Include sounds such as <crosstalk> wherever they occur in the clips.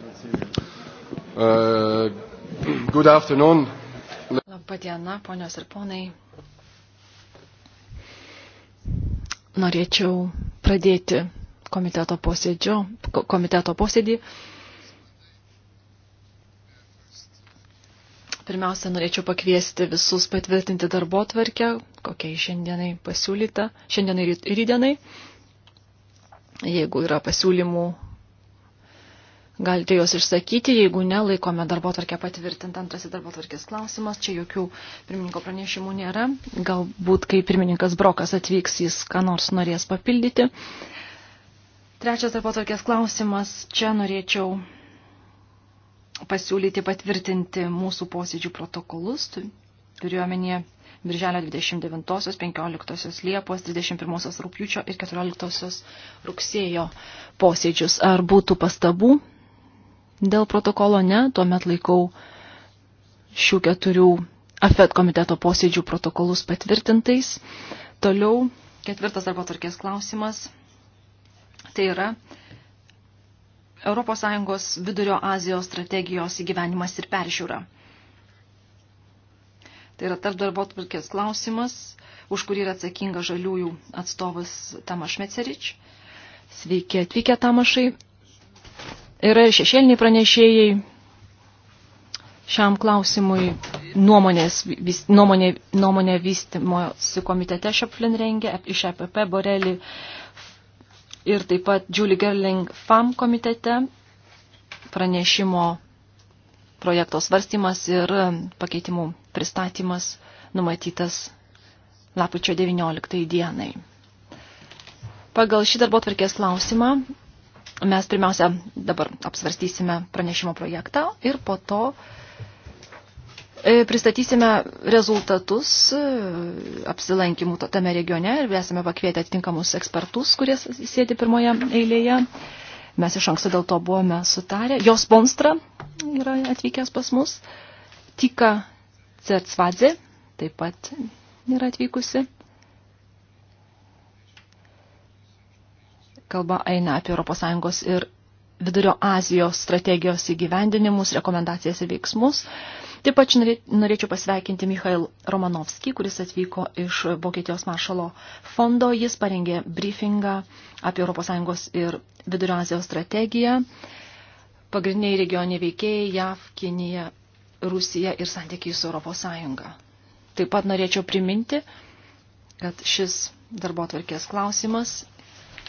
Uh, good afternoon. Labadiena, ponios ir ponai. Norėčiau pradėti komiteto, posėdžio, komiteto posėdį. Pirmiausia, norėčiau pakviesti visus patvirtinti darbo tvarkę, kokiai šiandienai pasiūlyta, šiandienai ir rydienai. Jeigu yra pasiūlymų Galite juos išsakyti, jeigu nelaikome darbo tvarkę patvirtint. Antrasis darbo tvarkės klausimas, čia jokių pirmininko pranešimų nėra. Galbūt, kai pirmininkas Brokas atvyks, jis ką nors norės papildyti. Trečias darbo tvarkės klausimas, čia norėčiau pasiūlyti patvirtinti mūsų posėdžių protokolus. Turiuomenėje Birželio 29, 15 Liepos, 21 rūpjūčio ir 14 rugsėjo posėdžius. Ar būtų pastabų? Dėl protokolo ne, tuomet laikau šių keturių AFET komiteto posėdžių protokolus patvirtintais. Toliau ketvirtas darbo tvarkės klausimas. Tai yra ES vidurio Azijos strategijos įgyvenimas ir peržiūra. Tai yra tarp darbo tvarkės klausimas, už kurį yra atsakinga žaliųjų atstovas Tamas Šmecerič. Sveiki atvykę Tamašai yra šešėliniai pranešėjai šiam klausimui nuomonės, vis, nuomonė, nuomonė vystimosi komitete Šeplin rengia, iš EPP Borelį ir taip pat Julie Gerling FAM komitete pranešimo projekto svarstymas ir pakeitimų pristatymas numatytas lapkričio 19 dienai. Pagal šį darbo tvarkės klausimą Mes pirmiausia dabar apsvarstysime pranešimo projektą ir po to e, pristatysime rezultatus e, apsilankimų tame regione ir esame pakvietę atitinkamus ekspertus, kurie sėdi pirmoje eilėje. Mes iš anksto dėl to buvome sutarę. Jos Bonstra yra atvykęs pas mus. Tika Cercvadze taip pat yra atvykusi. Kalba eina apie ES ir Vidurio Azijos strategijos įgyvendinimus, rekomendacijas ir veiksmus. Taip pat norėčiau pasveikinti Michail Romanovskį, kuris atvyko iš Vokietijos maršalo fondo. Jis parengė briefingą apie ES ir Vidurio Azijos strategiją. Pagrindiniai regioniai veikėjai JAV, Kinija, Rusija ir santykiai su ES. Taip pat norėčiau priminti, kad šis darbo atvarkės klausimas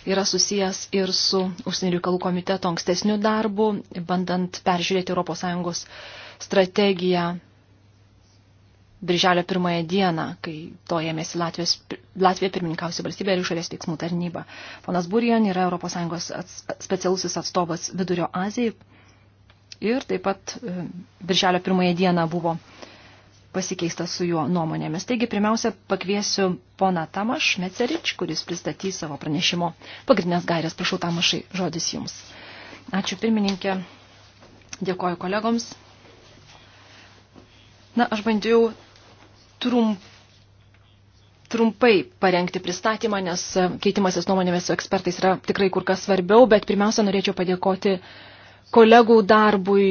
yra susijęs ir su užsienio reikalų komiteto ankstesniu darbu, bandant peržiūrėti ES strategiją Birželio pirmąją dieną, kai to ėmėsi Latvijos, Latvija pirmininkausi valstybė ir išorės veiksmų tarnyba. Ponas Burian yra ES ats, specialusis atstovas Vidurio Azijai ir taip pat e, Birželio pirmąją dieną buvo pasikeista su juo nuomonėmis. Taigi, pirmiausia, pakviesiu poną Tamaš Mecerič, kuris pristatys savo pranešimo pagrindinės gairės. Prašau, Tamašai, žodis jums. Ačiū pirmininkė, dėkoju kolegoms. Na, aš bandžiau trum, trumpai parengti pristatymą, nes keitimasis nuomonėmis su ekspertais yra tikrai kur kas svarbiau, bet pirmiausia, norėčiau padėkoti uh, kolegų darbui,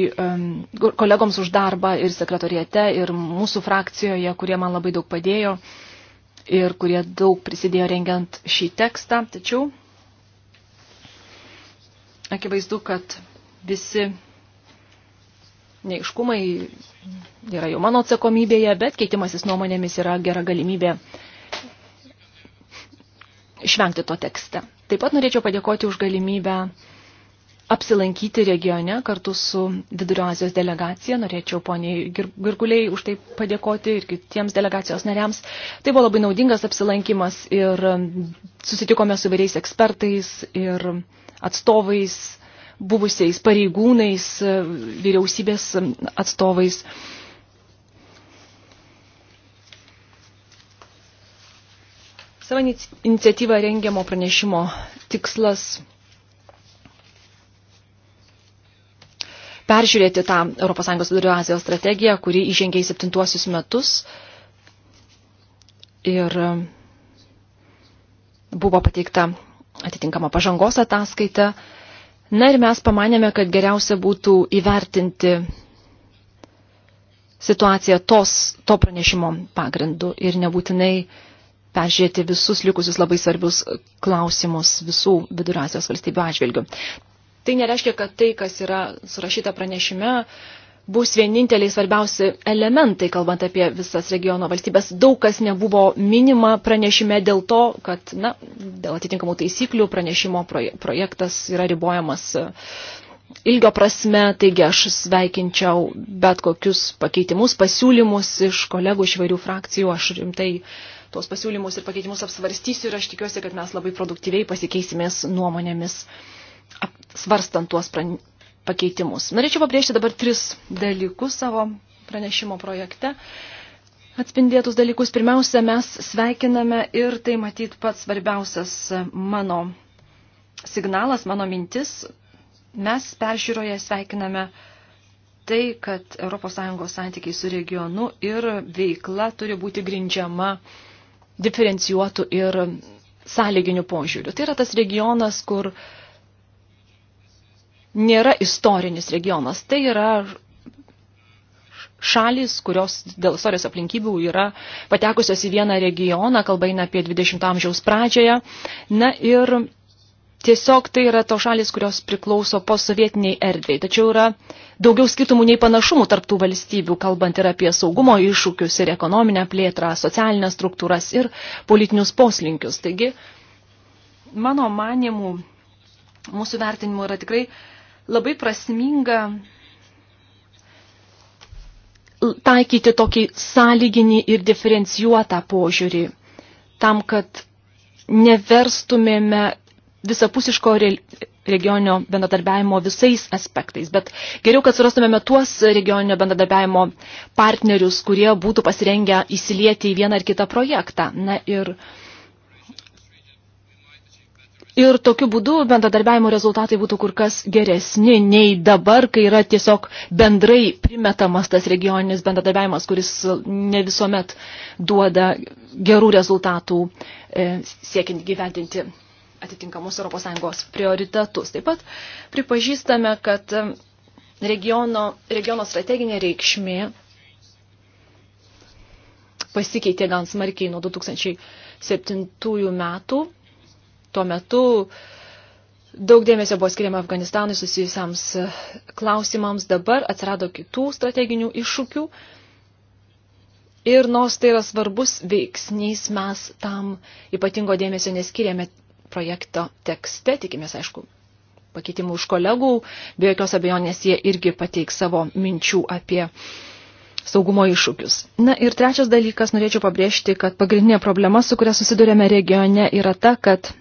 kolegoms už darbą ir sekretorijate, ir mūsų frakcijoje, kurie man labai daug padėjo ir kurie daug prisidėjo rengiant šį tekstą. Tačiau akivaizdu, kad visi neiškumai yra jau mano atsakomybėje, bet keitimasis nuomonėmis yra gera galimybė išvengti to tekste. Taip pat norėčiau padėkoti už galimybę apsilankyti regione kartu su Vidurio Azijos delegacija. Norėčiau poniai Girguliai už tai padėkoti ir kitiems delegacijos nariams. Tai buvo labai naudingas apsilankimas ir um, susitikome su vairiais ekspertais ir atstovais, buvusiais pareigūnais, vyriausybės um, atstovais. Savo iniciatyvą rengiamo pranešimo tikslas peržiūrėti tą ES vidurio Azijos strategiją, kuri įžengė į septintuosius metus ir e, buvo pateikta atitinkama pažangos ataskaita. Na ir mes pamanėme, kad geriausia būtų įvertinti situaciją tos, to pranešimo pagrindu ir nebūtinai peržiūrėti visus likusius labai svarbius klausimus visų vidurasijos valstybių atžvilgių. Tai nereiškia, kad tai, kas yra surašyta pranešime, bus vieninteliai svarbiausi elementai, kalbant apie visas regiono valstybės. Daug kas nebuvo minima pranešime dėl to, kad na, dėl atitinkamų taisyklių pranešimo projektas yra ribojamas e, ilgio prasme, taigi aš sveikinčiau bet kokius pakeitimus, pasiūlymus iš kolegų iš vairių frakcijų. Aš rimtai tuos pasiūlymus ir pakeitimus apsvarstysiu ir aš tikiuosi, kad mes labai produktyviai pasikeisimės nuomonėmis. Uh, svarstant tuos pakeitimus. Norėčiau pabrėžti dabar tris dalykus savo pranešimo projekte. Atspindėtus dalykus pirmiausia, mes sveikiname ir tai matyt pats svarbiausias mano signalas, mano mintis. Mes peržiūroje sveikiname tai, kad ES santykiai su regionu ir veikla turi būti grindžiama diferencijuotų ir sąlyginių požiūrių. Tai yra tas regionas, kur uh, nėra istorinis regionas. Tai yra šalis, kurios dėl istorijos aplinkybių yra patekusios į vieną regioną, kalba eina apie 20 amžiaus pradžioje. Na ir tiesiog tai yra to šalis, kurios priklauso posovietiniai erdvėjai. Tačiau yra daugiau skirtumų nei panašumų tarptų valstybių, kalbant ir apie saugumo iššūkius ir ekonominę plėtrą, socialinės struktūras ir politinius poslinkius. Taigi, mano manimų, mūsų vertinimų yra tikrai labai prasminga taikyti tokį sąlyginį ir diferencijuotą požiūrį, tam, kad neverstumėme visapusiško regioninio bendradarbiavimo visais aspektais, bet geriau, kad surastumėme tuos regioninio bendradarbiavimo partnerius, kurie būtų pasirengę įsilieti į vieną ar kitą projektą. Na ir uh, Ir tokiu būdu bendradarbiavimo rezultatai būtų kur kas geresni nei dabar, kai yra tiesiog bendrai primetamas tas regioninis bendradarbiavimas, kuris ne visuomet duoda gerų rezultatų e, siekiant gyventinti atitinkamus ES prioritetus. Taip pat pripažįstame, kad e, regiono, regiono strateginė reikšmė pasikeitė gan smarkiai nuo 2007 metų tuo metu daug dėmesio buvo skiriama Afganistanui susijusiams e, klausimams, dabar atsirado kitų strateginių iššūkių. Ir nors tai yra svarbus veiksnys, mes tam ypatingo dėmesio neskiriame projekto tekste, tikimės, aišku, pakeitimų už kolegų, be jokios abejonės jie irgi pateiks savo minčių apie saugumo iššūkius. Na ir trečias dalykas, norėčiau pabrėžti, kad pagrindinė problema, su kuria susidurėme regione, yra ta, kad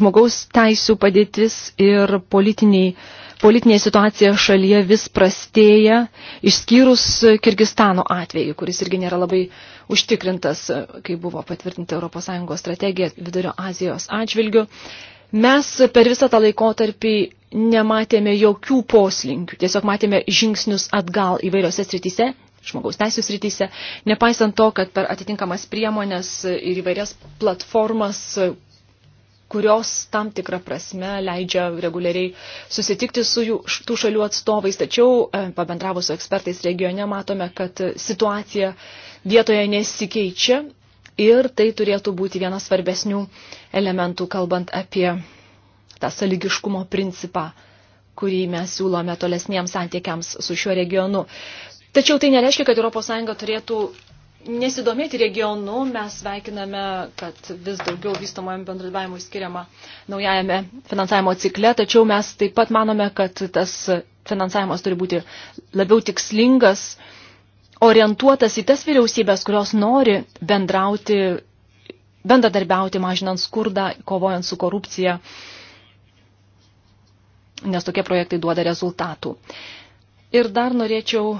žmogaus teisų padėtis ir politiniai, politinė situacija šalyje vis prastėja, išskyrus Kirgistano atveju, kuris irgi nėra labai užtikrintas, kai buvo patvirtinta ES strategija Vidurio Azijos atžvilgiu. Mes per visą tą laikotarpį nematėme jokių poslinkių, tiesiog matėme žingsnius atgal įvairiose srityse, žmogaus teisų srityse, nepaisant to, kad per atitinkamas priemonės ir įvairias platformas, kurios tam tikrą prasme leidžia reguliariai susitikti su jų, tų šalių atstovais. Tačiau, e, pabendravus su ekspertais regione, matome, kad situacija vietoje nesikeičia ir tai turėtų būti vienas svarbesnių elementų, kalbant apie tą saligiškumo principą, kurį mes siūlome tolesniems santykiams su šiuo regionu. Tačiau tai nereiškia, kad ES turėtų nesidomėti regionu, mes sveikiname, kad vis daugiau vystomojam bendradarbiavimui skiriama naujajame finansavimo cikle, tačiau mes taip pat manome, kad tas finansavimas turi būti labiau tikslingas, orientuotas į tas vyriausybės, kurios nori bendrauti, bendradarbiauti, mažinant skurdą, kovojant su korupcija, nes tokie projektai duoda rezultatų. Ir dar norėčiau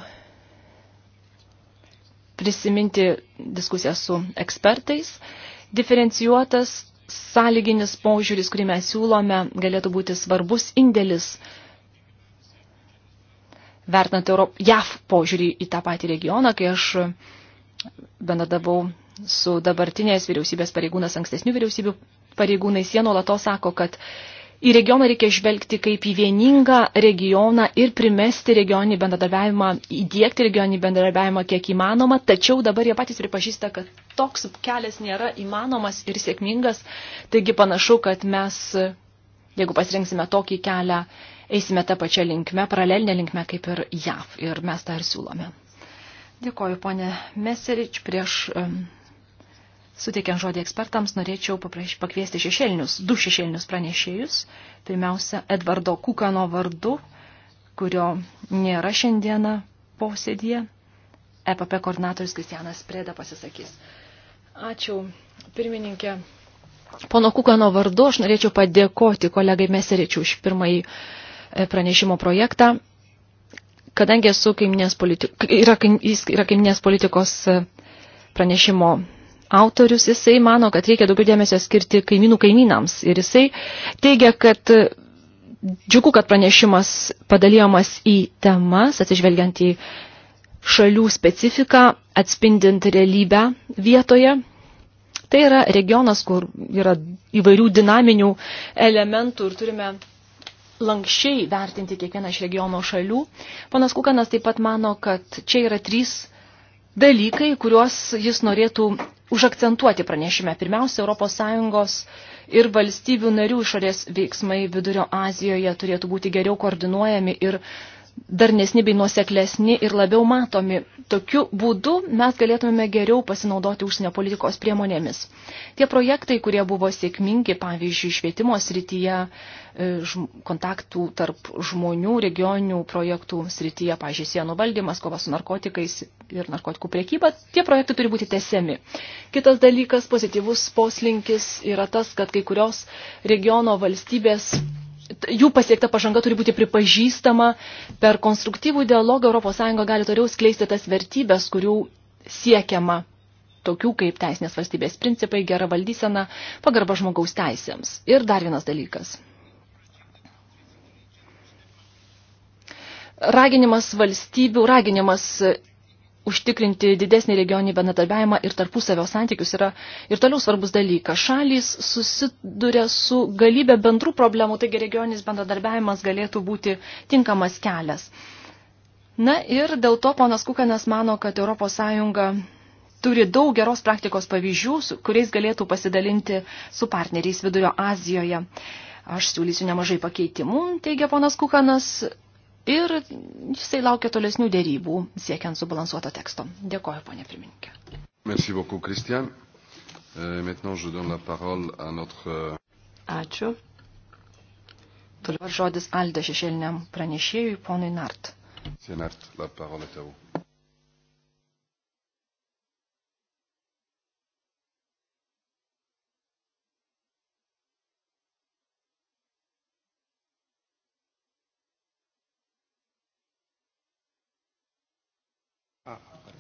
prisiminti diskusiją su ekspertais. Diferencijuotas sąlyginis požiūris, kurį mes siūlome, galėtų būti svarbus indėlis vertinant Europ... JAF požiūrį į tą patį regioną, kai aš bendradavau su dabartinės vyriausybės pareigūnas, ankstesnių vyriausybių pareigūnais, jie nuolatos sako, kad į regioną reikia žvelgti kaip į vieningą regioną ir primesti regioninį bendradarbiavimą, įdėkti regioninį bendradarbiavimą kiek įmanoma, tačiau dabar jie patys pripažįsta, kad toks kelias nėra įmanomas ir sėkmingas, taigi panašu, kad mes, jeigu pasirinksime tokį kelią, eisime tą pačią linkmę, paralelinę linkmę kaip ir JAV ir mes tą ir siūlome. Dėkoju, ponė Meserič, prieš um, Suteikiant žodį ekspertams, norėčiau papraš, pakviesti šešėlinius, du šešėlinius pranešėjus. Pirmiausia, Edvardo Kukano vardu, kurio nėra šiandieną posėdėje. EPP koordinatorius Kristianas Preda pasisakys. Ačiū, pirmininkė. Pono Kukano vardu aš norėčiau padėkoti kolegai Meseričiu už pirmąjį e, pranešimo projektą. Kadangi esu kaiminės politikos, yra, yra kaiminės politikos e, pranešimo autorius, jisai mano, kad reikia daugiau dėmesio skirti kaimynų kaimynams. Ir jisai teigia, kad e, džiugu, kad pranešimas padalyjamas į temas, atsižvelgiant į šalių specifiką, atspindint realybę vietoje. Tai yra regionas, kur yra įvairių dinaminių elementų ir turime lankščiai vertinti kiekvieną iš regiono šalių. Ponas Kukanas taip pat mano, kad čia yra trys dalykai, kuriuos jis norėtų užakcentuoti pranešime. Pirmiausia, ES ir valstybių narių išorės veiksmai Vidurio Azijoje turėtų būti geriau koordinuojami ir darnesni bei nuoseklesni ir labiau matomi. Tokiu būdu mes galėtume geriau pasinaudoti užsienio politikos priemonėmis. Tie projektai, kurie buvo sėkmingi, pavyzdžiui, švietimo srityje, e, kontaktų tarp žmonių, regioninių projektų srityje, pavyzdžiui, sienų valdymas, kova su narkotikais ir narkotikų priekyba, tie projektai turi būti tesiami. Kitas dalykas, pozityvus poslinkis yra tas, kad kai kurios regiono valstybės jų pasiekta pažanga turi būti pripažįstama. Per konstruktyvų dialogą ES gali toliau skleisti tas vertybės, kurių siekiama, tokių kaip teisinės valstybės principai, gera valdysena, pagarba žmogaus teisėms. Ir dar vienas dalykas. Raginimas valstybių, raginimas užtikrinti didesnį regioninį bendradarbiavimą ir tarpusavio santykius yra ir toliau svarbus dalykas. Šalys susiduria su galybė bendrų problemų, taigi regioninis bendradarbiavimas galėtų būti tinkamas kelias. Na ir dėl to ponas Kukanas mano, kad ES turi daug geros praktikos pavyzdžių, kuriais galėtų pasidalinti su partneriais Vidurio Azijoje. Aš siūlysiu nemažai pakeitimų, teigia ponas Kukanas, ir jisai laukia tolesnių dėrybų siekiant subalansuoto teksto. Dėkoju, ponė pirmininkė. Merci beaucoup, Christian. Euh, maintenant, je donne la parole à notre... Euh, Ačiū. Toliau žodis Alde šešėliniam pranešėjui, ponui Nart. Monsieur Nart, la parole est à vous.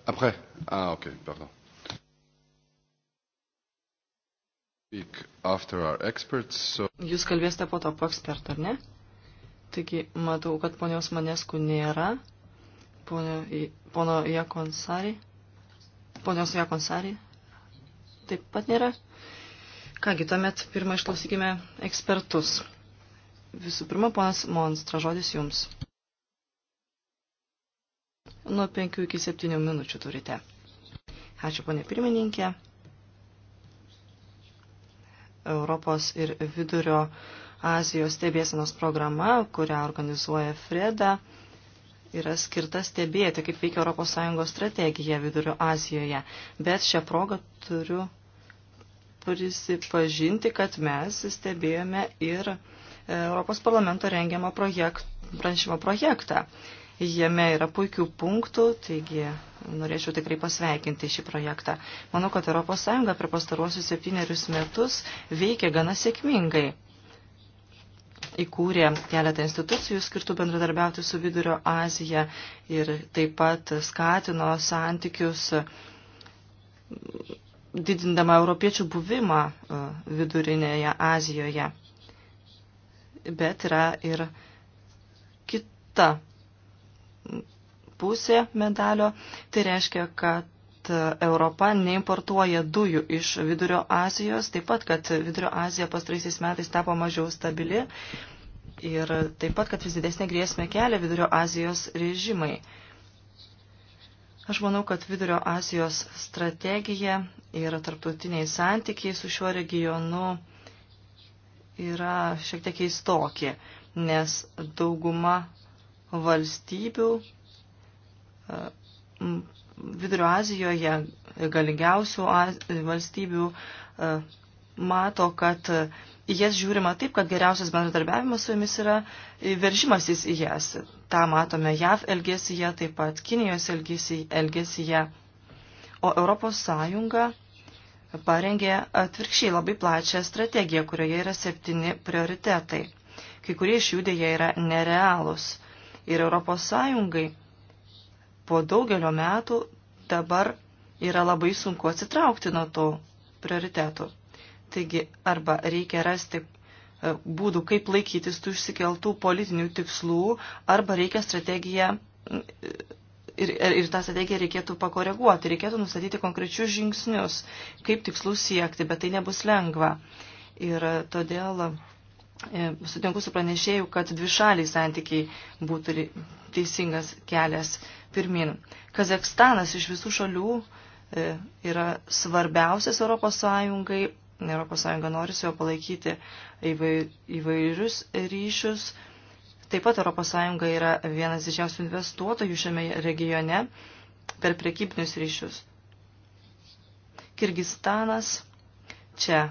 Après Ah, ok, pardon. Experts, so... Jūs kalbėsite po to po ekspertą, ar ne? Taigi, matau, kad ponios Maneskų nėra. Ponio, pono Jakonsari. Ponios Jakonsari. Taip pat nėra. Kągi, tuomet pirmą išklausykime ekspertus. Visų pirma, ponas Monstra, žodis jums. Nuo 5 iki 7 minučių turite. Ačiū, ponė pirmininkė. Europos ir vidurio Azijos stebėsenos programa, kurią organizuoja Freda, yra skirta stebėti, kaip veikia ES strategija vidurio Azijoje. Bet šią progą turiu prisipažinti, kad mes stebėjome ir Europos parlamento rengiamą projekt, pranešimo projektą. Jame yra puikių punktų, taigi norėčiau tikrai pasveikinti šį projektą. Manau, kad ES per pastaruosius septynerius metus veikia gana sėkmingai. Įkūrė keletą institucijų skirtų bendradarbiauti su Vidurio Azija ir taip pat skatino santykius didindama europiečių buvimą e, vidurinėje Azijoje. Bet yra ir kita pusė medalio. Tai reiškia, kad Europa neimportuoja dujų iš Vidurio Azijos, taip pat, kad Vidurio Azija pastraisiais metais tapo mažiau stabili ir taip pat, kad vis didesnė grėsmė kelia Vidurio Azijos režimai. Aš manau, kad Vidurio Azijos strategija ir tarptautiniai santykiai su šiuo regionu yra šiek tiek keistokie, nes dauguma valstybių Vidurio Azijoje, galingiausių valstybių e, mato, kad į jas žiūrima taip, kad geriausias bendradarbiavimas su jomis yra veržimasis į jas. Ta matome JAV elgesyje, taip pat Kinijos elgesyje. O Europos Sąjunga parengė atvirkščiai labai plačią strategiją, kurioje yra septyni prioritetai. Kai kurie iš jų dėja yra nerealūs ir Europos Sąjungai po daugelio metų dabar yra labai sunku atsitraukti nuo to prioritetų. Taigi arba reikia rasti e, būdų, kaip laikytis tų išsikeltų politinių tikslų, arba reikia strategiją e, ir, ir, ir tą strategiją reikėtų pakoreguoti, reikėtų nustatyti konkrečius žingsnius, kaip tikslus siekti, bet tai nebus lengva. Ir todėl E, sutinku su pranešėju, kad dvišaliai santykiai būtų teisingas kelias pirmin. Kazakstanas iš visų šalių e, yra svarbiausias Europos Sąjungai. Europos Sąjunga nori su juo palaikyti įvairius ryšius. Taip pat Europos Sąjunga yra vienas didžiausių investuotojų šiame regione per prekybinius ryšius. Kirgistanas čia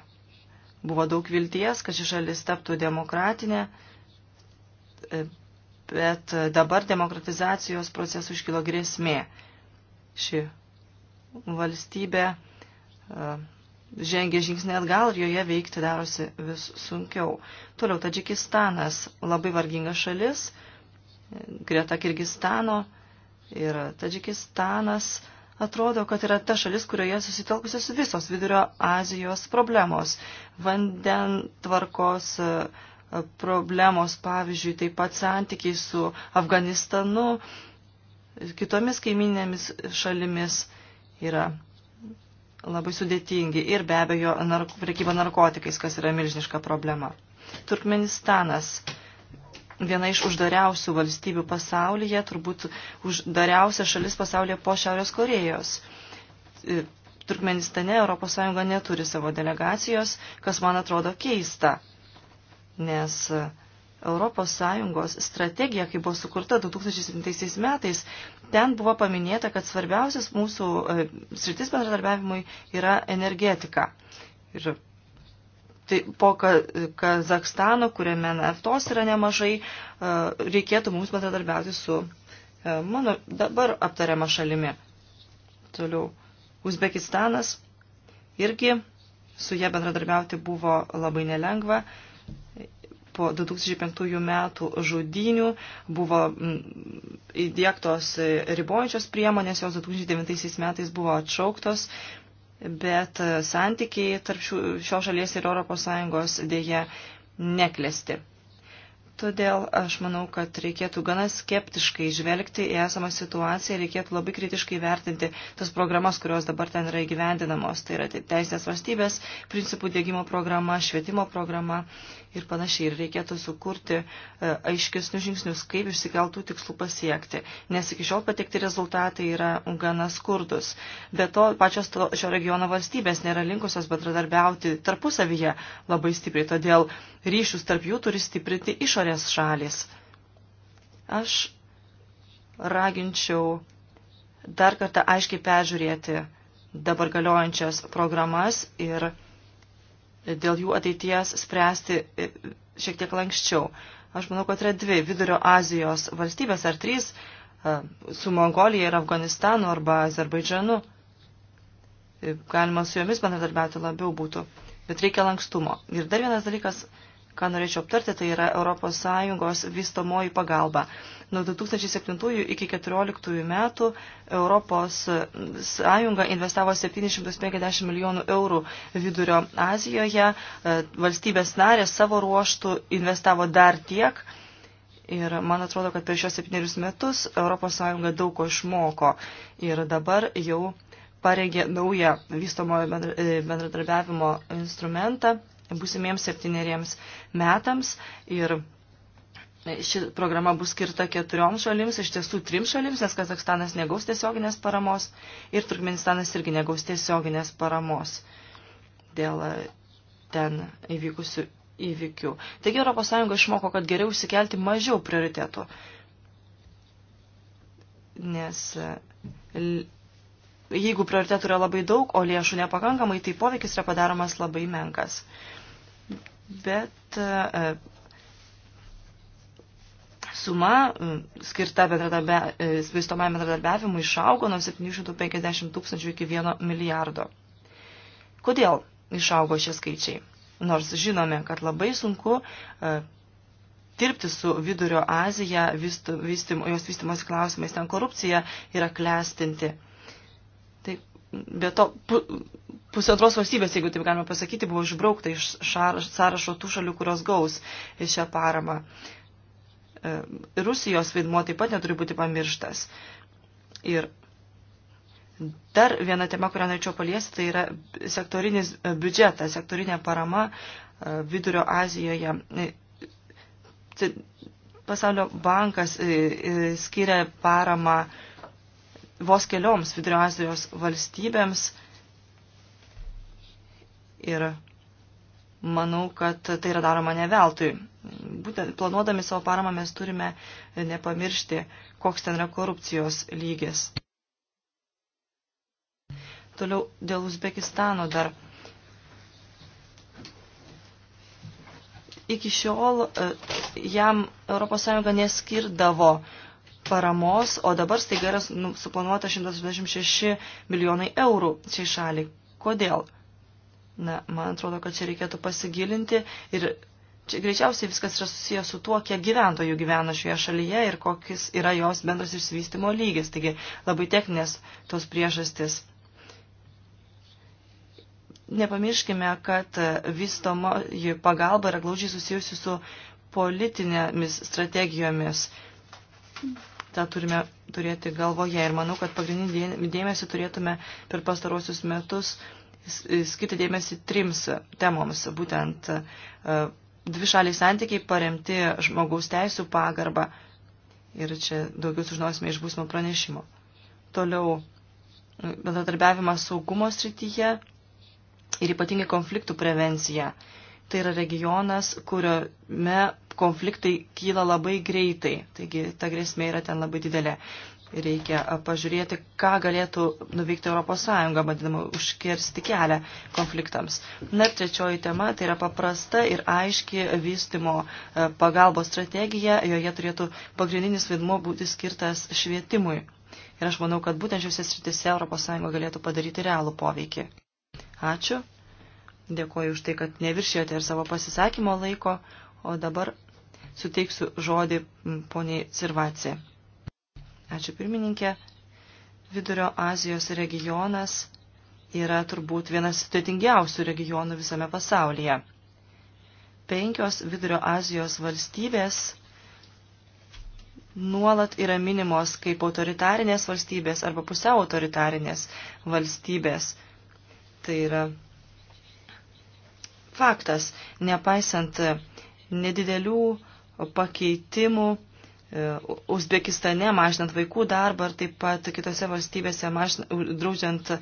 Buvo daug vilties, kad ši šalis taptų demokratinė, e, bet dabar demokratizacijos procesų iškilo grėsmė. Ši valstybė e, žengia žingsnį atgal ir joje veikti darosi vis sunkiau. Toliau Tadžikistanas labai varginga šalis, e, greta Kirgistano ir Tadžikistanas atrodo, kad yra ta šalis, kurioje susitelkusios visos vidurio Azijos problemos. Vandentvarkos e, e, problemos, pavyzdžiui, taip pat santykiai su Afganistanu, kitomis kaiminėmis šalimis yra labai sudėtingi ir be abejo nark prekyba narkotikais, kas yra milžiniška problema. Turkmenistanas viena iš uždariausių valstybių pasaulyje, turbūt uždariausia šalis pasaulyje po Šiaurės Korejos. E, Turkmenistane ES neturi savo delegacijos, kas man atrodo keista, nes ES strategija, kai buvo sukurta 2007 metais, ten buvo paminėta, kad svarbiausias mūsų e, sritis bendradarbiavimui yra energetika. Ir tai po Kazakstano, kuriame naftos yra nemažai, e, reikėtų mums bendradarbiauti su e, mano dabar aptariama šalimi. Toliau, Uzbekistanas irgi su jie bendradarbiauti buvo labai nelengva. Po 2005 metų žudinių buvo įdėktos ribojančios priemonės, jos 2009 metais buvo atšauktos bet santykiai tarp šios šalies ir ES dėje neklesti. Todėl aš manau, kad reikėtų gana skeptiškai žvelgti į esamą situaciją, reikėtų labai kritiškai vertinti tas programas, kurios dabar ten yra įgyvendinamos. Tai yra teisės valstybės, principų dėgymo programa, švietimo programa ir panašiai. Ir reikėtų sukurti e, aiškesnius žingsnius, kaip išsikeltų tikslų pasiekti, nes iki šiol patekti rezultatai yra gana skurdus. Be to, pačios to, šio regiono valstybės nėra linkusios bendradarbiauti tarpusavyje labai stipriai, todėl ryšius tarp jų turi stiprinti išorė išorės šalis. Aš raginčiau dar kartą aiškiai peržiūrėti dabar galiojančias programas ir dėl jų ateities spręsti e, šiek tiek lankščiau. Aš manau, kad yra dvi vidurio Azijos valstybės ar trys e, su Mongolija ir Afganistanu arba Azerbaidžanu. E, galima su jomis bendradarbiauti labiau būtų, bet reikia lankstumo. Ir dar vienas dalykas, ką norėčiau aptarti, tai yra ES vystomoji pagalba. Nuo 2007 iki 2014 metų ES investavo 750 milijonų eurų vidurio Azijoje, e, valstybės narės savo ruoštų investavo dar tiek. Ir man atrodo, kad per šios septynerius metus ES daug ko išmoko ir dabar jau parengė naują vystomojo e, bendradarbiavimo instrumentą busimiems septyneriems metams ir ši programa bus skirta keturioms šalims, iš tiesų trim šalims, nes Kazakstanas negaus tiesioginės paramos ir Turkmenistanas irgi negaus tiesioginės paramos dėl e, ten įvykusių įvykių. Taigi ES išmoko, kad geriau išsikelti mažiau prioritetų, nes e, jeigu prioritetų yra labai daug, o lėšų nepakankamai, tai poveikis yra padaromas labai menkas. Bet e, suma e, skirta svaistomai e, bendradarbiavimui išaugo nuo 750 tūkstančių iki 1 milijardo. Kodėl išaugo šie skaičiai? Nors žinome, kad labai sunku dirbti su Vidurio Azija, vystu, vystym, jos vystimosi klausimais, ten korupcija yra klestinti be to pu, pusantros valstybės, jeigu taip galima pasakyti, buvo išbraukta iš šar, sąrašo tų šalių, kurios gaus šią paramą. E, Rusijos vaidmuo taip pat neturi būti pamirštas. Ir dar viena tema, kurią norėčiau paliesti, tai yra sektorinis biudžetas, sektorinė parama e, Vidurio Azijoje. E, Pasaulio bankas skiria paramą vos kelioms Vidurio Azijos valstybėms ir manau, kad tai yra daroma ne veltui. Būtent planuodami savo paramą mes turime nepamiršti, koks ten yra korupcijos lygis. Toliau dėl Uzbekistano dar. Iki šiol e, jam ES neskirdavo uh, paramos, o dabar staiga yra nu, suplanuota 186 milijonai eurų šiai šaliai. Kodėl? Na, man atrodo, kad čia reikėtų pasigilinti ir čia greičiausiai viskas yra susijęs su tuo, kiek gyventojų gyvena šioje šalyje ir kokis yra jos bendras išsivystimo lygis. Taigi labai techninės tos priežastis. Nepamirškime, kad vystoma pagalba yra glaudžiai susijusi su politinėmis strategijomis tą turime turėti galvoje. Ir manau, kad pagrindinį dėmesį turėtume per pastarosius metus skirti dėmesį trims temoms. Būtent e, dvi šaliai santykiai paremti žmogaus teisų pagarbą. Ir čia daugiau sužinosime iš būsimo pranešimo. Toliau e, bendradarbiavimas saugumo srityje ir ypatingai konfliktų prevencija tai yra regionas, kuriame konfliktai kyla labai greitai, taigi ta grėsmė yra ten labai didelė. Reikia pažiūrėti, ką galėtų nuveikti ES, bandydama užkirsti kelią konfliktams. Na ir trečioji tema tai yra paprasta ir aiški vystimo e, pagalbos strategija, joje turėtų pagrindinis vaidmuo būti skirtas švietimui. Ir aš manau, kad būtent šiuose sritise ES galėtų padaryti realų poveikį. Ačiū. Dėkuoju už tai, kad neviršijote ir savo pasisakymo laiko, o dabar suteiksiu žodį poniai Cirvacija. Ačiū pirmininkė. Vidurio Azijos regionas yra turbūt vienas sudėtingiausių regionų visame pasaulyje. Penkios Vidurio Azijos valstybės nuolat yra minimos kaip autoritarinės valstybės arba pusiau autoritarinės valstybės. Tai yra faktas, nepaisant e, nedidelių pakeitimų e, Uzbekistane, mažinant vaikų darbą ir taip pat kitose valstybėse mažinant, draudžiant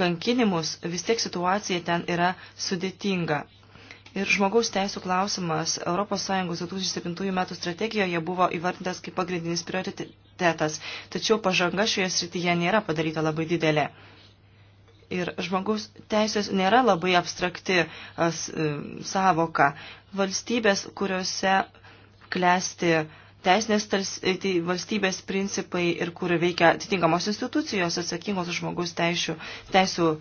kankinimus, vis tiek situacija ten yra sudėtinga. Ir žmogaus teisų klausimas ES 2007 metų strategijoje buvo įvardintas kaip pagrindinis prioritetas, tačiau pažanga šioje srityje nėra padaryta labai didelė. Ir žmogaus teisės nėra labai abstrakti e, savoka. Valstybės, kuriuose klesti teisinės e, tai valstybės principai ir kur veikia atitinkamos institucijos atsakingos už žmogaus teisų, teisų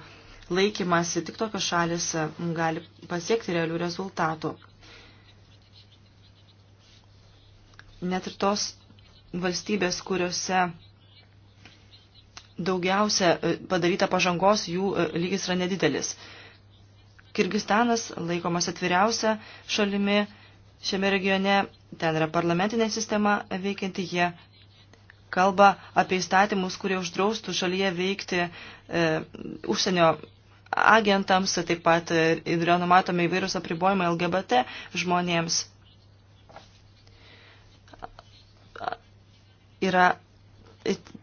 laikymasi, tik tokios šalis gali pasiekti realių rezultatų. Net ir tos valstybės, kuriuose daugiausia e, padaryta pažangos, jų e, lygis yra nedidelis. Kirgistanas laikomas atviriausia šalimi šiame regione, ten yra parlamentinė sistema veikianti, jie kalba apie įstatymus, kurie uždraustų šalyje veikti e, užsienio agentams, taip pat e, yra numatomi įvairūs apribojimai LGBT žmonėms. Yra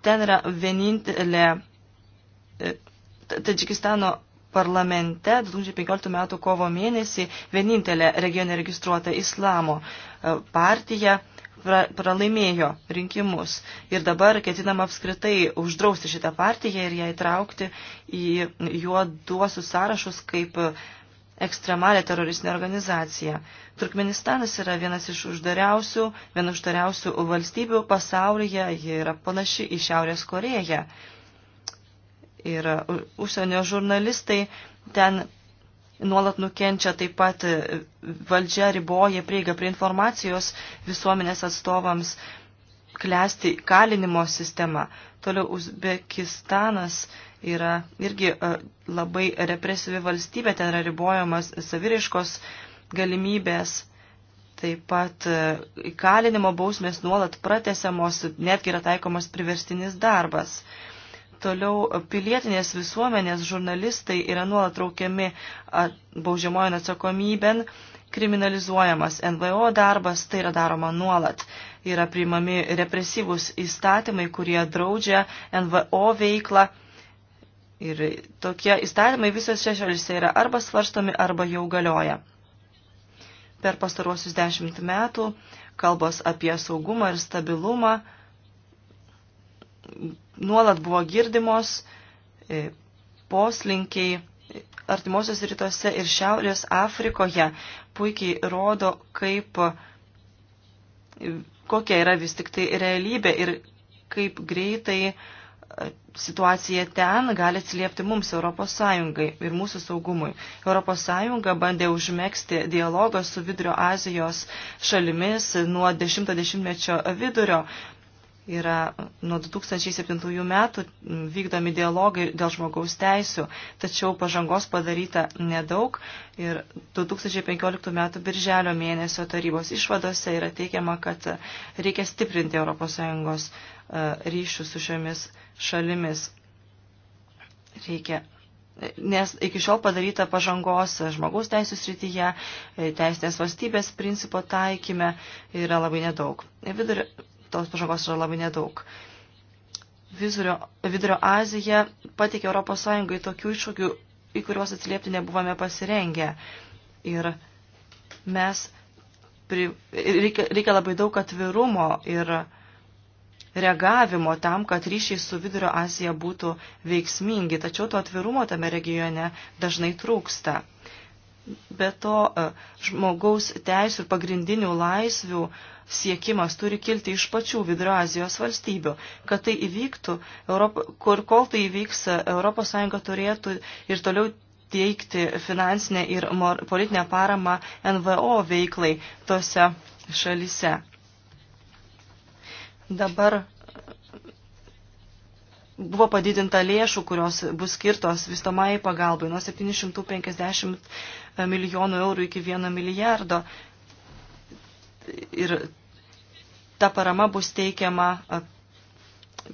ten yra vienintelė e, Tadžikistano parlamente 2015 m. kovo mėnesį vienintelė regione registruota islamo e, partija pralaimėjo rinkimus. Ir dabar ketinama apskritai uždrausti šitą partiją ir ją įtraukti į juoduosius sąrašus kaip ekstremalią teroristinę organizaciją. Turkmenistanas yra vienas iš uždariausių, viena uždariausių valstybių pasaulyje, ji yra panaši į Šiaurės Koreją. Ir užsienio žurnalistai ten nuolat nukenčia taip pat valdžia riboja prieigą prie informacijos visuomenės atstovams klesti kalinimo sistema. Toliau Uzbekistanas yra irgi e, labai represyvi valstybė, ten yra ribojamas saviraiškos galimybės, taip pat e, įkalinimo bausmės nuolat pratesiamos, netgi yra taikomas priverstinis darbas. Toliau e, pilietinės visuomenės žurnalistai yra nuolat traukiami baudžiamojon atsakomybėn, kriminalizuojamas NVO darbas, tai yra daroma nuolat. Yra priimami represyvūs įstatymai, kurie draudžia NVO veiklą Ir tokie įstatymai visose šešėlise yra arba svarstomi, arba jau galioja. Per pastaruosius dešimt metų kalbos apie saugumą ir stabilumą nuolat buvo girdimos e, poslinkiai artimuosios rytuose ir Šiaurės Afrikoje puikiai rodo, kaip e, kokia yra vis tik tai realybė ir kaip greitai uh, situacija ten gali atsiliepti mums Europos Sąjungai ir mūsų saugumui. Europos Sąjunga bandė užmėgsti dialogą su Vidurio Azijos šalimis nuo 10-mečio vidurio, yra nuo 2007 metų vykdomi dialogai dėl žmogaus teisių, tačiau pažangos padaryta nedaug ir 2015 metų birželio mėnesio tarybos išvadose yra teikiama, kad reikia stiprinti ES e, ryšių su šiomis šalimis. Reikia. Nes iki šiol padaryta pažangos žmogaus teisų srityje, e, teisinės valstybės principo taikyme yra labai nedaug. Vidurio, tos pažangos yra labai nedaug. Vizurio, vidurio Azija patikė Europos Sąjungai tokių iššūkių, į kuriuos atsiliepti nebuvome pasirengę. Ir mes pri, reikia, reikia labai daug atvirumo ir reagavimo tam, kad ryšiai su Vidurio Azija būtų veiksmingi, tačiau to atvirumo tame regione dažnai trūksta. Be to, e, žmogaus teisų ir pagrindinių laisvių uh, siekimas turi kilti iš pačių Vidurio Azijos valstybių. Kad tai įvyktų, Europo, kur kol tai įvyks, ES turėtų ir toliau teikti finansinę ir politinę paramą NVO veiklai tose šalise. Dabar buvo padidinta lėšų, kurios bus skirtos vystomai pagalbai nuo 750 milijonų eurų iki 1 milijardo ir ta parama bus teikiama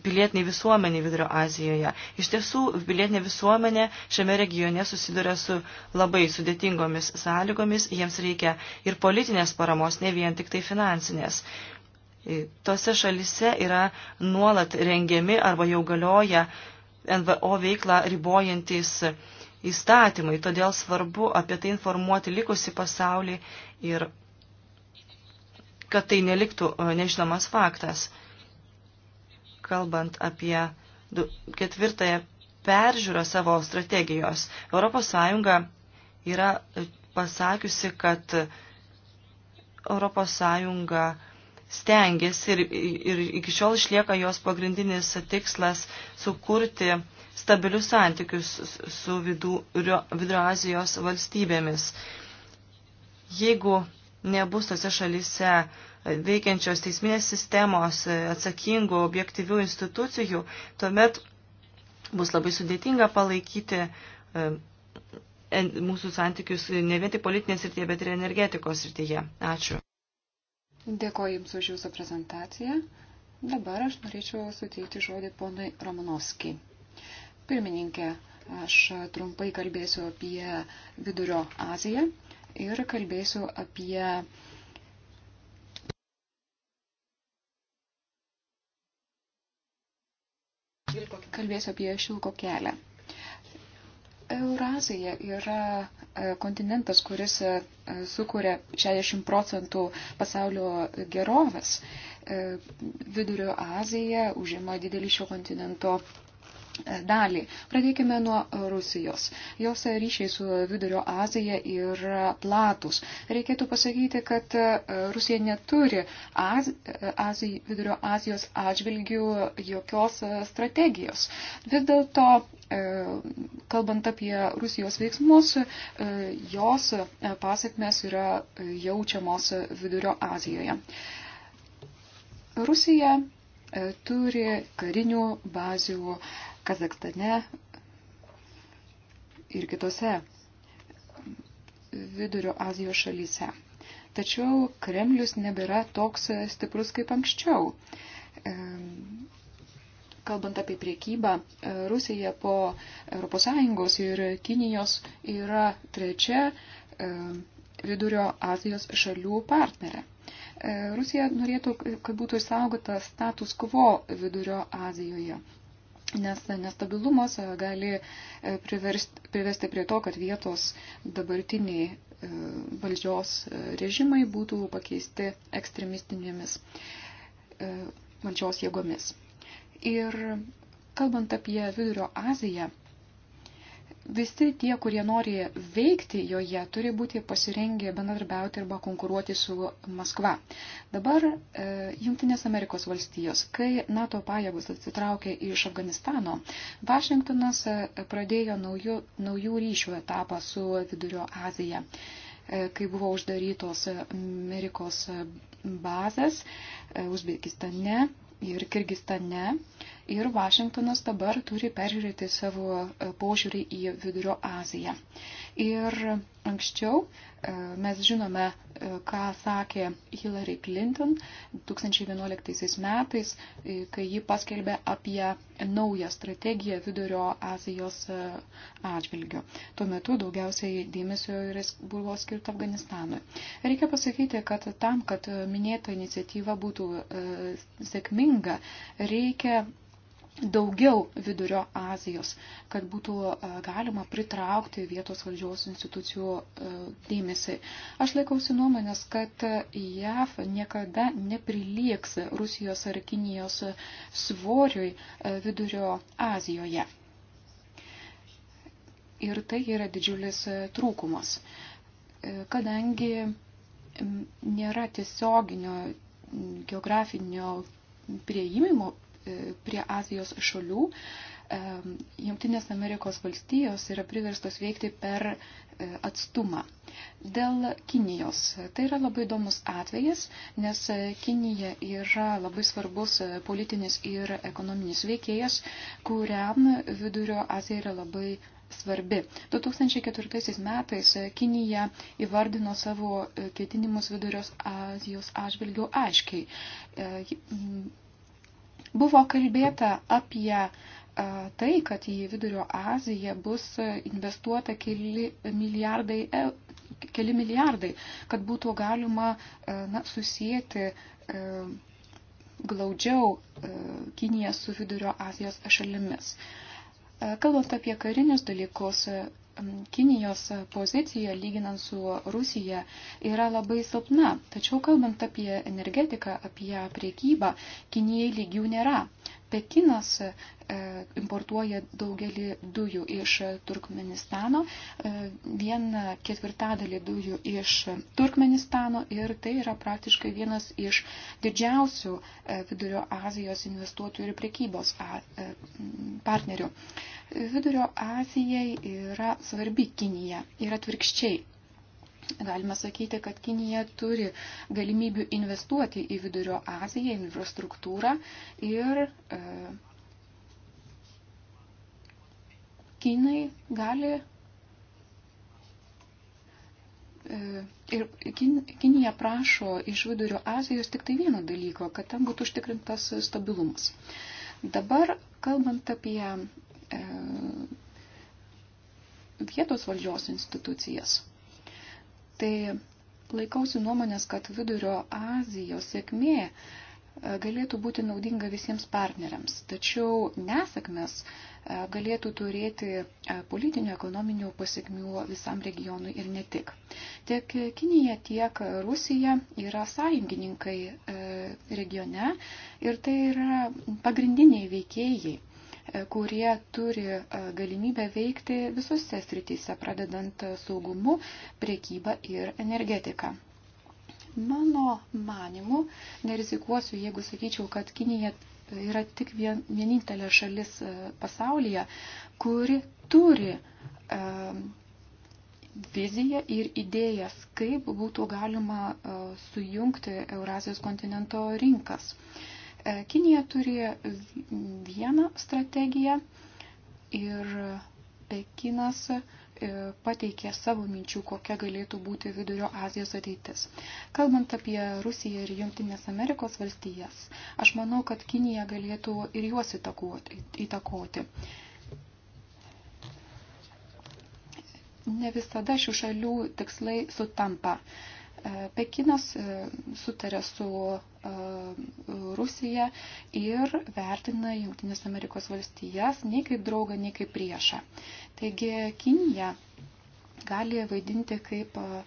pilietiniai visuomeniai Vidurio Azijoje. Iš tiesų, pilietinė visuomenė šiame regione susiduria su labai sudėtingomis sąlygomis, jiems reikia ir politinės paramos, ne vien tik tai finansinės. Tose šalise yra nuolat rengiami arba jau galioja NVO veiklą ribojantis įstatymai, todėl svarbu apie tai informuoti likusi pasaulį ir kad tai neliktų e, nežinomas faktas. Kalbant apie ketvirtąją peržiūrą savo strategijos, ES yra e, pasakiusi, kad ES stengiasi ir, ir iki šiol išlieka jos pagrindinis tikslas sukurti stabilius santykius su vidurio, vidurio Azijos valstybėmis. Jeigu nebus tose šalise veikiančios teisminės sistemos, atsakingų, objektyvių institucijų, tuomet bus labai sudėtinga palaikyti e, mūsų santykius ne vien tik politinės srityje, bet ir energetikos srityje. Ačiū. Dėkoju Jums už Jūsų prezentaciją. Dabar aš norėčiau suteikti žodį ponui Romanovskijai. Pirmininkė, aš trumpai kalbėsiu apie Vidurio Aziją ir kalbėsiu apie kalbėsiu apie šilko kelią. Eurazija yra e, kontinentas, kuris e, sukuria 60 procentų pasaulio gerovės. E, Vidurio Azija užima didelį šio kontinento dalį. Pradėkime nuo Rusijos. Jos ryšiai su Vidurio Azija yra platus. Reikėtų pasakyti, kad e, Rusija neturi Az, Azij, Vidurio Azijos atžvilgių jokios e, strategijos. Vis dėlto, e, kalbant apie Rusijos veiksmus, jos pasiekmes yra jaučiamos Vidurio Azijoje. Rusija turi karinių bazių Kazakstane ir kitose vidurio Azijos šalyse. Tačiau Kremlius nebėra toks stiprus kaip anksčiau. Kalbant apie priekybą, Rusija po ES ir Kinijos yra trečia vidurio Azijos šalių partnerė. Rusija norėtų, kad būtų išsaugota status quo vidurio Azijoje nes nestabilumas e, gali e, priversti, privesti prie to, kad vietos dabartiniai e, valdžios režimai būtų pakeisti ekstremistinėmis valdžios jėgomis. Ir kalbant apie Vidurio Aziją, visi tie, kurie nori veikti joje, turi būti pasirengę bendradarbiauti arba konkuruoti su Maskva. Dabar e, Junktinės Amerikos valstijos, kai NATO pajėgus atsitraukė iš Afganistano, Vašingtonas e, pradėjo naujų, naujų ryšių etapą su Vidurio Azija e, kai buvo uždarytos Amerikos bazės e, Uzbekistane ir Kirgistane. E, ir Vašingtonas dabar turi peržiūrėti savo e, požiūrį į Vidurio Aziją. Ir anksčiau e, mes žinome, e, ką sakė Hillary Clinton 2011 metais, kai ji paskelbė apie naują strategiją Vidurio Azijos atžvilgiu. Tuo metu daugiausiai dėmesio buvo skirta Afganistanui. Reikia pasakyti, kad tam, kad minėta iniciatyva būtų sėkminga, reikia daugiau vidurio Azijos, kad būtų e, galima pritraukti vietos valdžios institucijų e, dėmesį. Aš laikausi nuomonės, kad e, JAV niekada neprilieks Rusijos ar Kinijos svoriui vidurio Azijoje. Ir tai yra didžiulis trūkumas, kadangi nėra tiesioginio geografinio prieimimo E, prie Azijos šalių, e, Junktinės Amerikos valstijos yra priverstos veikti per e, atstumą. Dėl Kinijos. Tai yra labai įdomus atvejas, nes Kinija yra labai svarbus politinis ir ekonominis veikėjas, kuriam vidurio Azija yra labai svarbi. 2004 metais Kinija įvardino savo ketinimus vidurios Azijos atžvilgių aiškiai. Buvo kalbėta apie tai, kad į Vidurio Aziją bus investuota keli milijardai, e, keli milijardai kad būtų galima na, susijęti glaudžiau Kiniją su Vidurio Azijos šalimis. Kalbant apie karinius dalykus, Kinijos pozicija lyginant su Rusija yra labai silpna, tačiau kalbant apie energetiką, apie priekybą, Kinijai lygių nėra. Pekinas e, importuoja daugelį dujų iš Turkmenistano, e, vieną ketvirtadalį dujų iš Turkmenistano ir tai yra praktiškai vienas iš didžiausių e, Vidurio Azijos investuotojų ir prekybos partnerių. Vidurio Azijai yra svarbi Kinija ir atvirkščiai. Galime sakyti, kad Kinija turi galimybių investuoti į Vidurio Aziją, infrastruktūrą ir e, Kinai gali e, Ir kin, Kinija prašo iš vidurio Azijos tik tai vieno dalyko, kad ten būtų užtikrintas stabilumas. Dabar, kalbant apie e, vietos valdžios institucijas, Tai laikausi nuomonės, kad vidurio Azijos sėkmė e, galėtų būti naudinga visiems partneriams, tačiau nesėkmės e, galėtų turėti e, politinių, ekonominių pasiekmių visam regionui ir ne tik. Tiek Kinija, tiek Rusija yra sąjungininkai regione ir tai yra pagrindiniai veikėjai kurie turi e, galimybę veikti visose srityse, pradedant e, saugumu, priekybą ir energetiką. Mano manimu, nerizikuosiu, jeigu sakyčiau, kad Kinija yra tik vien, vienintelė šalis e, pasaulyje, kuri turi viziją ir idėjas, kaip būtų galima sujungti Eurazijos kontinento rinkas. E, Kinija turi vieną strategiją ir Pekinas e, pateikė savo minčių, kokia galėtų būti Vidurio Azijos ateitis. Kalbant apie Rusiją ir Junktinės Amerikos valstijas, aš manau, kad Kinija galėtų ir juos įtakoti. Ne visada šių šalių tikslai sutampa. Pekinas e, sutarė su e, Rusija ir vertina Junktinės Amerikos valstijas nei kaip draugą, nei kaip priešą. Taigi Kinija gali vaidinti kaip e,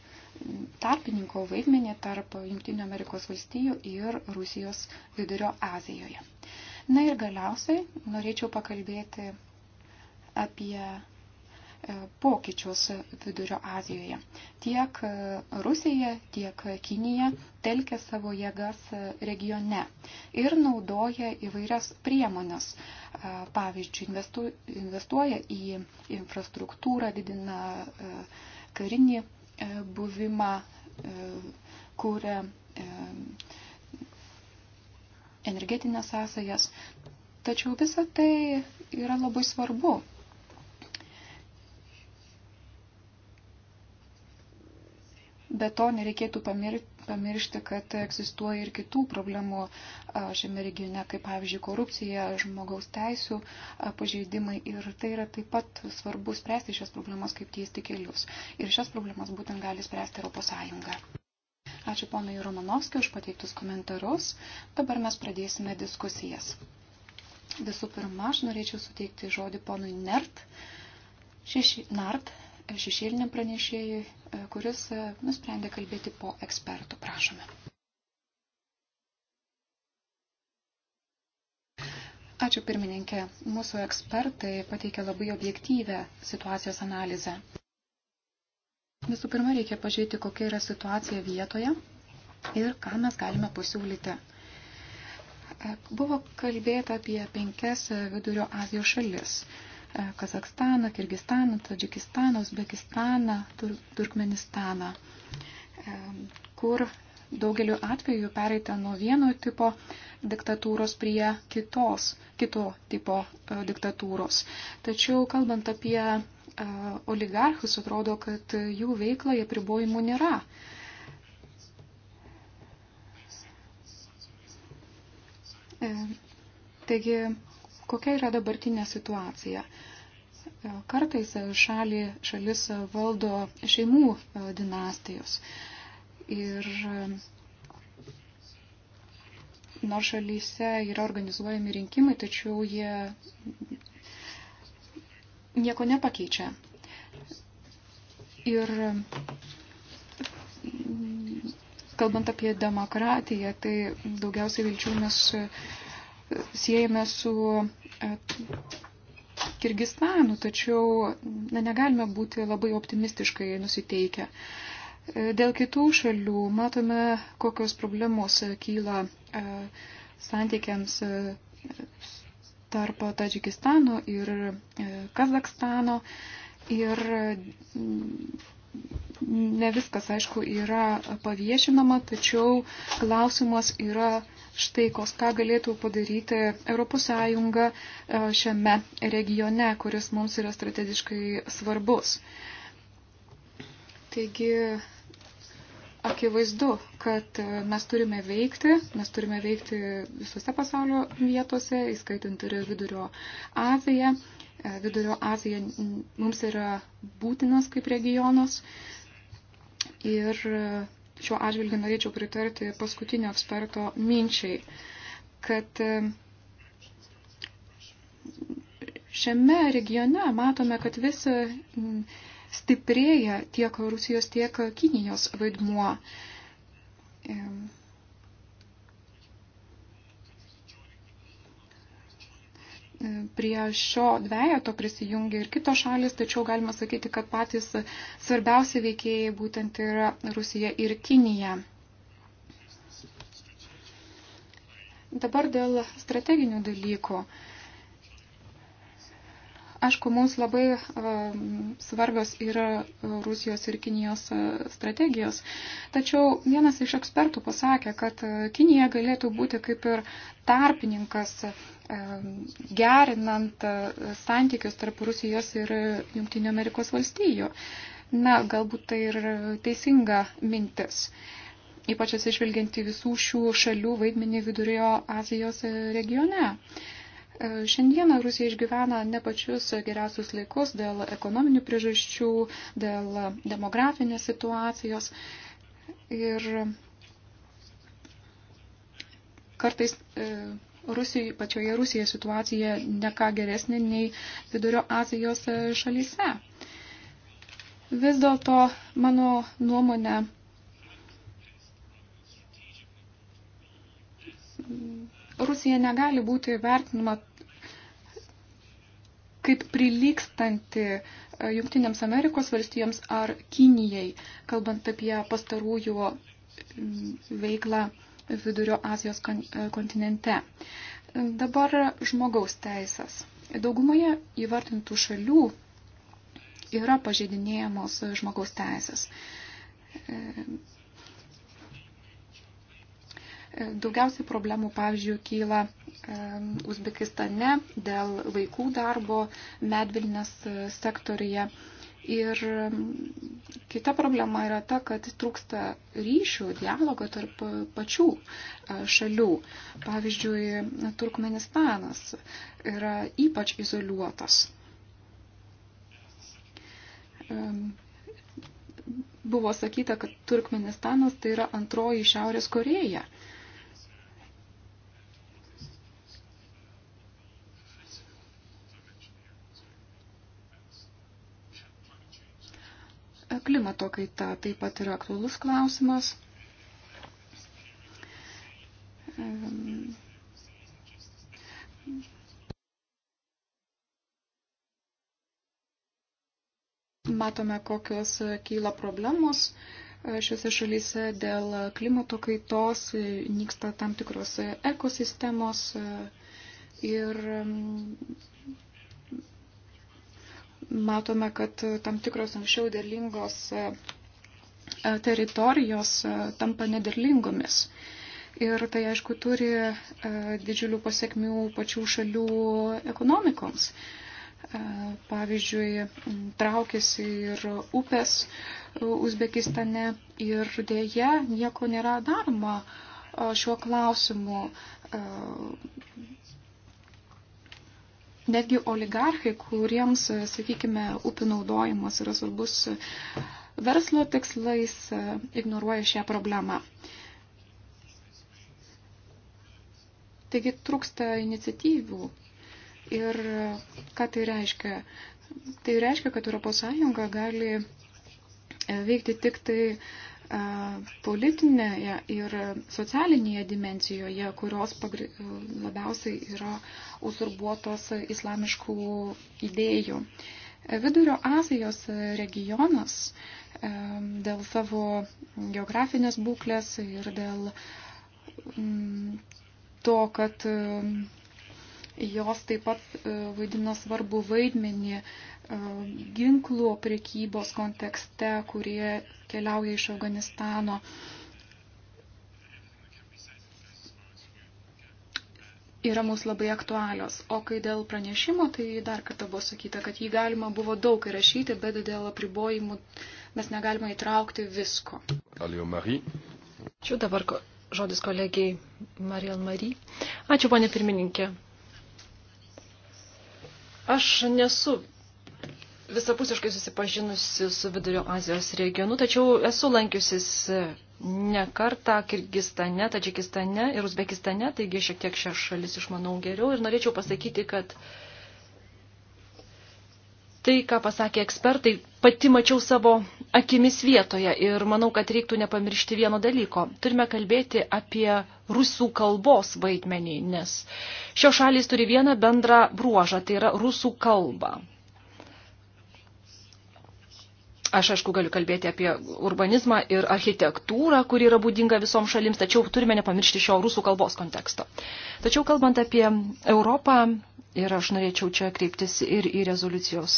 tarpininko vaidmenį tarp Junktinių Amerikos valstijų ir Rusijos vidurio Azijoje. Na ir galiausiai norėčiau pakalbėti apie E, pokyčius Vidurio Azijoje. Tiek e, Rusija, tiek Kinija telkia savo jėgas e, regione ir naudoja įvairias priemonės. Pavyzdžiui, investu, investuoja į infrastruktūrą, didina karinį buvimą, kuria energetinės sąsajas. Tačiau visa tai yra labai svarbu Be to nereikėtų pamiršti, kad egzistuoja ir kitų problemų šiame regione, kaip pavyzdžiui korupcija, žmogaus teisų pažeidimai ir tai yra taip pat svarbu spręsti šias problemas, kaip tiesti kelius. Ir šias problemas būtent gali spręsti Europos Sąjunga. Ačiū ponui Romanovskiu už pateiktus komentarus. Dabar mes pradėsime diskusijas. Visų pirma, aš norėčiau suteikti žodį ponui Nert, šeši, Nart šešėliniam pranešėjui, e, kuris e, nusprendė kalbėti po ekspertų. Prašome. Ačiū pirmininkė. Mūsų ekspertai pateikė labai objektyvę situacijos analizę. Visų pirma, reikia pažiūrėti, kokia yra situacija vietoje ir ką mes galime pasiūlyti. E, buvo kalbėta apie penkias vidurio Azijos šalis E, Kazakstaną, Kirgistaną, Tadžikistaną, Uzbekistaną, Tur Turkmenistaną, e, kur daugeliu atveju pereita nuo vieno tipo diktatūros prie kitos, kito tipo e, diktatūros. Tačiau kalbant apie oligarchus, atrodo, kad jų veiklai apribojimų nėra. Taigi Kokia yra dabartinė situacija? E, kartais šalį, šalis valdo šeimų e, dinastijos. Ir e, nors šalyse yra organizuojami rinkimai, tačiau jie nieko nepakeičia. Ir kalbant apie demokratiją, tai daugiausiai vilčių mes siejame su e, Kirgistanu, tačiau na, negalime būti labai optimistiškai nusiteikę. E, dėl kitų šalių matome, kokios problemos kyla e, santykiams tarp Tadžikistano ir Kazakstano. Ir mm, ne viskas, aišku, yra paviešinama, tačiau klausimas yra štai kos ką galėtų padaryti ES e, šiame regione, kuris mums yra strategiškai svarbus. Taigi, akivaizdu, kad e, mes turime veikti, mes turime veikti visose pasaulio vietose, įskaitant ir vidurio Aziją. E, vidurio Azija mums yra būtinas kaip regionas. Ir šiuo atžvilgiu norėčiau pritarti paskutinio eksperto minčiai, kad e, šiame regione matome, kad vis mm, stiprėja tiek Rusijos, tiek Kinijos vaidmuo. E, Prie šio dviejato prisijungia ir kitos šalis, tačiau galima sakyti, kad patys svarbiausi veikėjai būtent yra Rusija ir Kinija. Dabar dėl strateginių dalykų. Aišku, mums labai um, svarbios yra uh, Rusijos ir Kinijos uh, strategijos, tačiau vienas iš ekspertų pasakė, kad uh, Kinija galėtų būti kaip ir tarpininkas um, gerinant santykius tarp Rusijos ir Junktinio Amerikos valstijų. Na, galbūt tai ir teisinga mintis ypač atsižvelgiant į visų šių šalių vaidmenį Vidurio Azijos regione. E, šiandieną Rusija išgyvena ne pačius geriausius laikus dėl ekonominių priežasčių, dėl demografinės situacijos ir kartais e, Rusijoje, pačioje Rusijoje situacija neką geresnė nei vidurio Azijos e, šalyse. Vis dėlto mano nuomonė Rusija negali būti vertinama kaip prilykstanti e, Junktinėms Amerikos valstijoms ar Kinijai, kalbant apie pastarųjų mm, veiklą Vidurio Azijos e, kontinente. Dabar žmogaus teisės. Daugumoje įvartintų šalių yra pažeidinėjamos žmogaus teisės. E, Daugiausiai problemų, pavyzdžiui, kyla Uzbekistane dėl vaikų darbo medvilnės e, sektorija. Ir kita problema yra ta, kad trūksta ryšių, dialogo tarp pačių e, šalių. Pavyzdžiui, Turkmenistanas yra ypač izoliuotas buvo sakyta, kad Turkmenistanas tai yra antroji Šiaurės Koreja. Klimato kaita taip pat yra aktualus klausimas. Matome, kokios kyla problemos e, šiuose šalyse dėl klimato kaitos, e, nyksta tam tikros ekosistemos e, ir matome, kad tam tikros anksčiau derlingos e, e, teritorijos e, tampa nederlingomis. Ir tai, aišku, turi didžiulių pasiekmių pačių šalių ekonomikoms. Pavyzdžiui, traukėsi ir upės Uzbekistane ir dėje nieko nėra daroma šiuo klausimu Netgi oligarchai, kuriems, sakykime, upių naudojimas yra svarbus verslo tikslais, ignoruoja šią problemą. Taigi trūksta iniciatyvų. Ir ką tai reiškia? Tai reiškia, kad ES gali veikti tik tai uh, politinėje ir socialinėje dimencijoje, kurios pagri... labiausiai yra usurbuotos islamiškų idėjų. Vidurio Azijos regionas dėl savo geografinės būklės ir dėl to, kad Jos taip pat e, vaidina svarbu vaidmenį e, ginklų priekybos kontekste, kurie keliauja iš Afganistano. Yra mums labai aktualios. O kai dėl pranešimo, tai dar kartą buvo sakyta, kad jį galima buvo daug įrašyti, bet dėl apribojimų mes negalime įtraukti visko. Alio Marie. Čia dabar žodis kolegijai Marijal Marie. Ačiū, ponė pirmininkė. Aš nesu visapusiškai susipažinusi su Vidurio Azijos regionu, tačiau esu lankiusis ne kartą Kirgistane, Tadžikistane ir Uzbekistane, taigi šiek tiek šias šalis išmanau geriau ir norėčiau pasakyti, kad uh, tai, ką pasakė ekspertai, pati mačiau savo akimis vietoje ir manau, kad reiktų nepamiršti vieno dalyko. Turime kalbėti apie rusų kalbos vaidmenį, nes šios šalys turi vieną bendrą bruožą, tai yra rusų kalba. Aš aišku galiu kalbėti apie urbanizmą ir architektūrą, kuri yra būdinga visoms šalims, tačiau turime nepamiršti šio rusų kalbos konteksto. Tačiau kalbant apie Europą, Ir aš norėčiau čia kreiptis ir į rezoliucijos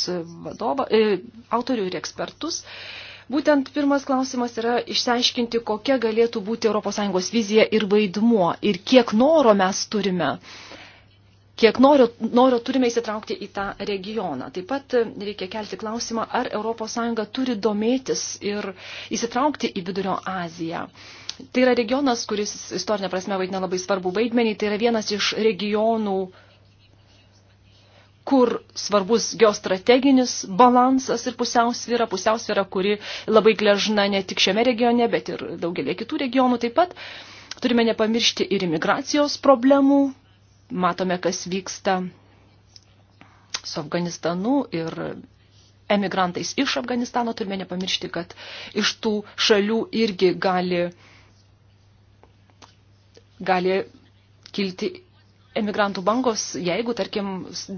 vadovą, e, autorių ir ekspertus. Būtent pirmas klausimas yra išsiaiškinti, kokia galėtų būti ES vizija ir vaidmuo ir kiek noro mes turime, kiek noro, noro turime įsitraukti į tą regioną. Taip pat reikia kelti klausimą, ar ES turi domėtis ir įsitraukti į Vidurio Aziją. Tai yra regionas, kuris istorinė prasme vaidina labai svarbu vaidmenį, tai yra vienas iš regionų, kur svarbus geostrateginis balansas ir pusiausvyra, pusiausvyra, kuri labai gležna ne tik šiame regione, bet ir daugelį kitų regionų taip pat. Turime nepamiršti ir imigracijos problemų, matome, kas vyksta su Afganistanu ir emigrantais iš Afganistano, turime nepamiršti, kad iš tų šalių irgi gali, gali kilti emigrantų bangos, jeigu, tarkim,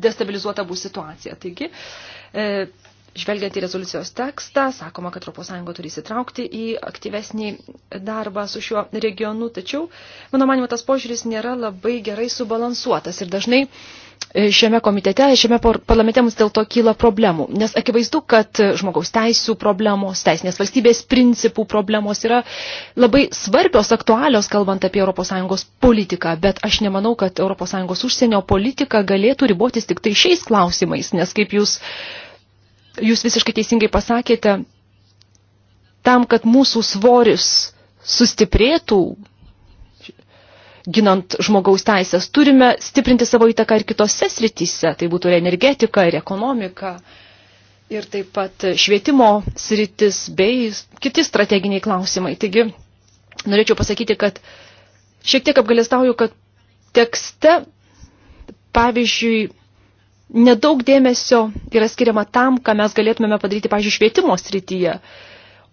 destabilizuota bus situacija. Taigi, e, Žvelgiant į rezoliucijos tekstą, sakoma, kad ES turi įsitraukti į aktyvesnį darbą su šiuo regionu, tačiau, mano manimo, tas požiūris nėra labai gerai subalansuotas ir dažnai uh, šiame komitete, šiame parlamente mums dėl to kyla problemų. Nes akivaizdu, kad žmogaus teisų problemos, teisinės valstybės principų problemos yra labai svarbios, aktualios, kalbant apie ES politiką. Bet aš nemanau, kad ES užsienio politika galėtų ribotis tik tai šiais klausimais, nes kaip jūs, jūs visiškai teisingai pasakėte, tam, kad mūsų svoris sustiprėtų, ginant žmogaus teisės, turime stiprinti savo įtaką ir kitose srityse, tai būtų ir energetika, ir ekonomika, ir taip pat švietimo sritis bei kiti strateginiai klausimai. Taigi, norėčiau pasakyti, kad šiek tiek apgalėstauju, kad tekste, pavyzdžiui, nedaug dėmesio yra skiriama tam, ką mes galėtumėme padaryti, pavyzdžiui, švietimo srityje.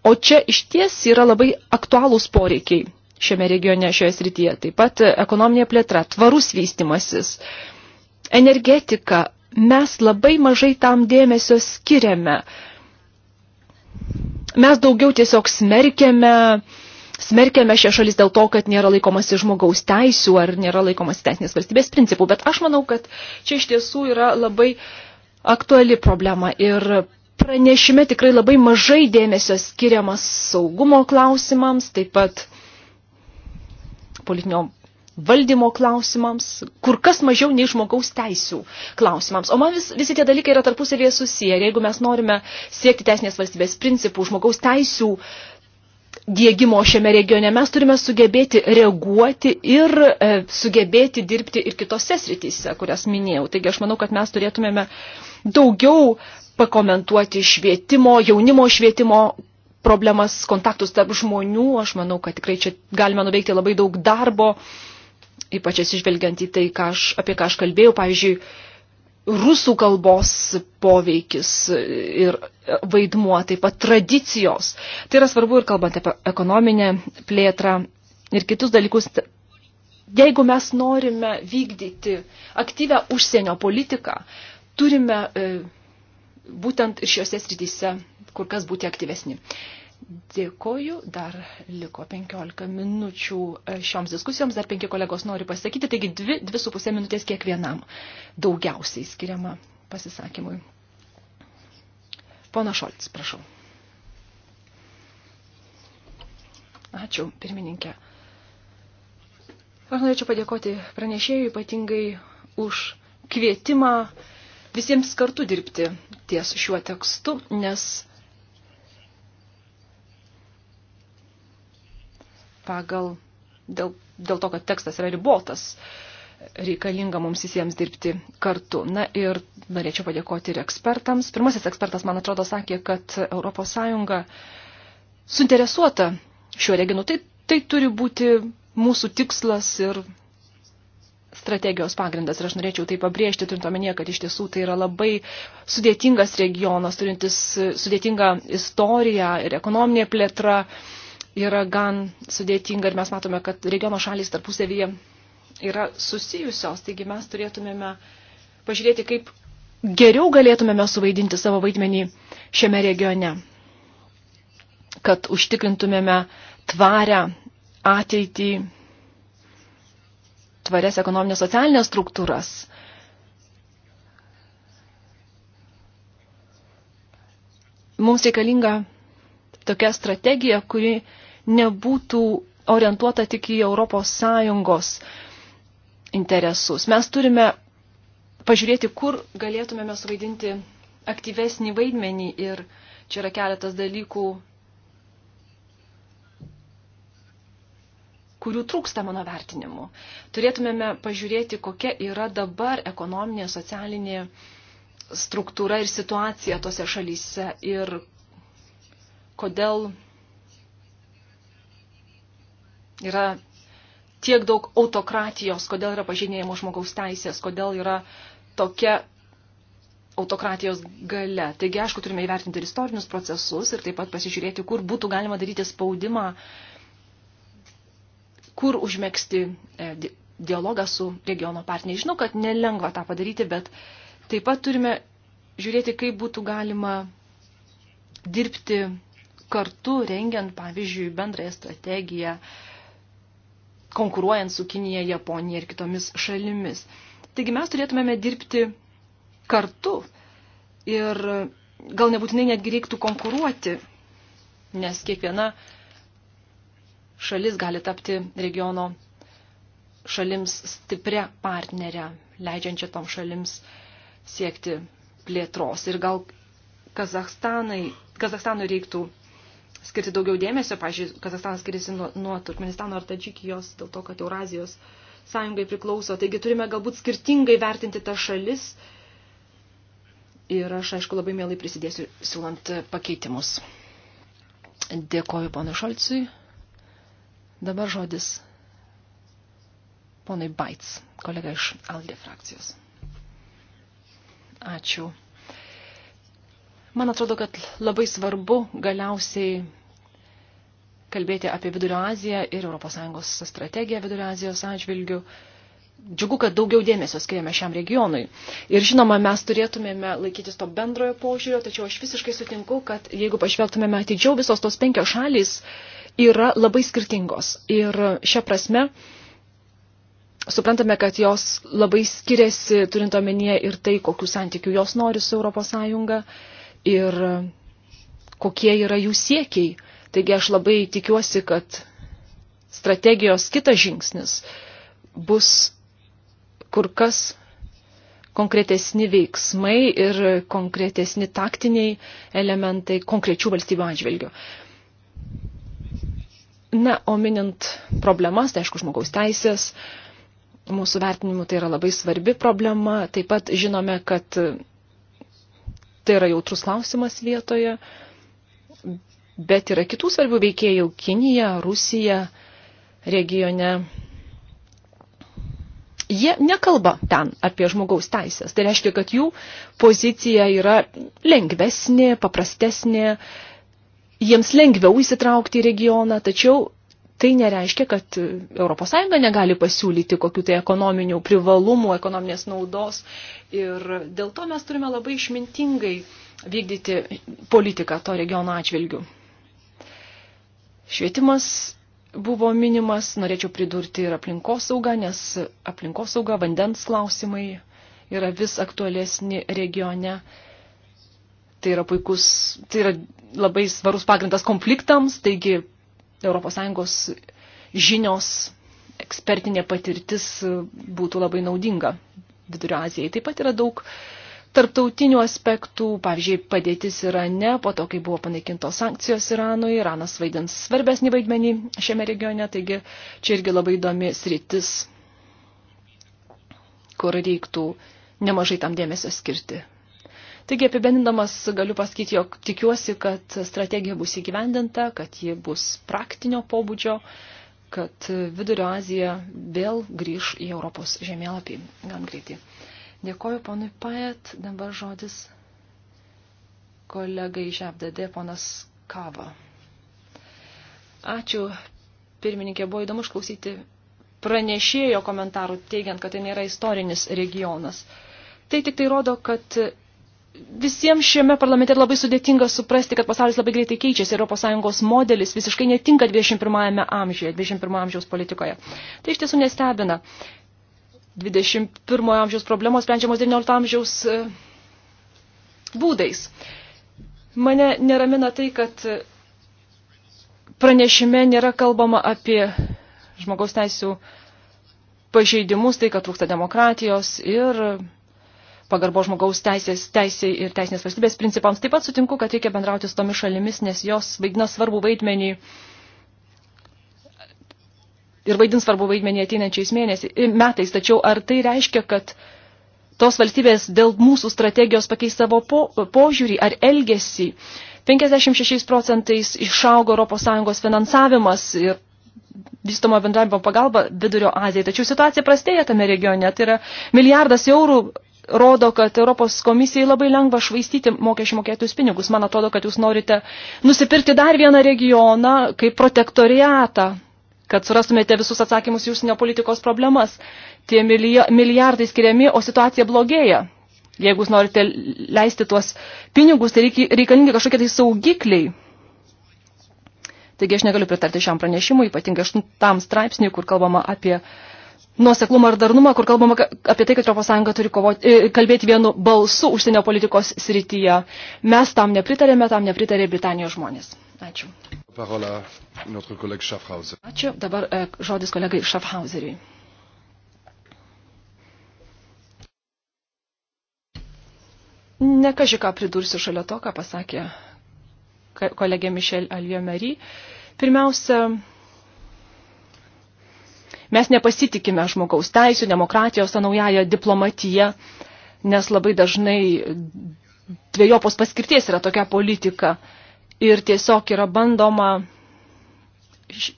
O čia iš ties yra labai aktualūs poreikiai šiame regione, šioje srityje. Taip pat ekonominė plėtra, tvarus vystimasis, energetika. Mes labai mažai tam dėmesio skiriame. Mes daugiau tiesiog smerkiame, smerkiame šią šalis dėl to, kad nėra laikomasi žmogaus teisių ar nėra laikomasi teisinės valstybės principų. Bet aš manau, kad čia iš tiesų yra labai aktuali problema ir pranešime tikrai labai mažai dėmesio skiriamas saugumo klausimams, taip pat politinio valdymo klausimams, kur kas mažiau nei žmogaus teisų klausimams. O man vis, visi tie dalykai yra tarpusavėje susiję. Ir jeigu mes norime siekti teisinės valstybės principų, žmogaus teisų dėgymo šiame regione, mes turime sugebėti reaguoti ir e, sugebėti dirbti ir kitose srityse, kurias minėjau. Taigi aš manau, kad mes turėtumėme daugiau pakomentuoti švietimo, jaunimo švietimo problemas, kontaktus tarp žmonių. Aš manau, kad tikrai čia galime nuveikti labai daug darbo, ypač atsižvelgiant į tai, ką aš, apie ką aš kalbėjau. Pavyzdžiui, rusų kalbos poveikis ir vaidmuo, taip pat tradicijos. Tai yra svarbu ir kalbant apie ekonominę plėtrą ir kitus dalykus. Jeigu mes norime vykdyti aktyvę užsienio politiką, turime e, būtent ir šiuose srityse kur kas būti aktyvesni. Dėkoju, dar liko 15 minučių e, šioms diskusijoms, dar penki kolegos nori pasakyti, taigi 2,5 minutės kiekvienam daugiausiai skiriama pasisakymui. Pona Šolts, prašau. Ačiū, pirmininkė. Aš norėčiau padėkoti pranešėjui ypatingai už kvietimą visiems kartu dirbti ties šiuo tekstu, nes pagal, dėl, dėl to, kad tekstas yra ribotas, reikalinga mums visiems dirbti kartu. Na ir norėčiau padėkoti ir ekspertams. Pirmasis ekspertas, man atrodo, sakė, kad ES suinteresuota šiuo reginu. Tai, tai turi būti mūsų tikslas ir strategijos pagrindas. Ir aš norėčiau tai pabrėžti, turint omenyje, kad iš tiesų tai yra labai sudėtingas regionas, turintis sudėtingą istoriją ir ekonominė plėtra. Uh, yra gan sudėtinga ir mes matome, kad regiono šalys tarpusavyje yra susijusios, taigi mes turėtumėme pažiūrėti, kaip geriau galėtumėme suvaidinti savo vaidmenį šiame regione, kad užtikrintumėme tvarę ateitį, tvarias ekonominės socialinės struktūras. Mums reikalinga tokia strategija, kuri nebūtų orientuota tik į ES interesus. Mes turime pažiūrėti, kur galėtumėme suvaidinti aktyvesnį vaidmenį ir čia yra keletas dalykų, kurių trūksta mano vertinimu. Turėtumėme pažiūrėti, kokia yra dabar ekonominė, socialinė struktūra ir situacija tose šalyse ir kodėl yra tiek daug autokratijos, kodėl yra pažinėjimo žmogaus teisės, kodėl yra tokia autokratijos gale. Taigi, aišku, turime įvertinti ir istorinius procesus ir taip pat pasižiūrėti, kur būtų galima daryti spaudimą, kur užmėgsti e, dialogą su regiono partneriai. Žinau, kad nelengva tą padaryti, bet taip pat turime žiūrėti, kaip būtų galima dirbti kartu, rengiant, pavyzdžiui, bendrąją strategiją, uh, konkuruojant su Kinija, Japonija ir kitomis šalimis. Taigi mes turėtumėme dirbti kartu ir gal nebūtinai netgi reiktų konkuruoti, nes kiekviena šalis gali tapti regiono šalims stipria partnerė, leidžiančia tom šalims siekti plėtros. Ir gal Kazakstanui reiktų skirti daugiau dėmesio. Pavyzdžiui, Kazastanas skiriasi nuo, nuo Turkmenistano ar Tadžikijos dėl to, kad Eurazijos sąjungai priklauso. Taigi turime galbūt skirtingai vertinti tas šalis. Ir aš, aišku, labai mielai prisidėsiu siūlant pakeitimus. Dėkoju ponui Šolcui. Dabar žodis ponui Baits, kolega iš Aldi frakcijos. Ačiū. Man atrodo, kad labai svarbu galiausiai kalbėti apie Vidurio Aziją ir ES strategiją Vidurio Azijos atžvilgių. Džiugu, kad daugiau dėmesio skiriame šiam regionui. Ir žinoma, mes turėtumėme laikytis to bendrojo požiūrio, tačiau aš visiškai sutinku, kad jeigu pažvelgtumėme atidžiau, visos tos penkios šalys yra labai skirtingos. Ir šią prasme suprantame, kad jos labai skiriasi, turint omenyje ir tai, kokių santykių jos nori su ES ir kokie yra jų siekiai. Taigi aš labai tikiuosi, kad strategijos kitas žingsnis bus kur kas konkretesni veiksmai ir konkretesni taktiniai elementai konkrečių valstybių atžvilgių. Na, o minint problemas, tai aišku, žmogaus teisės, mūsų vertinimu tai yra labai svarbi problema. Taip pat žinome, kad tai yra jautrus klausimas vietoje, bet yra kitų svarbių veikėjų - Kinija, Rusija regione. Jie nekalba ten apie žmogaus teisės. Tai reiškia, kad jų pozicija yra lengvesnė, paprastesnė, jiems lengviau įsitraukti į regioną, tačiau tai nereiškia, kad ES negali pasiūlyti kokių tai ekonominių privalumų, ekonominės naudos. Ir dėl to mes turime labai išmintingai vykdyti politiką to regiono atžvilgių. Švietimas buvo minimas, norėčiau pridurti ir aplinkosaugą, nes aplinkosauga, vandens klausimai yra vis aktualesni regione. Tai yra puikus, tai yra labai svarus pagrindas konfliktams, taigi ES žinios, ekspertinė patirtis būtų labai naudinga Vidurio Azijai. Taip pat yra daug tarptautinių aspektų, pavyzdžiui, padėtis Irane, po to, kai buvo panaikintos sankcijos Iranui, Iranas vaidins svarbesnį vaidmenį šiame regione, taigi čia irgi labai įdomi sritis, kur reiktų nemažai tam dėmesio skirti. Taigi apibendindamas galiu pasakyti, jog tikiuosi, kad strategija bus įgyvendinta, kad ji bus praktinio pobūdžio, kad Vidurio Azija vėl grįž į Europos žemėlapį gan greitai. Dėkoju ponui Paet, dabar žodis kolegai iš FDD, ponas Kava. Ačiū, pirmininkė, buvo įdomu išklausyti pranešėjo komentarų, teigiant, kad tai nėra istorinis regionas. Tai tik tai rodo, kad visiems šiame parlamente labai sudėtinga suprasti, kad pasaulis labai greitai keičiasi, ES modelis visiškai netinka 21 amžiuje, 21 amžiaus politikoje. Tai iš tiesų nestebina. 21 amžiaus problemos sprendžiamos 19 amžiaus e, būdais. Mane neramina tai, kad pranešime nėra kalbama apie žmogaus teisų pažeidimus, tai, kad trūksta demokratijos ir pagarbo žmogaus teisės, teisė ir teisinės valstybės principams. Taip pat sutinku, kad reikia bendrauti su tomis šalimis, nes jos vaidina svarbu vaidmenį ir vaidins svarbu vaidmenį ateinančiais mėnesiais, metais. Tačiau ar tai reiškia, kad tos valstybės dėl mūsų strategijos pakeis savo po, požiūrį ar elgesį? 56 procentais išaugo ES finansavimas ir vystoma bendravimo pagalba vidurio Azijai. Tačiau situacija prastėja tame regione. Tai yra milijardas eurų rodo, kad Europos komisijai labai lengva švaistyti mokesčių mokėtus pinigus. Man atrodo, kad jūs norite nusipirkti dar vieną regioną kaip protektoriatą, kad surastumėte visus atsakymus į užsienio politikos problemas. Tie milijardai skiriami, o situacija blogėja. Jeigu jūs norite leisti tuos pinigus, tai reikalingi kažkokie tai saugikliai. Taigi aš negaliu pritarti šiam pranešimui, ypatingai aštuntam straipsniui, kur kalbama apie uh, nuoseklumą ir darnumą, kur kalbama apie tai, kad ES turi kovoti, e, kalbėti vienu balsu užsienio politikos srityje. Mes tam nepritarėme, tam nepritarė Britanijos žmonės. Ačiū. Parola, Ačiū. Dabar e, žodis kolegai Schaffhauseriui. Nekaži ką pridursiu šalia to, ką pasakė kolegė Mišel Aljomery. Pirmiausia, Mes nepasitikime žmogaus teisų, demokratijos, tą naująją diplomatiją, nes labai dažnai dviejopos paskirties yra tokia politika ir tiesiog yra bandoma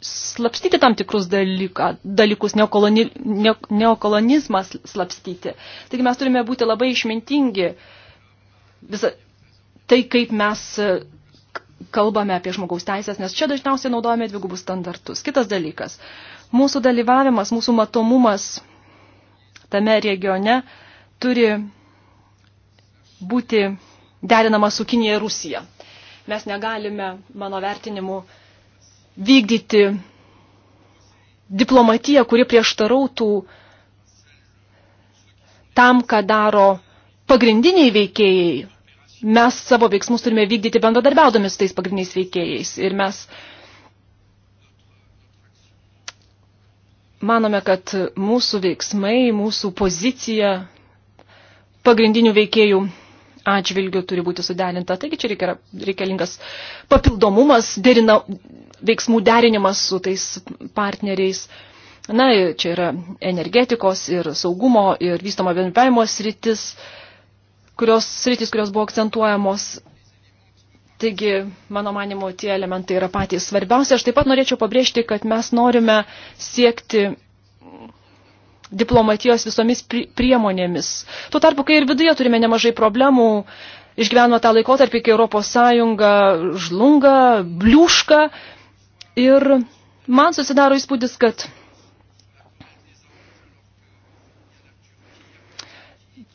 slapstyti tam tikrus dalyką, dalykus, neokoloni, ne, neokolonizmas slapstyti. Taigi mes turime būti labai išmintingi visą tai, kaip mes e, kalbame apie žmogaus teisės, nes čia dažniausiai naudojame dvigubus standartus. Kitas dalykas Mūsų dalyvavimas, mūsų matomumas tame regione turi būti derinama su Kinija ir Rusija. Mes negalime, mano vertinimu, vykdyti diplomatiją, kuri prieštarautų tam, ką daro pagrindiniai veikėjai. Mes savo veiksmus turime vykdyti bendradarbiaudami su tais pagrindiniais veikėjais. Ir mes uh, manome, kad mūsų veiksmai, mūsų pozicija pagrindinių veikėjų atžvilgių turi būti suderinta. Taigi čia reikia, reikalingas papildomumas, derina, veiksmų derinimas su tais partneriais. Na, čia yra energetikos ir saugumo ir vystomo bendradarbiavimo sritis, kurios, sritis, kurios buvo akcentuojamos. Taigi, mano manimo, tie elementai yra patys svarbiausia. Aš taip pat norėčiau pabrėžti, kad mes norime siekti diplomatijos visomis priemonėmis. Tuo tarpu, kai ir viduje turime nemažai problemų, išgyvenome tą laikotarpį, kai Europos Sąjunga žlunga, bliūška. Ir man susidaro įspūdis, kad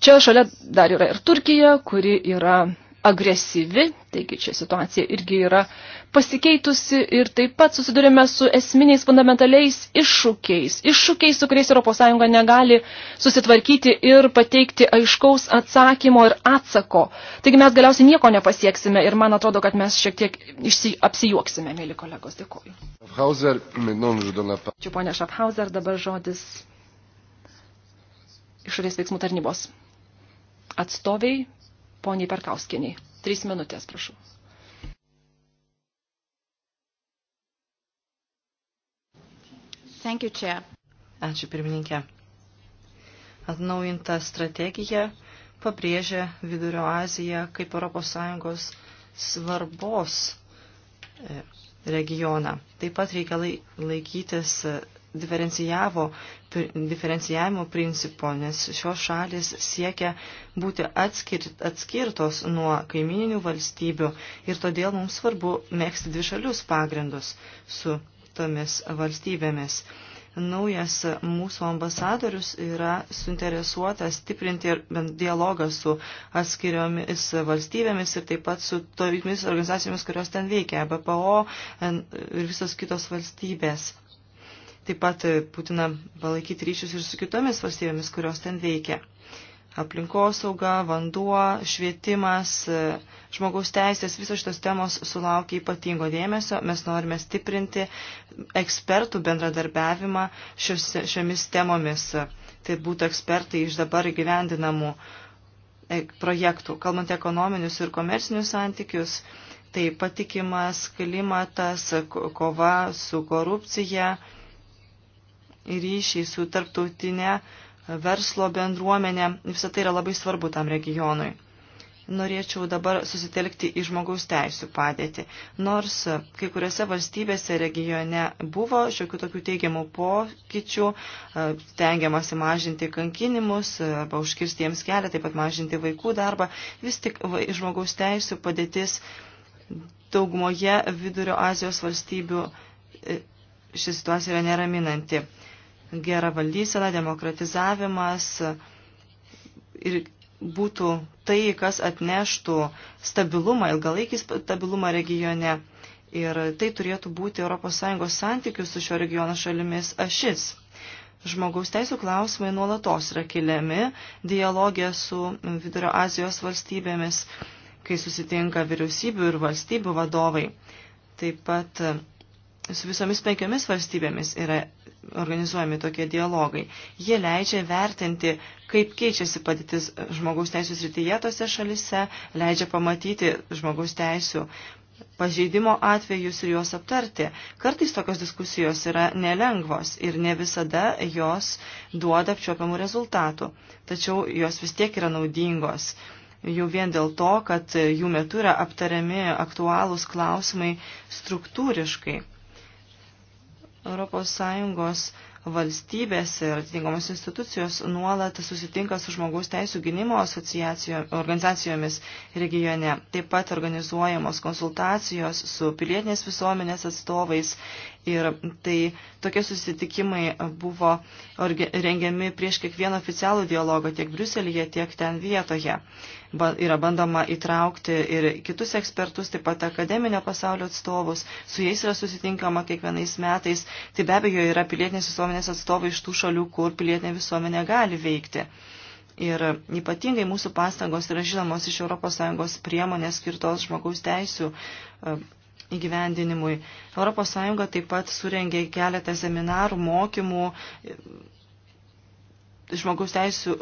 čia šalia dar yra ir Turkija, kuri yra agresyvi, taigi čia situacija irgi yra pasikeitusi ir taip pat susidurime su esminiais fundamentaliais iššūkiais, iššūkiais, su kuriais ES negali susitvarkyti ir pateikti aiškaus atsakymo ir atsako. Taigi mes galiausiai nieko nepasieksime ir man atrodo, kad mes šiek tiek išsi, apsijuoksime, mėly kolegos, dėkoju. Nu, Ačiū ponia Schaffhauser, dabar žodis išorės veiksmų tarnybos atstoviai poniai Perkauskiniai. Trys minutės, prašau. Thank you, Chair. Ačiū pirmininkė. Atnaujinta strategija pabrėžia Vidurio Aziją kaip ES svarbos e, regioną. Taip pat reikia laikytis diferencijavo, diferencijavimo principo, nes šios šalis siekia būti atskirt, atskirtos nuo kaimininių valstybių ir todėl mums svarbu mėgsti dvišalius pagrindus su tomis valstybėmis. Naujas mūsų ambasadorius yra suinteresuotas stiprinti dialogą su atskiriomis valstybėmis ir taip pat su tomis organizacijomis, kurios ten veikia, BPO ir visos kitos valstybės Taip pat Putina e, palaikyti ryšius ir su kitomis valstybėmis, kurios ten veikia. Aplinkosauga, vanduo, švietimas, e, žmogaus teisės, visos šitos temos sulaukia ypatingo dėmesio. Mes norime stiprinti ekspertų bendradarbiavimą šios, šiomis temomis. Tai būtų ekspertai iš dabar gyvendinamų e, projektų. Kalbant ekonominius ir komercinius santykius, tai patikimas klimatas, kova su korupcija, ryšiai su tarptautinė verslo bendruomenė. Visą tai yra labai svarbu tam regionui. Norėčiau dabar susitelkti į žmogaus teisų padėtį. Nors kai kuriuose valstybėse regione buvo šiokių tokių teigiamų pokyčių, tengiamasi mažinti kankinimus arba užkirsti jiems kelią, taip pat mažinti vaikų darbą, vis tik žmogaus teisų padėtis daugumoje Vidurio Azijos valstybių e, ši situacija yra neraminanti gera valdysena, demokratizavimas ir būtų tai, kas atneštų stabilumą, ilgalaikį stabilumą regione. Ir tai turėtų būti ES santykių su šio regiono šalimis ašis. Žmogaus teisų klausimai nuolatos yra keliami dialogė su Vidurio Azijos valstybėmis, kai susitinka vyriausybių ir valstybių vadovai. Taip pat su visomis penkiomis valstybėmis yra organizuojami tokie dialogai. Jie leidžia vertinti, kaip keičiasi padėtis žmogaus teisų srityje tose šalise, leidžia pamatyti žmogaus teisų pažeidimo atvejus ir juos aptarti. Kartais tokios diskusijos yra nelengvos ir ne visada jos duoda apčiopiamų rezultatų, tačiau jos vis tiek yra naudingos jau vien dėl to, kad jų metu yra aptariami aktualūs klausimai struktūriškai. ES valstybės ir atitinkamos institucijos nuolat susitinka su žmogaus teisų gynimo organizacijomis regione. Taip pat organizuojamos konsultacijos su pilietinės visuomenės atstovais Ir tai tokie susitikimai buvo rengiami prieš kiekvieną oficialų dialogą tiek Briuselėje, tiek ten vietoje. Ba, yra bandoma įtraukti ir kitus ekspertus, taip pat akademinio pasaulio atstovus. Su jais yra susitinkama kiekvienais metais. Tai be abejo yra pilietinės visuomenės atstovai iš tų šalių, kur pilietinė visuomenė gali veikti. Ir ypatingai mūsų pastangos yra žinomos iš ES priemonės skirtos žmogaus teisų įgyvendinimui. ES taip pat surengė keletą seminarų, mokymų žmogaus teisų,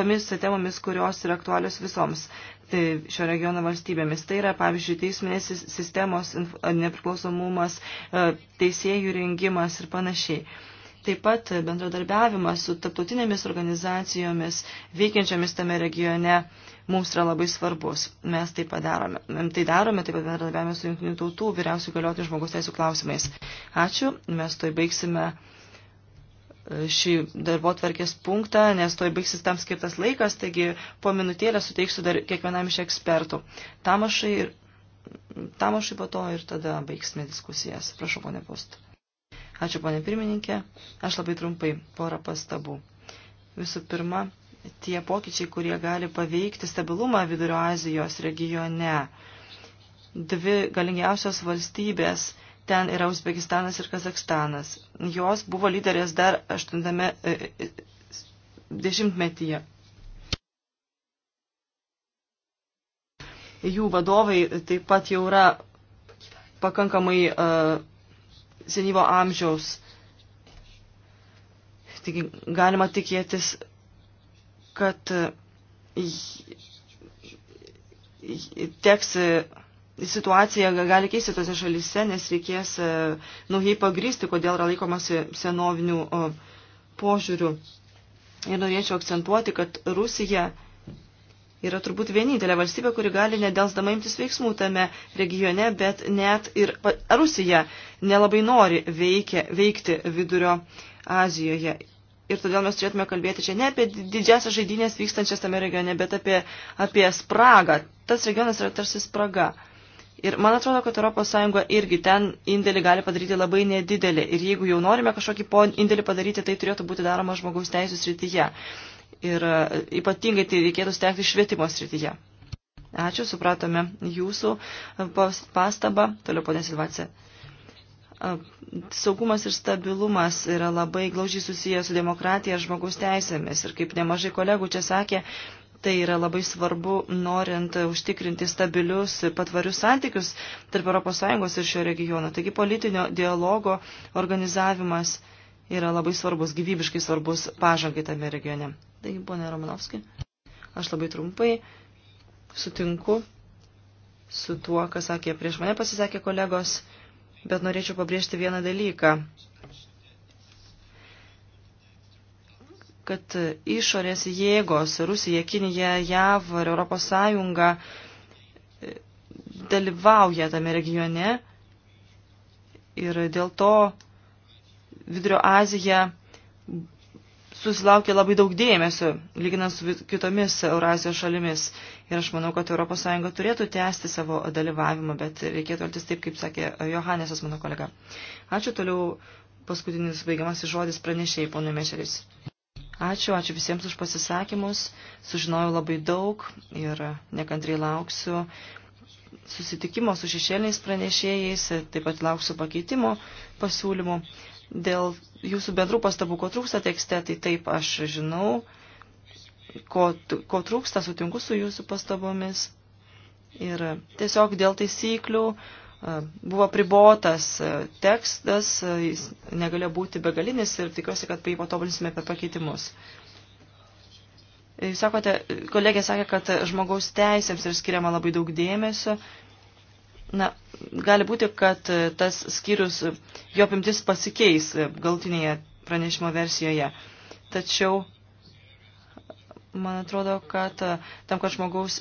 tomis temomis, kurios yra aktualios visoms tai šio regiono valstybėmis. Tai yra, pavyzdžiui, teisminės sistemos nepriklausomumas, e, teisėjų rengimas ir panašiai. Taip pat bendradarbiavimas su taptautinėmis organizacijomis veikiančiomis tame regione mums yra labai svarbus. Mes tai padarome. Tai darome, taip pat bendradarbiavime su jungtinių tautų vyriausių galiotinių žmogus teisų klausimais. Ačiū. Mes toj baigsime e, šį darbo tvarkės punktą, nes toj baigsis tam skirtas laikas, taigi po minutėlę suteiksiu dar kiekvienam iš ekspertų. Tamašai, ir, tamašai po to ir tada baigsime diskusijas. Prašau, ponė Post. Ačiū, ponė pirmininkė. Aš labai trumpai porą pastabų. Visų pirma, tie pokyčiai, kurie gali paveikti stabilumą Vidurio Azijos regione. Dvi galingiausios valstybės ten yra Uzbekistanas ir Kazakstanas. Jos buvo lyderės dar 8 e, e, dešimtmetyje. Jų vadovai taip pat jau yra pakankamai uh, senyvo amžiaus. Taigi galima tikėtis, kad e, teks e, situacija gali keisti tose šalise, nes reikės e, naujai pagrysti, kodėl yra laikomasi senovinių požiūrių. Ir norėčiau akcentuoti, kad Rusija yra turbūt vienintelė valstybė, kuri gali nedelsdama imtis veiksmų tame regione, bet net ir Rusija nelabai nori veikia, veikti vidurio Azijoje. Ir todėl mes turėtume kalbėti čia ne apie didžiasias žaidynės vykstančias tame regione, bet apie, apie spragą. Tas regionas yra tarsi spraga. Ir man atrodo, kad ES irgi ten indėlį gali padaryti labai nedidelį. Ir jeigu jau norime kažkokį indėlį padaryti, tai turėtų būti daroma žmogaus teisų srityje ir e, ypatingai tai reikėtų stengti švietimo srityje. Ačiū, supratome jūsų e, pastabą. Toliau, ponė Silvacija. E, saugumas ir stabilumas yra labai glaužiai susijęs su demokratija ir žmogaus teisėmis. Ir kaip nemažai kolegų čia sakė, tai yra labai svarbu, norint užtikrinti stabilius ir patvarius santykius tarp ES ir šio regiono. Taigi politinio dialogo organizavimas yra labai svarbus, gyvybiškai svarbus pažangai tame regione. Taigi, ponė Romanovski, aš labai trumpai sutinku su tuo, ką sakė prieš mane pasisakė kolegos, bet norėčiau pabrėžti vieną dalyką, kad išorės jėgos Rusija, Kinija, JAV ir Europos Sąjunga e, dalyvauja tame regione ir dėl to Vidurio Azija susilaukė labai daug dėmesio, lyginant su kitomis Eurazijos šalimis. Ir aš manau, kad ES turėtų tęsti savo dalyvavimą, bet reikėtų elgtis taip, kaip sakė Johanesas, mano kolega. Ačiū toliau paskutinis baigiamasis žodis pranešėjai, ponui Mešeris. Ačiū, ačiū visiems už pasisakymus, sužinojau labai daug ir nekantriai lauksiu susitikimo su šešėliniais pranešėjais, taip pat lauksiu pakeitimo pasiūlymų. Dėl jūsų bendrų pastabų, ko trūksta tekste, tai taip aš žinau, ko, ko trūksta, sutinku su jūsų pastabomis. Ir tiesiog dėl taisyklių buvo pribotas tekstas, jis negalėjo būti begalinis ir tikiuosi, kad tai patobulinsime per pakeitimus. Jūs sakote, kolegė sakė, kad žmogaus teisėms yra skiriama labai daug dėmesio Na, gali būti, kad e, tas skyrius, e, jo apimtis pasikeis e, galtinėje pranešimo versijoje. Tačiau, man atrodo, kad tam, kad žmogaus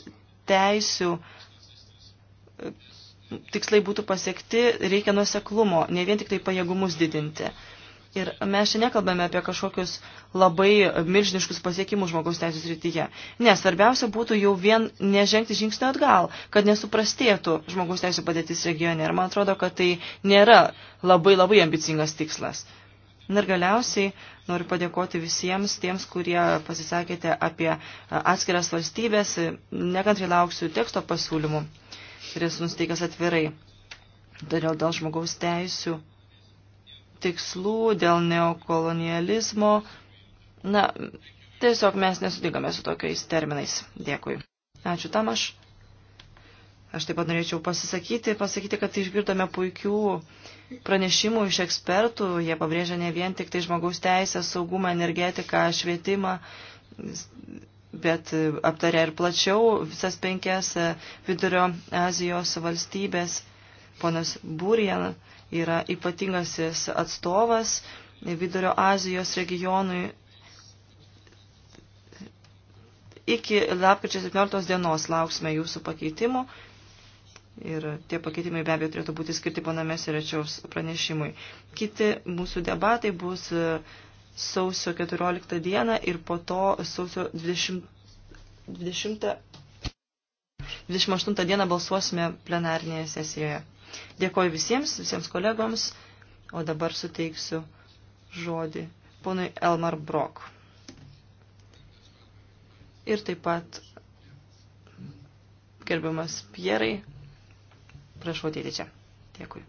teisių tikslai būtų pasiekti, reikia nuseklumo, ne vien tik tai pajėgumus didinti. Ir mes čia nekalbame apie kažkokius labai milžiniškus pasiekimus žmogaus teisų srityje. Ne, svarbiausia būtų jau vien nežengti žingsnio atgal, kad nesuprastėtų žmogaus teisų padėtis regione. Ir man atrodo, kad tai nėra labai labai ambicingas tikslas. Ir galiausiai noriu padėkoti visiems tiems, kurie pasisakėte apie atskiras valstybės. Nekantrai lauksiu teksto pasiūlymų ir esu nusteikęs atvirai. Todėl dėl žmogaus teisų tikslų, dėl neokolonializmo. Na, tiesiog mes nesutikame su tokiais terminais. Dėkui. Ačiū tam aš. Aš taip pat norėčiau pasisakyti, pasakyti, kad išgirdome puikių pranešimų iš ekspertų. Jie pabrėžia ne vien tik tai žmogaus teisę, saugumą, energetiką, švietimą, bet aptarė ir plačiau visas penkias vidurio Azijos valstybės. Ponas Būrien yra ypatingasis atstovas Vidurio Azijos regionui iki lapkričio 17 dienos lauksime jūsų pakeitimų. Ir tie pakeitimai be abejo turėtų būti skirti panamės ir rečiaus pranešimui. Kiti mūsų debatai bus sausio 14 dieną ir po to sausio 20, 20, 28 dieną balsuosime plenarnėje sesijoje. Dėkoju visiems, visiems kolegoms, o dabar suteiksiu žodį ponui Elmar Brok. Ir taip pat, gerbiamas Pierai, prašau ateiti čia. Dėkui.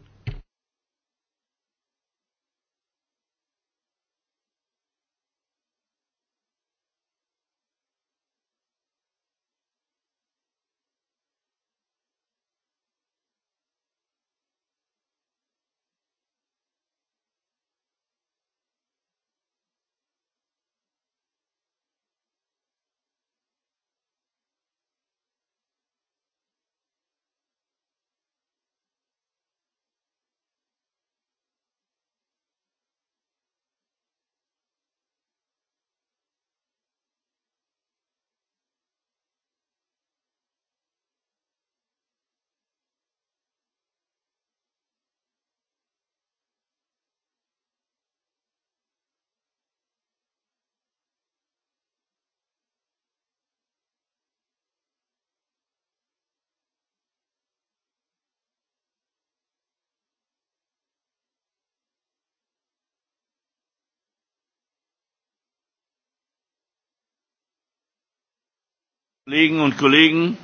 Kollegen und Kollegen,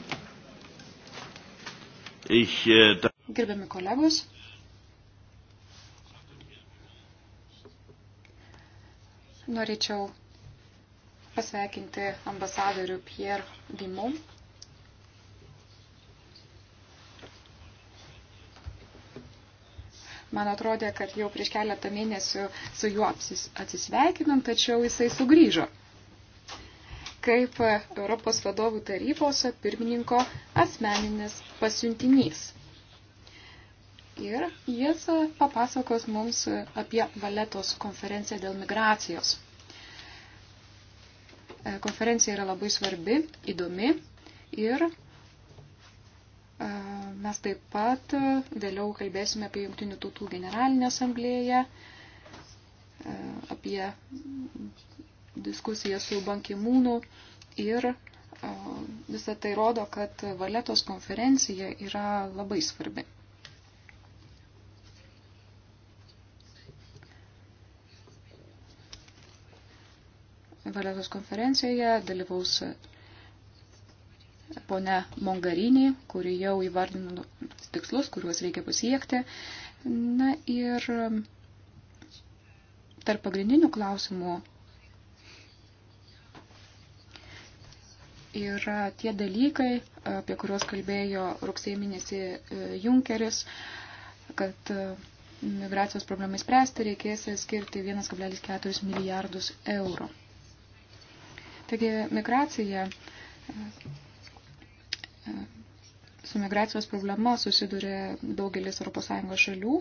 ich äh, Gerbiami kolegos, norėčiau pasveikinti ambasadorių Pierre Vimon. Man atrodė, kad jau prieš keletą mėnesių su juo atsisveikinom, tačiau jisai sugrįžo kaip Europos vadovų tarybos pirmininko asmeninis pasiuntinys. Ir jis papasakos mums apie Valetos konferenciją dėl migracijos. Konferencija yra labai svarbi, įdomi ir e, mes taip pat vėliau kalbėsime apie Junktinių tautų generalinę asamblėją, e, apie diskusiją su bankimūnu ir visą tai rodo, kad valetos konferencija yra labai svarbi. Valetos konferencijoje dalyvaus ponia Mongarinį, kuri jau įvardino tikslus, kuriuos reikia pasiekti. Na ir tarp pagrindinių klausimų yra tie dalykai, apie kuriuos kalbėjo rugsėjai mėnesį e, Junkeris, kad e, migracijos problemai spręsti reikės skirti 1,4 milijardus eurų. Taigi migracija e, su migracijos problema susiduria daugelis ES šalių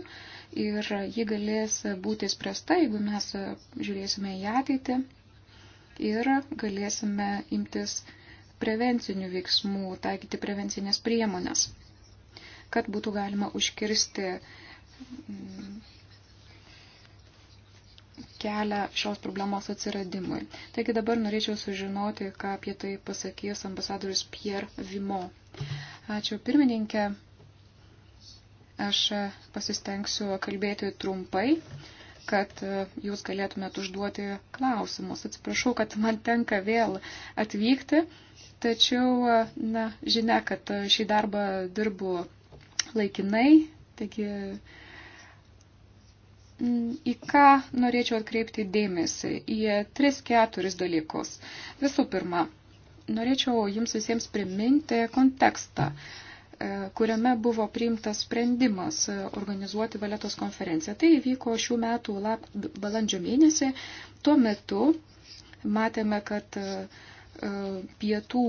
ir ji galės būti spręsta, jeigu mes žiūrėsime į ateitį ir galėsime imtis prevencinių veiksmų, taikyti prevencinės priemonės, kad būtų galima užkirsti mm, kelią šios problemos atsiradimui. Taigi dabar norėčiau sužinoti, ką apie tai pasakys ambasadorius Pierre Vimo. Ačiū pirmininkė. Aš pasistengsiu kalbėti trumpai kad e, jūs galėtumėt užduoti klausimus. Atsiprašau, kad man tenka vėl atvykti, tačiau e, na, žinia, kad e, šį darbą dirbu laikinai, taigi į ką norėčiau atkreipti dėmesį, į 3-4 dalykus. Visų pirma, norėčiau jums visiems priminti kontekstą. Mm E, kuriame buvo priimtas sprendimas e, organizuoti valetos konferenciją. Tai įvyko šių metų lap, balandžio mėnesį. Tuo metu matėme, kad e, pietų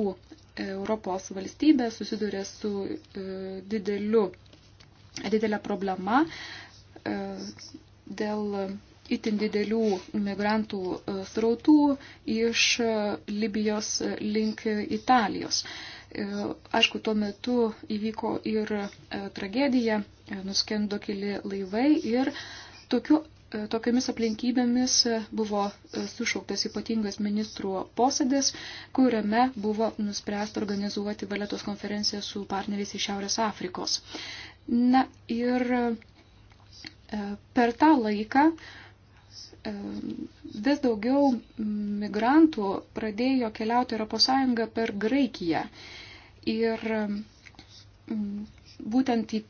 Europos valstybė susidurė su dideliu, didelė problema dėl itin didelių migrantų srautų iš Libijos link Italijos. E, aišku, tuo metu įvyko ir e, tragedija, e, nuskendo keli laivai ir tokiu, tokiamis aplinkybėmis buvo sušauktas ypatingas ministrų posėdis, kuriame buvo nuspręsta organizuoti valetos konferenciją su partneriais iš Šiaurės Afrikos. Na ir per tą laiką vis daugiau migrantų pradėjo keliauti ES per Graikiją. Ir mm, būtent į,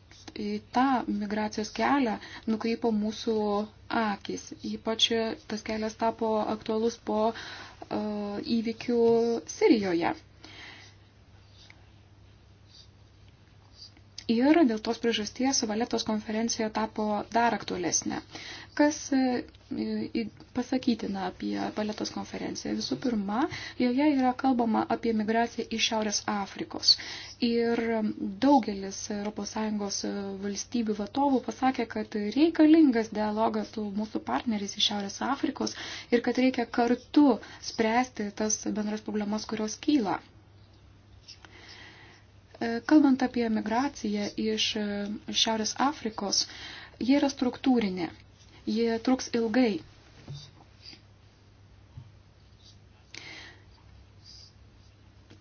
į tą migracijos kelią nukreipo mūsų akis. Ypač tas kelias tapo aktualus po uh, įvykių Sirijoje. Ir dėl tos priežasties Valetos konferencija tapo dar aktualesnė. Kas e, pasakytina apie Valetos konferenciją? Visų pirma, joje yra kalbama apie migraciją iš Šiaurės Afrikos. Ir daugelis ES valstybių vadovų pasakė, kad reikalingas dialogas su mūsų partneriais iš Šiaurės Afrikos ir kad reikia kartu spręsti tas bendras problemas, kurios kyla. Kalbant apie migraciją iš e, Šiaurės Afrikos, jie yra struktūrinė, jie truks ilgai.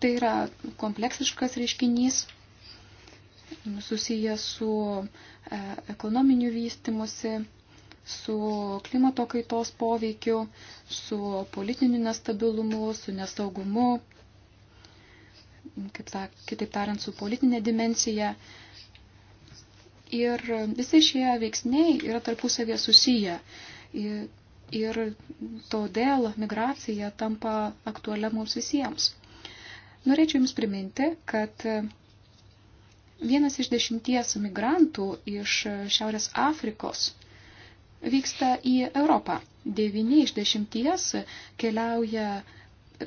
Tai yra kompleksiškas reiškinys, susijęs su e, ekonominiu vystimusi, su klimato kaitos poveikiu, su politiniu nestabilumu, su nesaugumu kaip ta, kitaip tariant, su politinė dimencija. Ir visi šie veiksniai yra tarpusavė susiję. Ir, ir todėl migracija tampa aktualia mums visiems. Norėčiau Jums priminti, kad vienas iš dešimties migrantų iš Šiaurės Afrikos vyksta į Europą. Devyni iš dešimties keliauja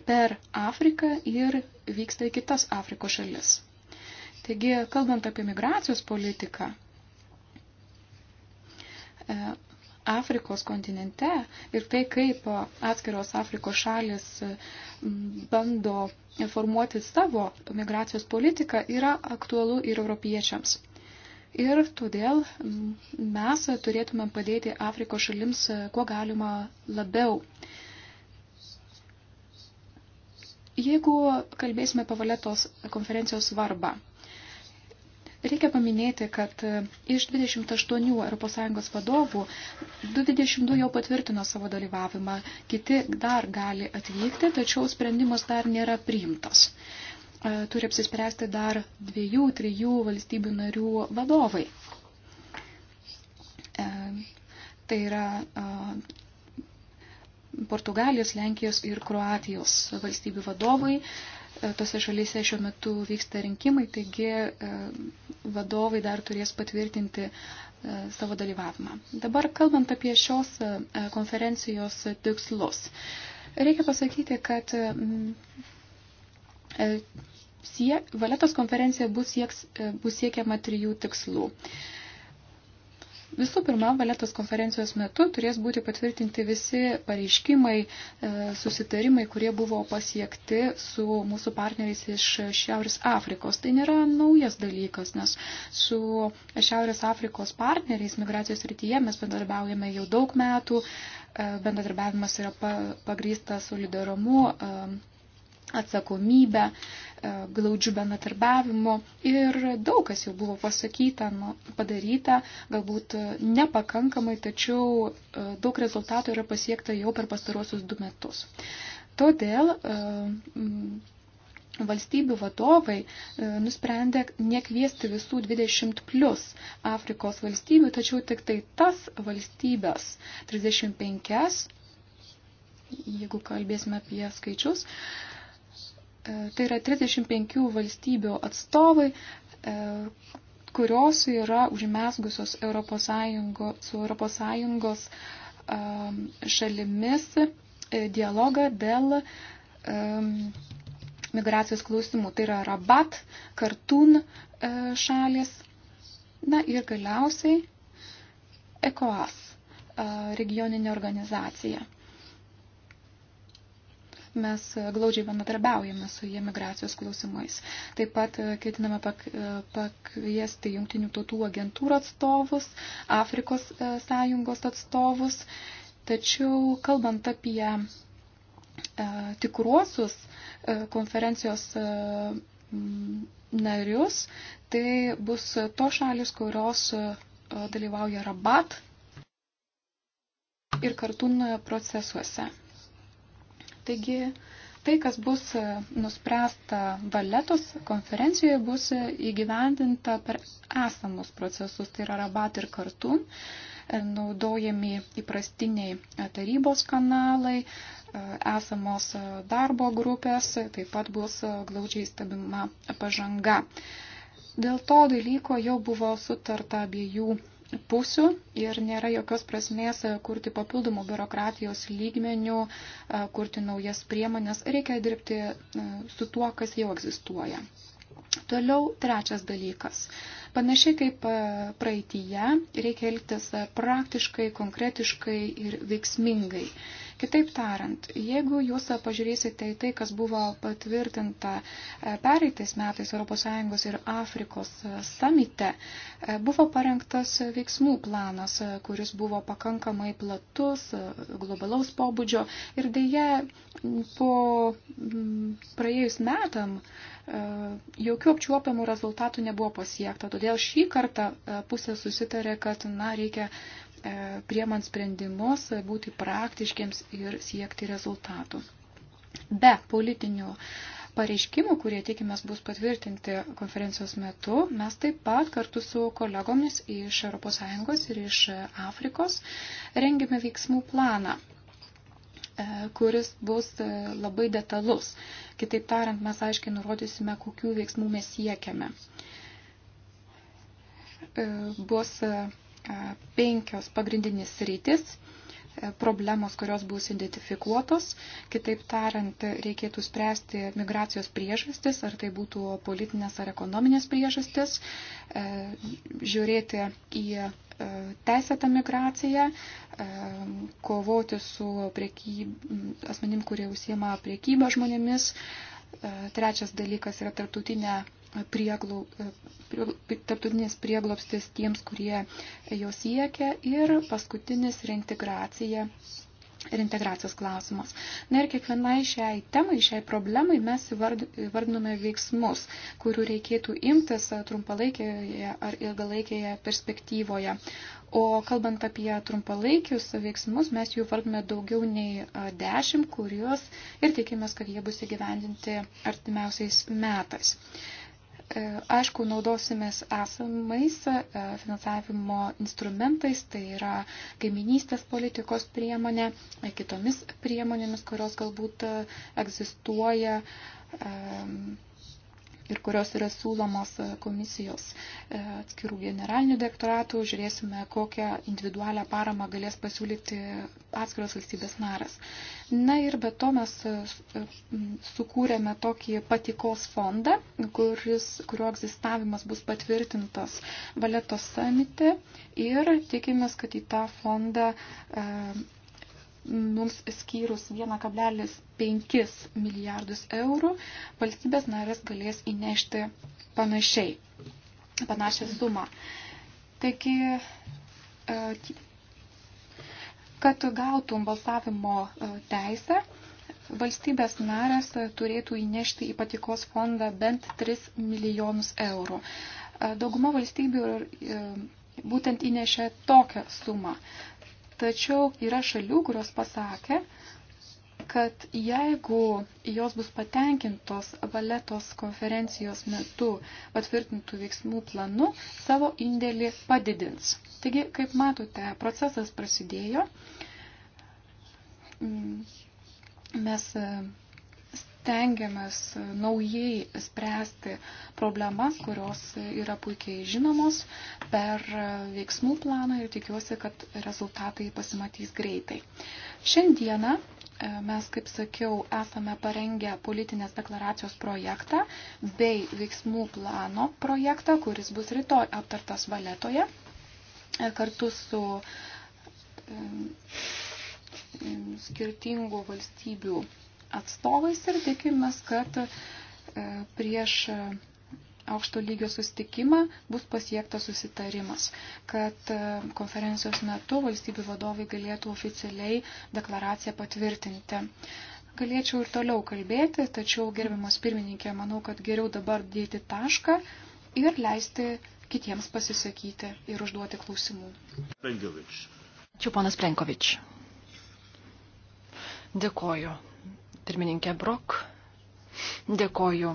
per Afriką ir vyksta į kitas Afrikos šalis. Taigi, kalbant apie migracijos politiką, e, Afrikos kontinente ir tai, kaip atskiros Afrikos šalis e, bando formuoti savo migracijos politiką, yra aktualu ir europiečiams. Ir todėl mes turėtume padėti Afrikos šalims e, kuo galima labiau. Jeigu kalbėsime apie valetos konferencijos svarbą, reikia paminėti, kad e, iš 28 ES vadovų 22 jau patvirtino savo dalyvavimą, kiti dar gali atvykti, tačiau sprendimas dar nėra priimtas. E, turi apsispręsti dar dviejų, trijų valstybių narių vadovai. E, tai yra Portugalijos, Lenkijos ir Kroatijos valstybių vadovai. E, tose šalyse šiuo metu vyksta rinkimai, taigi e, vadovai dar turės patvirtinti e, savo dalyvavimą. Dabar kalbant apie šios konferencijos tikslus. Reikia pasakyti, kad mm, sie, valetos konferencija bus, sieks, bus siekiama trijų tikslų. Visų pirma, valetos konferencijos metu turės būti patvirtinti visi pareiškimai, e, susitarimai, kurie buvo pasiekti su mūsų partneriais iš Šiaurės Afrikos. Tai nėra naujas dalykas, nes su Šiaurės Afrikos partneriais migracijos rytyje mes bendarbiaujame jau daug metų. E, bendradarbiavimas yra pagrįstas solidarumu, e, atsakomybę E, glaudžių bendradarbiavimo ir daug kas jau buvo pasakyta, nu, padaryta, galbūt e, nepakankamai, tačiau e, daug rezultatų yra pasiekta jau per pastarosius du metus. Todėl valstybių vadovai nusprendė nekviesti visų 20 plus Afrikos valstybių, tačiau tik tai tas valstybės 35, jeigu kalbėsime apie skaičius, E, tai yra 35 valstybių atstovai, e, kurios yra užmesgusios Europos Sąjungo, su Europos Sąjungos e, šalimis dialogą dėl migracijos klausimų. Tai yra Rabat, Kartun šalis, na ir galiausiai ECOAS regioninė organizacija mes glaudžiai bendradarbiaujame su jie migracijos klausimais. Taip pat e, ketiname e, pakviesti jungtinių tautų agentūrų atstovus, Afrikos e, sąjungos atstovus. Tačiau kalbant apie tikruosius konferencijos narius, tai bus to šalis, kurios dalyvauja rabat ir kartun procesuose. Taigi tai, kas bus e, nuspręsta valetos konferencijoje, bus e, įgyvendinta per esamus procesus, tai yra rabat ir kartu, e, naudojami įprastiniai tarybos kanalai, esamos darbo grupės, taip pat bus glaudžiai stebima pažanga. Dėl to dalyko jau buvo sutarta abiejų pusių ir nėra jokios prasmės e, kurti papildomų biurokratijos lygmenių, e, kurti naujas priemonės, reikia dirbti e, su tuo, kas jau egzistuoja. Toliau trečias dalykas. Panašiai kaip praeitįje, reikia elgtis praktiškai, konkretiškai ir veiksmingai. Kitaip tariant, jeigu jūs pažiūrėsite į tai, kas buvo patvirtinta e, pereitais metais ES ir Afrikos e, samite, e, buvo parengtas veiksmų planas, kuris buvo pakankamai platus, globalaus pobūdžio ir dėje po praėjus metam jokių apčiuopiamų rezultatų nebuvo pasiekta. Todėl šį kartą pusė susitarė, kad na, reikia E, priemant sprendimus, būti praktiškiams ir siekti rezultatų. Be politinių pareiškimų, kurie tikimės bus patvirtinti konferencijos metu, mes taip pat kartu su kolegomis iš ES ir iš Afrikos rengiame veiksmų planą e, kuris bus e, labai detalus. Kitaip tariant, mes aiškiai nurodysime, kokių veiksmų mes siekiame. Bus penkios pagrindinės rytis e, problemos, kurios bus identifikuotos. Kitaip tariant, reikėtų spręsti migracijos priežastis, ar tai būtų politinės ar ekonominės priežastis, e, žiūrėti į e, teisėtą migraciją, kovoti su priekyb... asmenim, kurie užsiema priekybą žmonėmis. Trečias dalykas yra tarptautinė prieglau, e, tarptautinės prieglopstis tiems, kurie jos siekia ir paskutinis reintegracija ir integracijos klausimas. Na ir kiekvienai šiai temai, šiai problemai mes vardinome veiksmus, kurių reikėtų imtis trumpalaikėje ar ilgalaikėje perspektyvoje. O kalbant apie trumpalaikius veiksmus, mes jų vardome daugiau nei dešimt, kuriuos ir tikimės, kad jie bus įgyvendinti artimiausiais metais. E, aišku, naudosimės esamais e, finansavimo instrumentais, tai yra kaiminystės politikos priemonė, e, kitomis priemonėmis, kurios galbūt egzistuoja ir kurios yra siūlomos e, komisijos e, atskirų generalinių dektoratų. Žiūrėsime, kokią individualią paramą galės pasiūlyti atskiros valstybės naras. Na ir be to mes e, sukūrėme tokį patikos fondą, kuris, kurio egzistavimas bus patvirtintas valetos samite ir tikimės, kad į tą fondą mums skyrus 1,5 milijardus eurų, valstybės narės galės įnešti panašiai, panašią sumą. Taigi, e, kad gautum balsavimo e, teisę, valstybės narės turėtų įnešti į patikos fondą bent 3 milijonus eurų. E, dauguma valstybių būtent įnešė tokią sumą. Tačiau yra šalių, kurios pasakė, kad jeigu jos bus patenkintos valetos konferencijos metu patvirtintų veiksmų planu, savo indėlį padidins. Taigi, kaip matote, procesas prasidėjo. Mm, mes tengiamės e, naujai spręsti problemas, kurios yra puikiai žinomos per e, veiksmų planą ir tikiuosi, kad rezultatai pasimatys greitai. Šiandieną e, mes, kaip sakiau, esame parengę politinės deklaracijos projektą bei veiksmų plano projektą, kuris bus rytoj aptartas valetoje kartu su skirtingų valstybių atstovais ir tikimės, kad e, prieš e, aukšto lygio sustikimą bus pasiektas susitarimas, kad e, konferencijos metu valstybių vadovai galėtų oficialiai deklaraciją patvirtinti. Galėčiau ir toliau kalbėti, tačiau gerbiamas pirmininkė, manau, kad geriau dabar dėti tašką ir leisti kitiems pasisakyti ir užduoti klausimų. Plenkovič. Ačiū, ponas Plenkovič. Dėkoju pirmininkė Brok. Dėkoju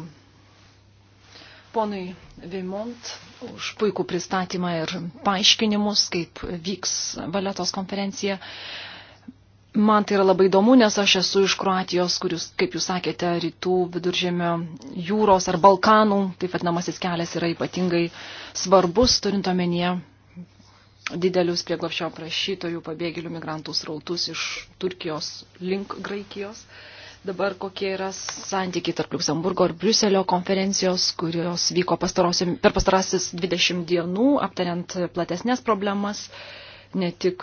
ponui Vimont už puikų pristatymą ir paaiškinimus, kaip vyks valetos konferencija. Man tai yra labai įdomu, nes aš esu iš Kroatijos, kuris, kaip jūs sakėte, rytų viduržėmio jūros ar Balkanų, taip vadinamasis kelias yra ypatingai svarbus, turint omenyje didelius prieglapščio prašytojų, pabėgėlių migrantų srautus iš Turkijos link Graikijos. Uh, dabar kokie yra santykiai tarp Luxemburgo ir Briuselio konferencijos, kurios vyko per pastarasis 20 dienų, aptariant platesnės problemas, ne tik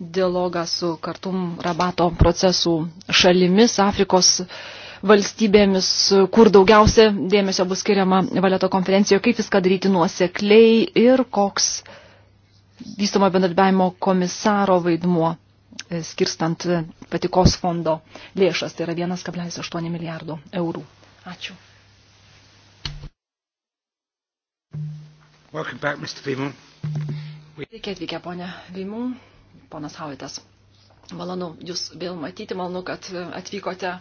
dialogą su kartum rabato procesų šalimis, Afrikos valstybėmis, kur daugiausia dėmesio bus skiriama valeto konferencijoje, kaip viską daryti nuosekliai ir koks vystomo bendradarbiavimo komisaro vaidmuo E, skirstant patikos fondo lėšas, tai yra 1,8 milijardo eurų. Ačiū. Welcome back, Mr. Vimon. Sveiki atvykę, ponė Vimon, ponas Havitas. Malonu Jūs vėl matyti, malonu, kad atvykote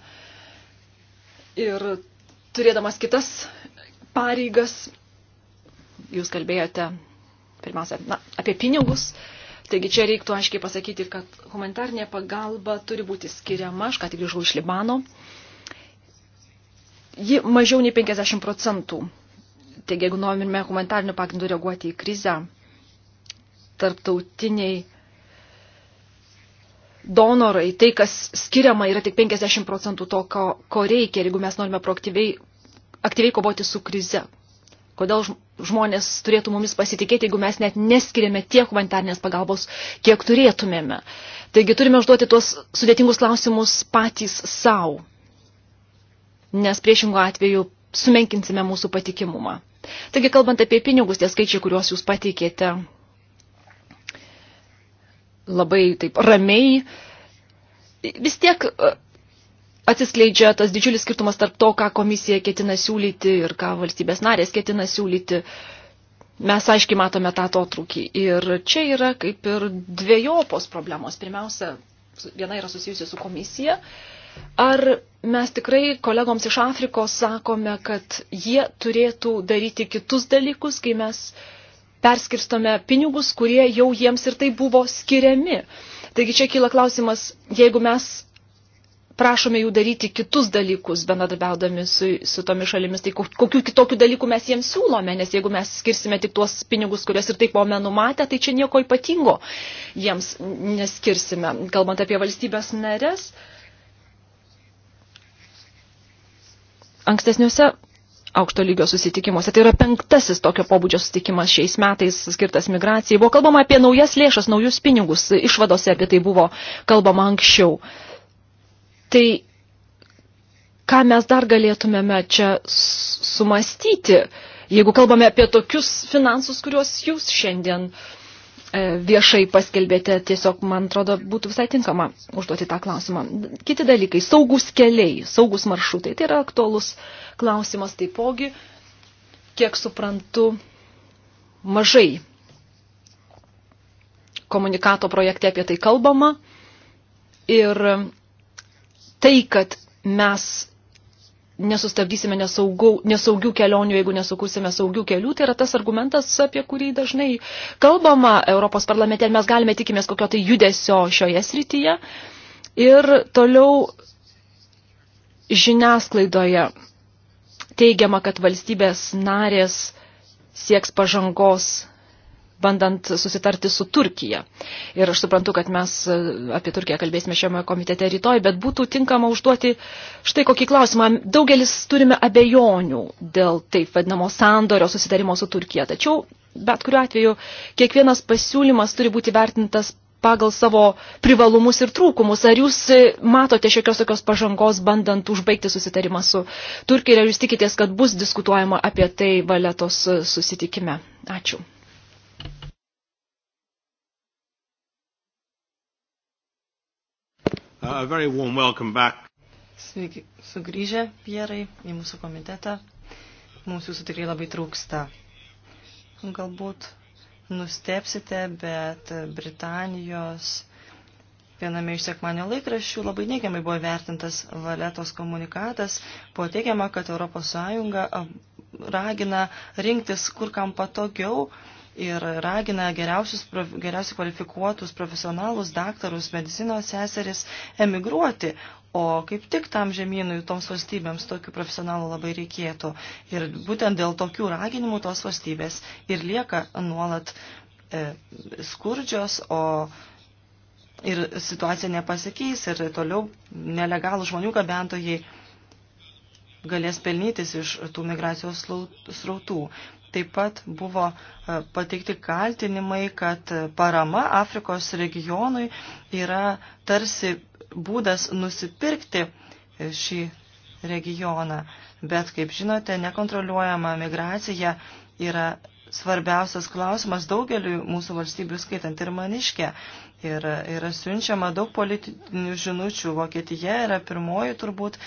ir turėdamas kitas pareigas, Jūs kalbėjote pirmiausia na, apie pinigus. Uh, Taigi čia reiktų aiškiai pasakyti, kad humanitarnė pagalba turi būti skiriama, aš ką tik grįžau iš Libano, ji mažiau nei 50 procentų. Taigi, jeigu norime humanitarnių pagrindų reaguoti į krizę, tarptautiniai donorai, tai, kas skiriama, yra tik 50 procentų to, ko, ko reikia, jeigu mes norime proaktyviai aktyviai kovoti su krize. Kodėl žmonės turėtų mumis pasitikėti, jeigu mes net neskiriame tiek humanitarnės pagalbos, kiek turėtumėme. Taigi turime užduoti tuos sudėtingus klausimus patys savo, nes priešingų atveju sumenkinsime mūsų patikimumą. Taigi, kalbant apie pinigus, tie skaičiai, kuriuos jūs pateikėte labai taip ramiai, vis tiek atsiskleidžia tas didžiulis skirtumas tarp to, ką komisija ketina siūlyti ir ką valstybės narės ketina siūlyti. Mes aiškiai matome tą atotrukį. Ir čia yra kaip ir dviejopos problemos. Pirmiausia, viena yra susijusi su komisija. Ar mes tikrai kolegoms iš Afrikos sakome, kad jie turėtų daryti kitus dalykus, kai mes perskirstome pinigus, kurie jau jiems ir tai buvo skiriami. Taigi čia kyla klausimas, jeigu mes prašome jų daryti kitus dalykus, bendradarbiaudami su, su tomis šalimis. Tai kokių kitokių dalykų mes jiems siūlome, nes jeigu mes skirsime tik tuos pinigus, kuriuos ir taip buvome numatę, tai čia nieko ypatingo jiems neskirsime. Kalbant apie valstybės narės, ankstesniuose aukšto lygio susitikimuose. Tai yra penktasis tokio pobūdžio susitikimas šiais metais skirtas migracijai. Buvo kalbama apie naujas lėšas, naujus pinigus. Išvadose apie tai buvo kalbama anksčiau. Uh, Tai ką mes dar galėtumėme čia sumastyti, jeigu kalbame apie tokius finansus, kuriuos jūs šiandien e, viešai paskelbėte, tiesiog, man atrodo, būtų visai tinkama užduoti tą klausimą. Kiti dalykai – saugus keliai, saugus maršrutai. Tai yra aktuolus klausimas taipogi, kiek suprantu, mažai komunikato projekte apie tai kalbama ir tai, kad mes nesustabdysime nesaugau, nesaugių kelionių, jeigu nesukursime saugių kelių, tai yra tas argumentas, apie kurį dažnai kalbama Europos parlamente ir mes galime tikimės kokio tai judesio šioje srityje. Ir toliau žiniasklaidoje teigiama, kad valstybės narės sieks pažangos bandant susitarti su Turkija. Ir aš suprantu, kad mes e, apie Turkiją kalbėsime šiame komitete rytoj, bet būtų tinkama užduoti štai kokį klausimą. Daugelis turime abejonių dėl taip vadinamo sandorio susitarimo su Turkija. Tačiau, bet kuriuo atveju, kiekvienas pasiūlymas turi būti vertintas pagal savo privalumus ir trūkumus. Ar jūs matote šiokios tokios pažangos, bandant užbaigti susitarimą su Turkija, ar jūs tikitės, kad bus diskutuojama apie tai valetos susitikime? Ačiū. A very warm welcome back. Sveiki sugrįžę, Pierai, į mūsų komitetą. Mums jūsų tikrai labai trūksta. Galbūt nustepsite, bet Britanijos viename iš sekmanio laikraščių labai neigiamai buvo vertintas valetos komunikatas. Buvo teigiama, kad ES ragina rinktis kur kam patogiau ir ragina geriausius, geriausiai kvalifikuotus profesionalus, daktarus, medicinos seseris emigruoti. O kaip tik tam žemynui, toms valstybėms tokių profesionalų labai reikėtų. Ir būtent dėl tokių raginimų tos valstybės ir lieka nuolat e, skurdžios, o ir situacija nepasikeis ir toliau nelegalų žmonių gabentojai galės pelnytis iš tų migracijos srautų. Taip pat buvo e, pateikti kaltinimai, kad parama Afrikos regionui yra tarsi būdas nusipirkti šį regioną. Bet, kaip žinote, nekontroliuojama migracija yra svarbiausias klausimas daugeliu mūsų valstybių, skaitant ir maniškę. Ir yra siunčiama daug politinių žinučių. Vokietija yra pirmoji turbūt.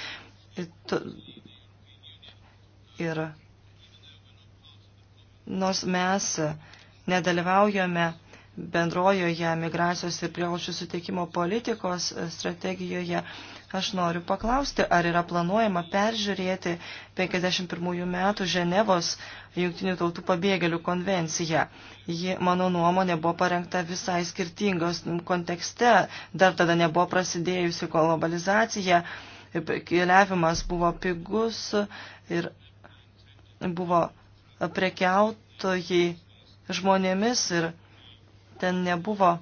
Ir nors mes nedalyvaujame bendrojoje migracijos ir prieaušių sutikimo politikos strategijoje, aš noriu paklausti, ar yra planuojama peržiūrėti 51 metų Ženevos Junktinių tautų pabėgėlių konvenciją. Ji, mano nuomonė, buvo parengta visai skirtingos kontekste, dar tada nebuvo prasidėjusi globalizacija, keliavimas buvo pigus ir buvo prekiautojai žmonėmis ir ten nebuvo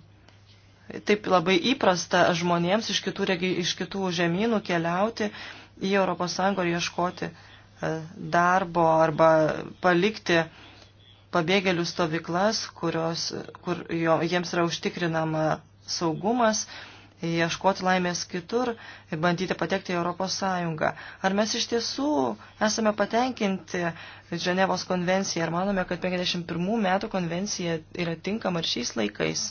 taip labai įprasta žmonėms iš kitų, regi, iš kitų žemynų keliauti į ES ir ieškoti e, darbo arba palikti pabėgėlių stovyklas, kurios, kur jo, jiems yra užtikrinama saugumas ieškoti laimės kitur ir bandyti patekti į Europos Sąjungą. Ar mes iš tiesų esame patenkinti Ženevos konvenciją ir manome, kad 51 metų konvencija yra tinkama ir šiais laikais?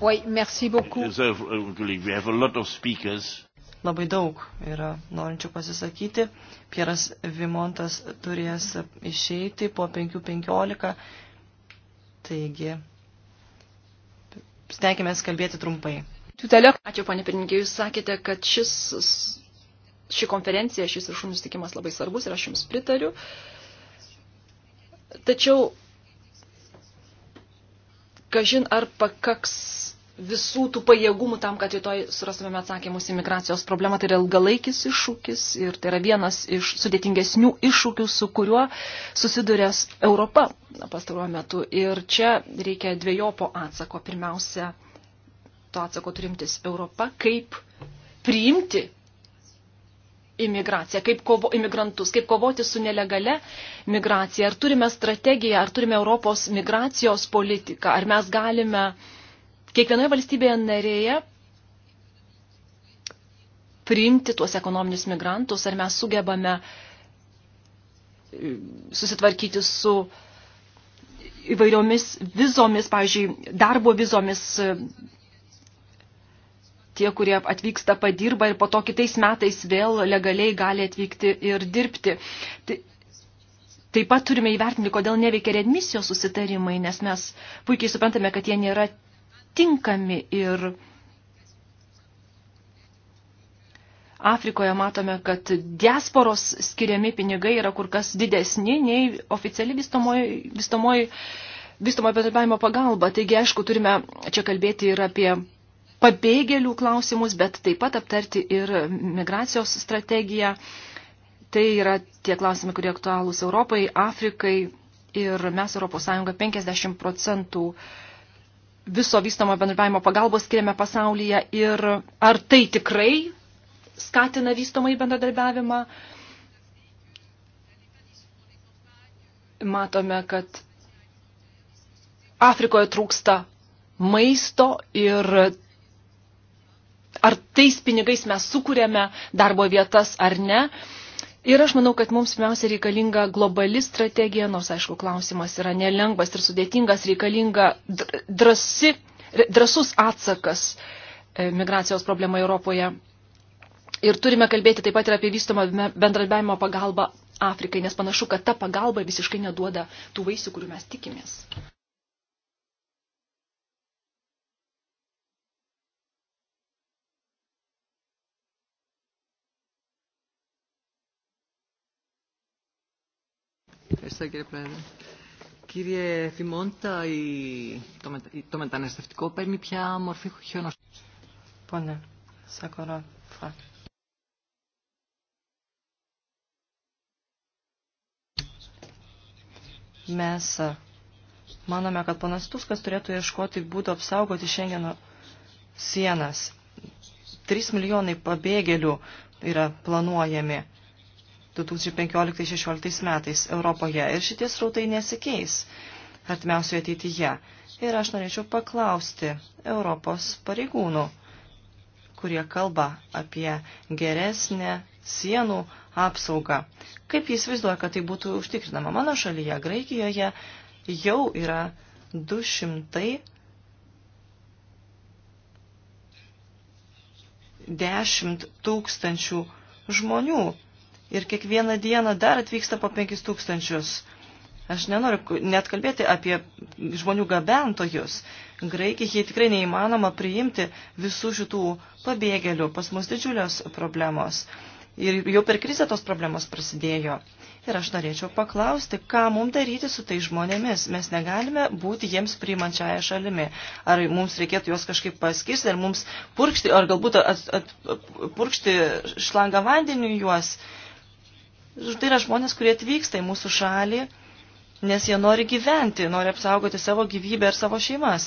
Oui, merci beaucoup. We have a lot of speakers labai daug yra norinčių pasisakyti. Pieras Vimontas turės išeiti po 5.15 Taigi, stengiamės kalbėti trumpai. Ačiū, ponė pirmininkė, jūs sakėte, kad šis, ši konferencija, šis viršūnių sustikimas labai svarbus ir aš jums pritariu. Tačiau, kažin ar pakaks visų tų pajėgumų tam, kad rytoj surastumėme atsakymus į migracijos problemą. Tai yra ilgalaikis iššūkis ir tai yra vienas iš sudėtingesnių iššūkių, su kuriuo susiduria Europa pastaruoju metu. Ir čia reikia dviejopo atsako. Pirmiausia, to atsako turimtis Europa, kaip priimti imigraciją, kaip kovo, imigrantus, kaip kovoti su nelegale migracija. Ar turime strategiją, ar turime Europos migracijos politiką, ar mes galime uh, kiekvienoje valstybėje narėje priimti tuos ekonominius migrantus, ar mes sugebame e, susitvarkyti su įvairiomis vizomis, pavyzdžiui, darbo vizomis e, tie, kurie atvyksta padirba ir po to kitais metais vėl legaliai gali atvykti ir dirbti. Taip pat turime įvertinti, kodėl neveikia redmisijos susitarimai, nes mes puikiai suprantame, kad jie nėra tinkami ir Afrikoje matome, kad diasporos skiriami pinigai yra kur kas didesni nei oficiali vystomoji, vystomoji, vystomoji bendradarbiavimo pagalba. Taigi, aišku, turime čia kalbėti ir apie pabėgėlių klausimus, bet taip pat aptarti ir migracijos strategiją. Tai yra tie klausimai, kurie aktualūs Europai, Afrikai ir mes Europos Sąjunga 50 procentų uh, viso vystamo bendradarbiavimo pagalbos skiriame pasaulyje ir ar tai tikrai skatina vystomą į bendradarbiavimą. Matome, kad Afrikoje trūksta maisto ir ar tais pinigais mes sukūrėme darbo vietas ar ne. Ir aš manau, kad mums pirmiausia reikalinga globali strategija, nors, aišku, klausimas yra nelengvas ir sudėtingas, reikalinga drasi, drasus atsakas e, migracijos problemai Europoje. Ir turime kalbėti taip pat ir apie vystomą bendradarbiavimo pagalbą Afrikai, nes panašu, kad ta pagalba visiškai neduoda tų vaisių, kurių mes tikimės. Ευχαριστώ κύριε Πρόεδρε. Κύριε Φιμόντα, η... το, μετα... το μεταναστευτικό παίρνει πια μορφή χιόνος. Πόνε, σακορόφα. Mes manome, kad panas Tuskas turėtų ieškoti būdų apsaugoti Šengeno sienas. 3 milijonai pabėgėlių yra planuojami 2015-2016 metais Europoje ir šitie srautai nesikeis artimiausioje ateityje. Ir aš norėčiau paklausti Europos pareigūnų, kurie kalba apie geresnę sienų apsaugą. Kaip jis vaizduoja, kad tai būtų užtikrinama? Mano šalyje, Graikijoje, jau yra 200 10 tūkstančių žmonių ir kiekvieną dieną dar atvyksta po 5 tūkstančius. Aš nenoriu net kalbėti apie žmonių gabentojus. Graikijai tikrai neįmanoma priimti visų šitų pabėgėlių. Pas mus didžiulios problemos. Ir jau per krizę tos problemos prasidėjo. Ir aš norėčiau paklausti, ką mums daryti su tai žmonėmis. Mes negalime būti jiems priimančiaja šalimi. Ar mums reikėtų juos kažkaip paskirsti, ar mums purkšti, ar galbūt at, at, purkšti šlangą vandeniu juos. Uh, Tai yra žmonės, kurie atvyksta į mūsų šalį, nes jie nori gyventi, nori apsaugoti savo gyvybę ir savo šeimas.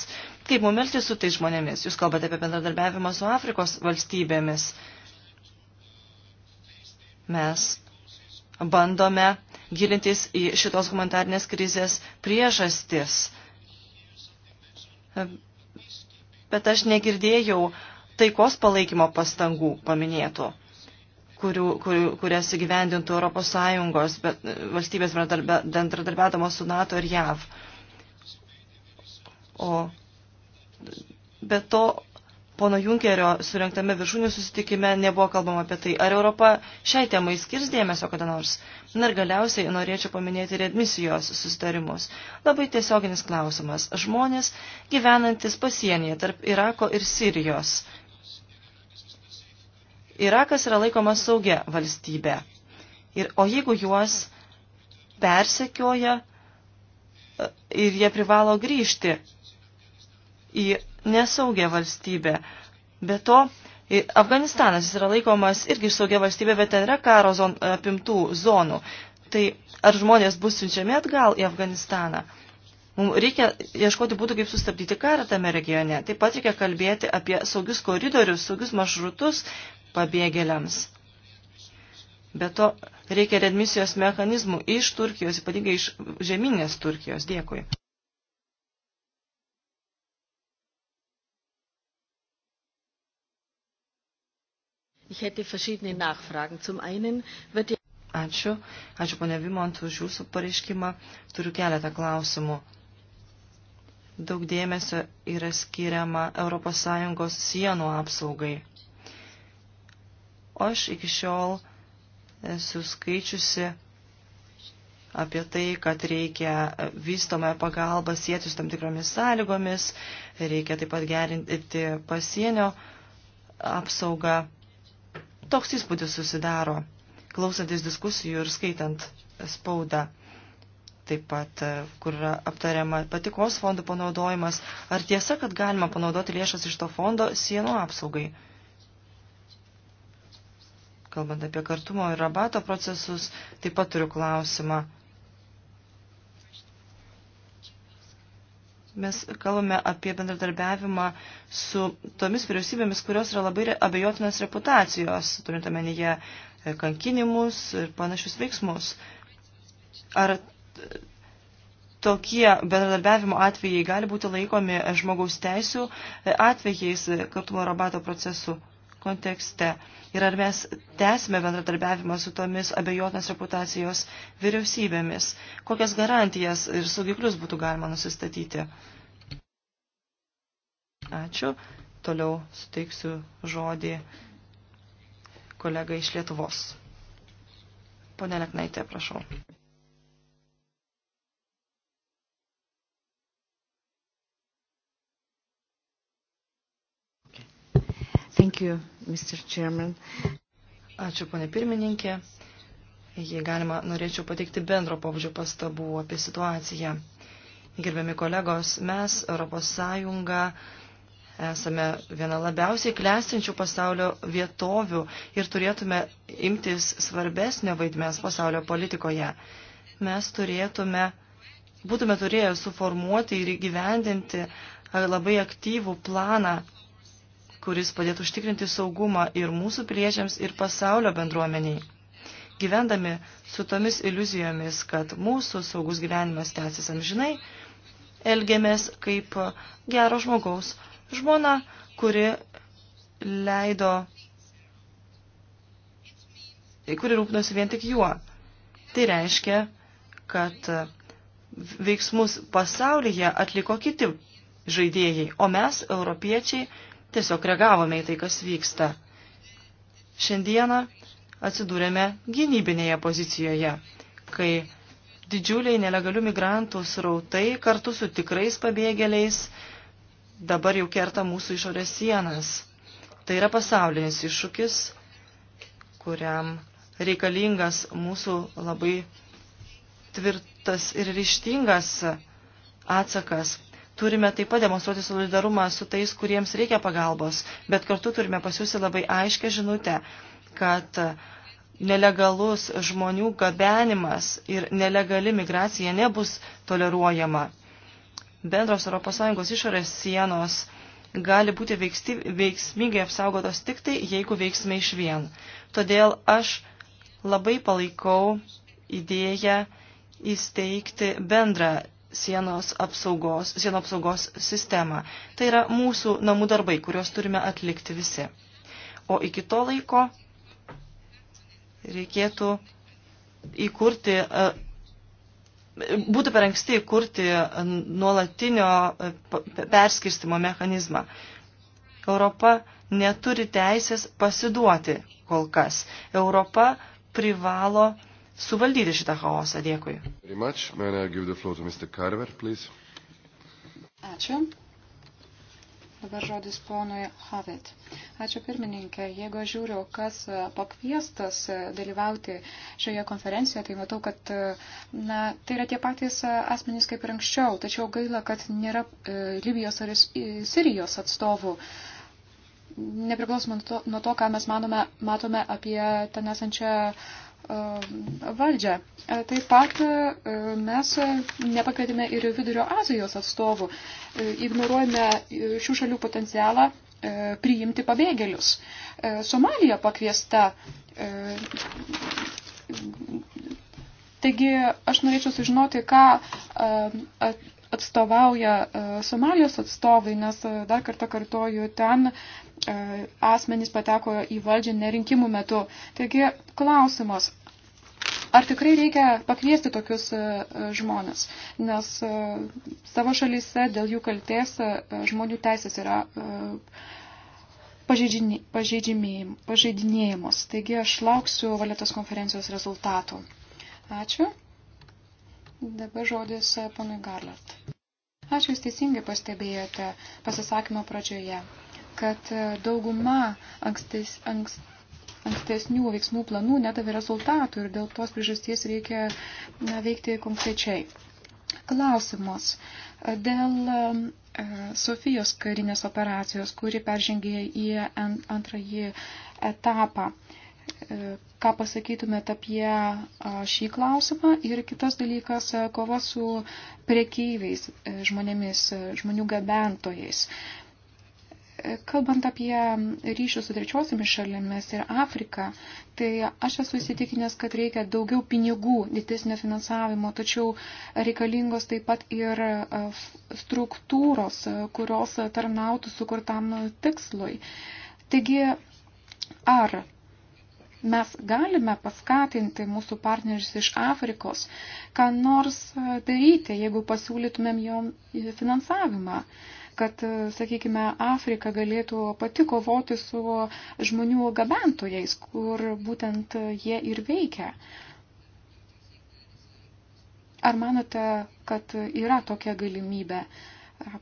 Kaip mum elgtis su tais žmonėmis? Jūs kalbate apie bendradarbiavimą su Afrikos valstybėmis. Mes bandome gilintis į šitos humanitarnės krizės priežastis. Bet aš negirdėjau taikos palaikymo pastangų paminėtų kurių, kurių, kurias įgyvendintų ES bet, valstybės bendradarbiadamos su NATO ir JAV. O be to, pono Junkerio surinktame viršūnių susitikime nebuvo kalbama apie tai, ar Europa šiai temai skirs dėmesio kada nors. Na ir galiausiai norėčiau paminėti readmisijos susitarimus. Labai tiesioginis klausimas. Žmonės gyvenantis pasienyje tarp Irako ir Sirijos – Irakas yra laikomas saugia valstybė. Ir, o jeigu juos persekioja e, ir jie privalo grįžti į nesaugę valstybę. Be to, Afganistanas yra laikomas irgi saugia valstybė, bet ten yra karo zon, apimtų zonų. Tai ar žmonės bus siunčiami atgal į Afganistaną? Mums reikia ieškoti būdų, kaip sustabdyti karą tame regione. Taip pat reikia kalbėti apie saugius koridorius, saugius maršrutus pabėgėliams. Be to, reikia redmisijos mechanizmų iš Turkijos, ypatingai iš žemynės Turkijos. Dėkui. Ačiū. Ačiū, ponia Vimont, už jūsų pareiškimą. Turiu keletą klausimų daug dėmesio yra skiriama ES sienų apsaugai. O aš iki šiol esu skaičiusi apie tai, kad reikia vystomąją pagalbą sieti su tam tikromis sąlygomis, reikia taip pat gerinti pasienio apsaugą. Toks įspūdis susidaro, klausantis diskusijų ir skaitant spaudą taip pat, e, kur yra aptariama patikos fondų panaudojimas. Ar tiesa, kad galima panaudoti lėšas iš to fondo sienų apsaugai? Kalbant apie kartumo ir rabato procesus, taip pat turiu klausimą. Mes kalbame apie bendradarbiavimą su tomis vyriausybėmis, kurios yra labai abejotinas reputacijos, turintame neje kankinimus ir panašius veiksmus. Ar tokie bendradarbiavimo atvejai gali būti laikomi žmogaus teisų atvejais kartumo rabato procesų kontekste. Ir ar mes tęsime bendradarbiavimą su tomis abejotinos reputacijos vyriausybėmis? Kokias garantijas ir saugiklius būtų galima nusistatyti? Ačiū. Toliau suteiksiu žodį kolegai iš Lietuvos. Pone Leknaitė, prašau. Thank you, Mr. Chairman. Ačiū, ponė pirmininkė. Jei galima, norėčiau pateikti bendro pobūdžio pastabų apie situaciją. Gerbiami kolegos, mes, Europos Sąjunga, esame viena labiausiai klestinčių pasaulio vietovių ir turėtume imtis svarbesnio vaidmens pasaulio politikoje. Mes turėtume, būtume turėję suformuoti ir įgyvendinti labai aktyvų planą kuris padėtų užtikrinti saugumą ir mūsų piliečiams, ir pasaulio bendruomeniai. Gyvendami su tomis iliuzijomis, kad mūsų saugus gyvenimas tęsis amžinai, elgėmės kaip gero žmogaus žmona, kuri leido, kuri rūpinosi vien tik juo. Tai reiškia, kad veiksmus pasaulyje atliko kiti žaidėjai, o mes, europiečiai, tiesiog reagavome į tai, kas vyksta. Šiandieną atsidūrėme gynybinėje pozicijoje, kai didžiuliai nelegalių migrantų srautai kartu su tikrais pabėgėliais dabar jau kerta mūsų išorės sienas. Tai yra pasaulinis iššūkis, kuriam reikalingas mūsų labai tvirtas ir ryštingas atsakas turime taip pat demonstruoti solidarumą su tais, kuriems reikia pagalbos, bet kartu turime pasiūsti labai aiškę žinutę, kad nelegalus žmonių gabenimas ir nelegali migracija nebus toleruojama. Bendros ES išorės sienos gali būti veiksti, veiksmingai apsaugotos tik tai, jeigu veiksime iš vien. Todėl aš labai palaikau idėją įsteigti bendrą sienos apsaugos, sienų apsaugos sistemą. Tai yra mūsų namų darbai, kuriuos turime atlikti visi. O iki to laiko reikėtų įkurti, e, būtų per anksti įkurti nuolatinio e, perskirstimo mechanizmą. Europa neturi teisės pasiduoti kol kas. Europa privalo suvaldyti šitą chaosą. Dėkui. Carver, Ačiū. Dabar žodis ponui Havit. Ačiū pirmininkė. Jeigu aš žiūriu, kas e, pakviestas e, dalyvauti šioje konferencijoje, tai matau, kad e, na, tai yra tie patys asmenys kaip ir anksčiau. Tačiau gaila, kad nėra e, Libijos ar Sirijos atstovų. Nepriklausomai nuo to, nuo to, ką mes manome, matome apie ten esančią Um, valdžią. E, taip pat e, mes nepakvietėme ir Vidurio Azijos atstovų. E, ignoruojame šių šalių potencialą priimti pabėgėlius. Somalija pakviesta. Taigi aš norėčiau sužinoti, ką atstovauja Somalijos atstovai, nes dar kartą kartoju, ten E, asmenys pateko į valdžią nerinkimų metu. Taigi klausimas, ar tikrai reikia pakviesti tokius e, žmonės, nes e, savo šalyse dėl jų kalties žmonių teisės yra pažeidinėjimus. Taigi aš lauksiu valetos konferencijos rezultatų. Ačiū. Dabar žodis ponui Garlat. Ačiū, jūs teisingai pastebėjote pasisakymą pradžioje kad e, dauguma ankstes, anks, ankstesnių veiksmų planų nedavė rezultatų ir dėl tos priežasties reikia na, veikti konkrečiai. Klausimas dėl e, Sofijos karinės operacijos, kuri peržengė į antrąjį etapą. E, ką pasakytumėt apie šį klausimą ir kitas dalykas - kova su priekyviais žmonėmis, žmonių gabentojais. Kalbant apie ryšius su trečiosiomis šalimis ir Afrika, tai aš esu įsitikinęs, kad reikia daugiau pinigų, didesnio finansavimo, tačiau reikalingos taip pat ir e, struktūros, kurios tarnautų sukurtam tikslui. Taigi, ar mes galime paskatinti mūsų partnerius iš Afrikos, ką nors daryti, jeigu pasiūlytumėm jom finansavimą? kad, e, sakykime, Afrika galėtų pati kovoti su žmonių gabentojais, kur būtent jie ir veikia. Ar manote, kad yra tokia galimybė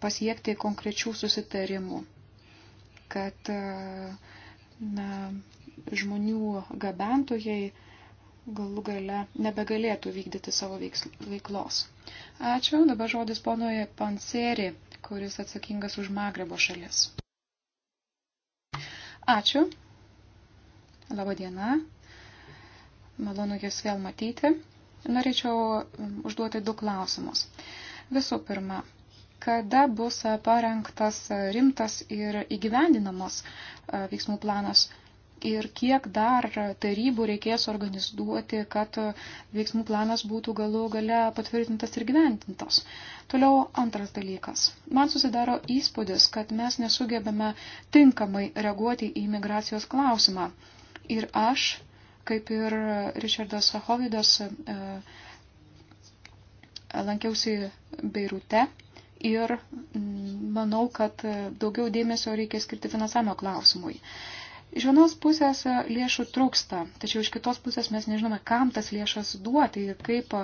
pasiekti konkrečių susitarimų, kad e, na, žmonių gabentojai galų gale nebegalėtų vykdyti savo veiklos. Ačiū, dabar žodis ponoje Panseri kuris atsakingas už Magrebo šalis. Ačiū. Labadiena. Malonu Jūs vėl matyti. Norėčiau užduoti du klausimus. Visų pirma, kada bus parengtas rimtas ir įgyvendinamas veiksmų planas ir kiek dar tarybų reikės organizuoti, kad veiksmų planas būtų galų gale patvirtintas ir gyventintas. Toliau antras dalykas. Man susidaro įspūdis, kad mes nesugebame tinkamai reaguoti į migracijos klausimą. Ir aš, kaip ir Richardas Sahovidas, e, lankiausi Beirute ir manau, kad daugiau dėmesio reikia skirti finansavimo klausimui. Iš vienos pusės lėšų trūksta, tačiau iš kitos pusės mes nežinome, kam tas lėšas duoti ir kaip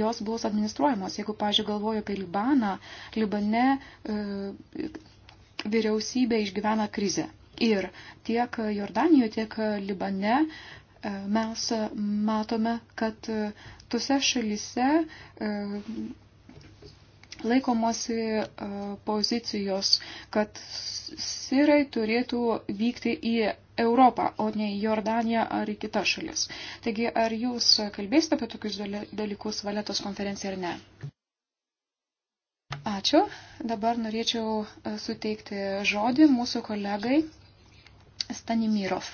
jos bus administruojamos. Jeigu, pažiūrėjau, galvoju apie Libaną, Libane e, vyriausybė išgyvena krizę. Ir tiek Jordanijoje, tiek Libane e, mes matome, kad e, tose šalise e, laikomosi e, pozicijos, kad sirai turėtų vykti į Europą, o ne į Jordaniją ar į kitas šalis. Taigi, ar jūs kalbėsite apie tokius dalykus valetos konferenciją ar ne? Ačiū. Dabar norėčiau e, suteikti žodį mūsų kolegai Stanimirov.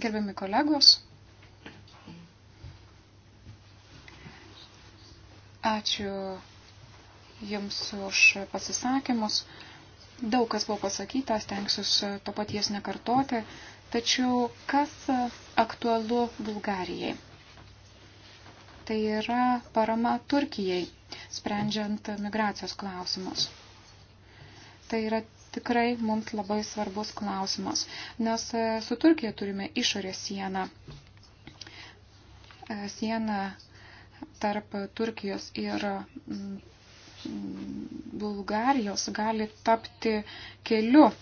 Gerbiami kolegos, ačiū Jums už pasisakymus. Daug kas buvo pasakyta, stengsiu to paties nekartoti, tačiau kas aktualu Bulgarijai? Tai yra parama Turkijai, sprendžiant migracijos klausimus. Tai yra tikrai mums labai svarbus klausimas, nes e, su Turkija turime išorės sieną. E, siena tarp Turkijos ir mm, Bulgarijos gali tapti keliu, e,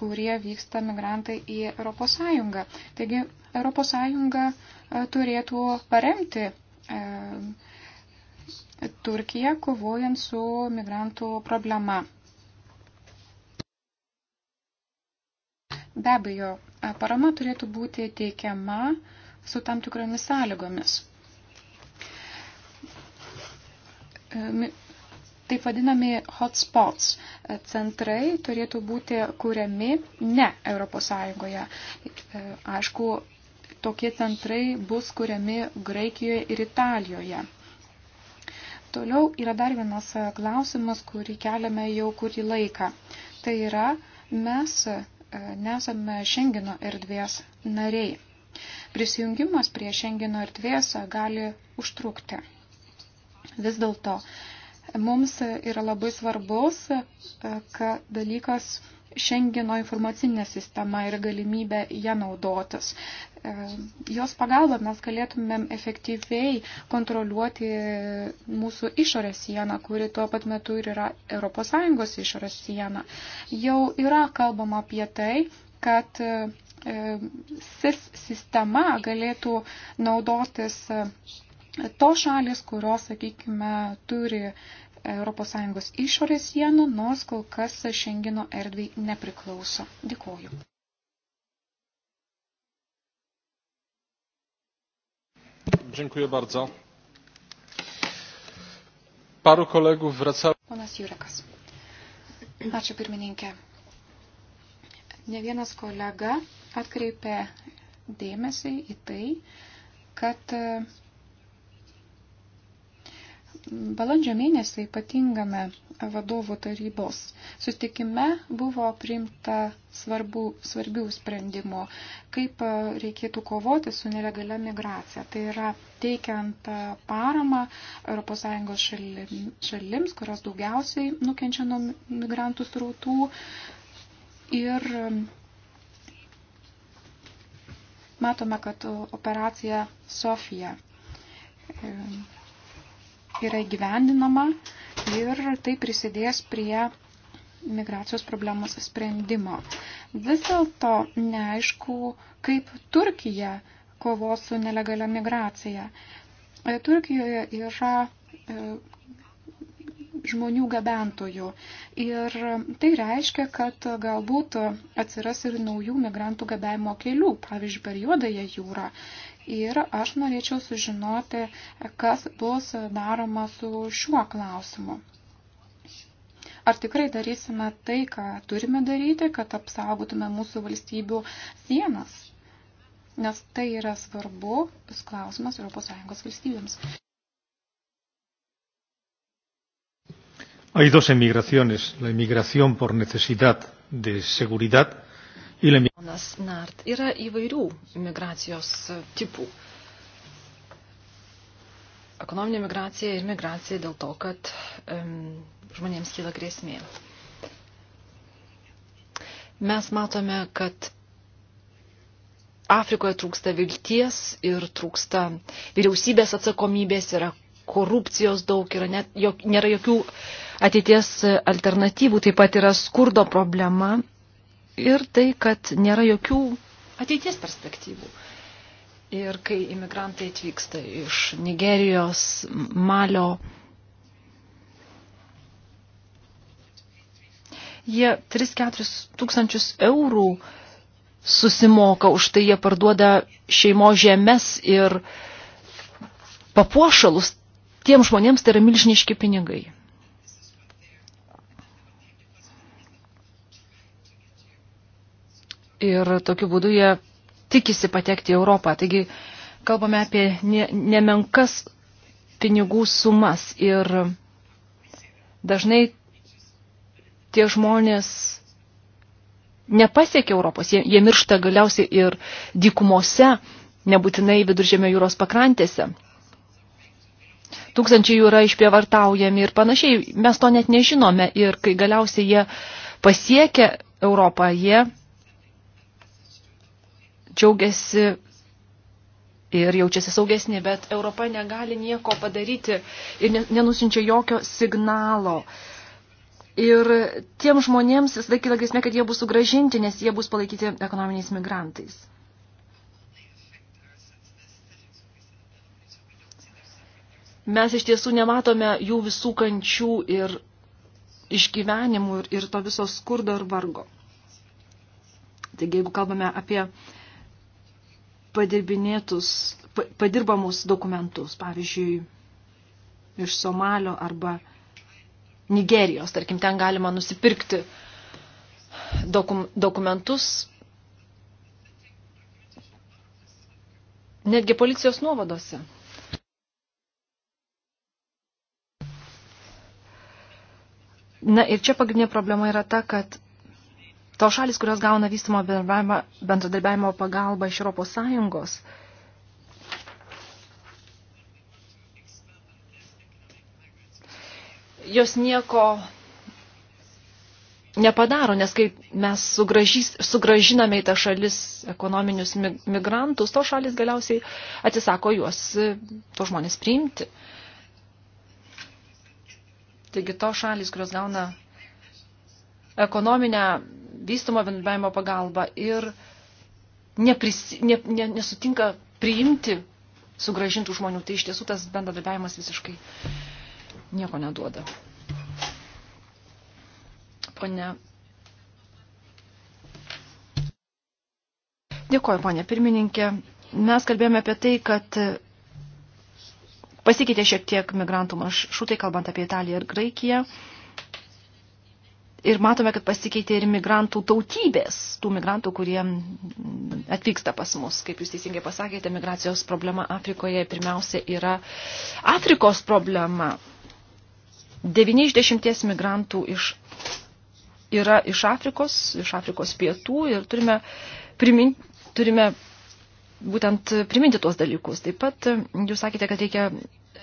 kurie vyksta migrantai į ES. Taigi ES turėtų paremti Turkiją kovojant su migrantų problema. Be abejo, parama turėtų būti teikiama su tam tikromis sąlygomis. E, taip vadinami hotspots e, centrai turėtų būti kuriami ne ES. E, aišku, tokie centrai bus kuriami Graikijoje ir Italijoje. Toliau yra dar vienas klausimas, kurį keliame jau kurį laiką. Tai yra, mes nesame Šengino erdvės nariai. Prisijungimas prie Šengino erdvės gali užtrukti. Vis dėlto mums yra labai svarbus kad dalykas Šengino informacinė sistema ir galimybė ją naudotis. Jos pagalba mes galėtumėm efektyviai kontroliuoti mūsų išorės sieną, kuri tuo pat metu ir yra ES išorės siena. Jau yra kalbama apie tai, kad e, SIS sistema galėtų naudotis to šalis, kurios, sakykime, turi ES išorės sieną, nors kol kas Šengino erdvėj nepriklauso. Dėkuoju. Dziękuję bardzo. Paru kolegów wracało. Ponas Jurekas. Ačiū pirmininkė. Ne vienas kolega atkreipė dėmesį į tai, kad uh, Balandžio mėnesį ypatingame vadovų tarybos sustikime buvo priimta svarbu, svarbių sprendimų, kaip e, reikėtų kovoti su nelegalia migracija. Tai yra teikiant e, paramą ES šalims, kurios daugiausiai nukenčia nuo migrantų srautų. Ir e, matome, kad operacija Sofija yra įgyvendinama ir tai prisidės prie migracijos problemos sprendimo. Vis dėlto neaišku, kaip Turkija kovos su nelegalia migracija. E, Turkijoje yra e, žmonių gabentojų. Ir tai reiškia, kad galbūt atsiras ir naujų migrantų gabėjimo kelių, pavyzdžiui, per juodąją jūrą. Ir aš norėčiau sužinoti, kas bus daroma su šiuo klausimu. Ar tikrai darysime tai, ką turime daryti, kad apsaugotume mūsų valstybių sienas? Nes tai yra svarbu klausimas ES valstybėms. Hay dos emigraciones, la emigración por necesidad de seguridad Yra įvairių migracijos tipų. Ekonominė migracija ir migracija dėl to, kad um, žmonėms kyla grėsmė. Mes matome, kad Afrikoje trūksta vilties ir trūksta vyriausybės atsakomybės, yra korupcijos daug, yra net, jok, nėra jokių ateities alternatyvų, taip pat yra skurdo problema ir tai, kad nėra jokių ateities perspektyvų. Ir kai imigrantai atvyksta iš Nigerijos, Malio, jie 3-4 tūkstančius eurų susimoka, už tai jie parduoda šeimo žemės ir papuošalus. Tiem žmonėms tai yra milžiniški pinigai. ir tokiu būdu jie tikisi patekti į Europą. Taigi kalbame apie ne, nemenkas pinigų sumas ir dažnai tie žmonės nepasiekia Europos, jie, jie miršta galiausiai ir dykumose, nebūtinai viduržėmio jūros pakrantėse. Tūkstančiai jų yra išpievartaujami ir panašiai, mes to net nežinome ir kai galiausiai jie pasiekia Europą, jie džiaugiasi ir jaučiasi saugesnė, bet Europa negali nieko padaryti ir nenusinčia jokio signalo. Ir tiem žmonėms visada kyla grėsmė, kad jie bus sugražinti, nes jie bus palaikyti ekonominiais migrantais. Mes iš tiesų nematome jų visų kančių ir išgyvenimų ir, ir to viso skurdo ir vargo. Taigi, jeigu kalbame apie uh, padirbinėtus, padirbamus dokumentus, pavyzdžiui, iš Somalio arba Nigerijos, tarkim, ten galima nusipirkti dokum, dokumentus netgi policijos nuovadose. Na ir čia pagrindinė problema yra ta, kad to šalis, kurios gauna vystymo bendradarbiavimo pagalbą iš Europos Sąjungos, jos nieko nepadaro, nes kai mes sugražys, sugražiname į tą šalis ekonominius migrantus, to šalis galiausiai atsisako juos, to žmonės priimti. Taigi to šalis, kurios gauna ekonominę vystumo bendradarbiavimo pagalba ir nepris, ne, ne, nesutinka priimti sugražintų žmonių. Tai iš tiesų tas bendradarbiavimas visiškai nieko neduoda. Pone. Dėkuoju, ponė pirmininkė. Mes kalbėjome apie tai, kad pasikeitė šiek tiek migrantų maršrutai, kalbant apie Italiją ir Graikiją. Ir matome, kad pasikeitė ir migrantų tautybės, tų migrantų, kurie atvyksta pas mus. Kaip jūs teisingai pasakėte, migracijos problema Afrikoje pirmiausia yra Afrikos problema. 9 iš 10 migrantų iš, yra iš Afrikos, iš Afrikos pietų ir turime, primin, turime būtent priminti tuos dalykus. Taip pat jūs sakėte, kad reikia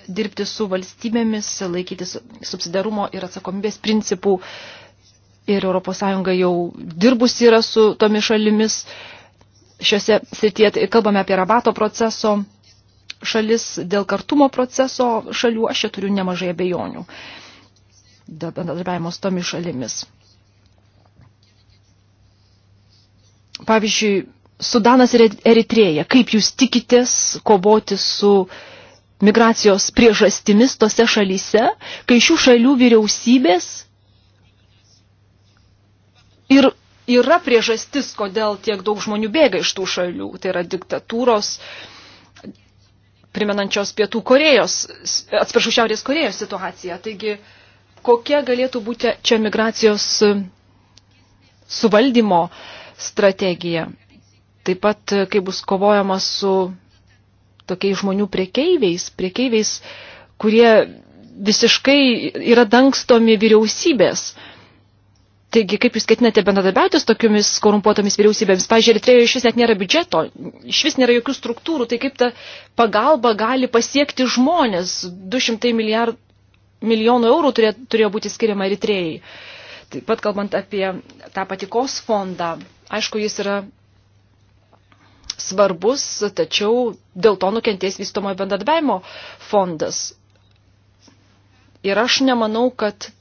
dirbti su valstybėmis, laikytis subsidarumo ir atsakomybės principų ir ES jau dirbusi yra su tomis šalimis šiuose srityje. Tai kalbame apie rabato proceso šalis dėl kartumo proceso šalių, aš čia turiu nemažai abejonių dėl bendradarbiavimo su tomis šalimis. Pavyzdžiui, Sudanas ir Eritrėja, kaip jūs tikitės kovoti su migracijos priežastimis tose šalyse, kai šių šalių vyriausybės ir yra priežastis, kodėl tiek daug žmonių bėga iš tų šalių. Tai yra diktatūros, primenančios Pietų Korejos, atsiprašau, Šiaurės Korejos situacija. Taigi, kokia galėtų būti čia migracijos suvaldymo strategija? Taip pat, kaip bus kovojama su tokiais žmonių priekeiviais, priekeiviais, kurie visiškai yra dangstomi vyriausybės. Uh, Taigi, kaip jūs ketinate bendradarbiauti su tokiomis korumpuotomis vyriausybėmis? Pavyzdžiui, Eritrėjoje iš vis net nėra biudžeto, iš vis nėra jokių struktūrų, tai kaip ta pagalba gali pasiekti žmonės? 200 milijard, milijonų eurų turė, turėjo būti skiriama Eritrėjai. Taip pat kalbant apie tą patikos fondą, aišku, jis yra svarbus, tačiau dėl to nukentės vystomojo bendradarbiavimo fondas. Ir aš nemanau, kad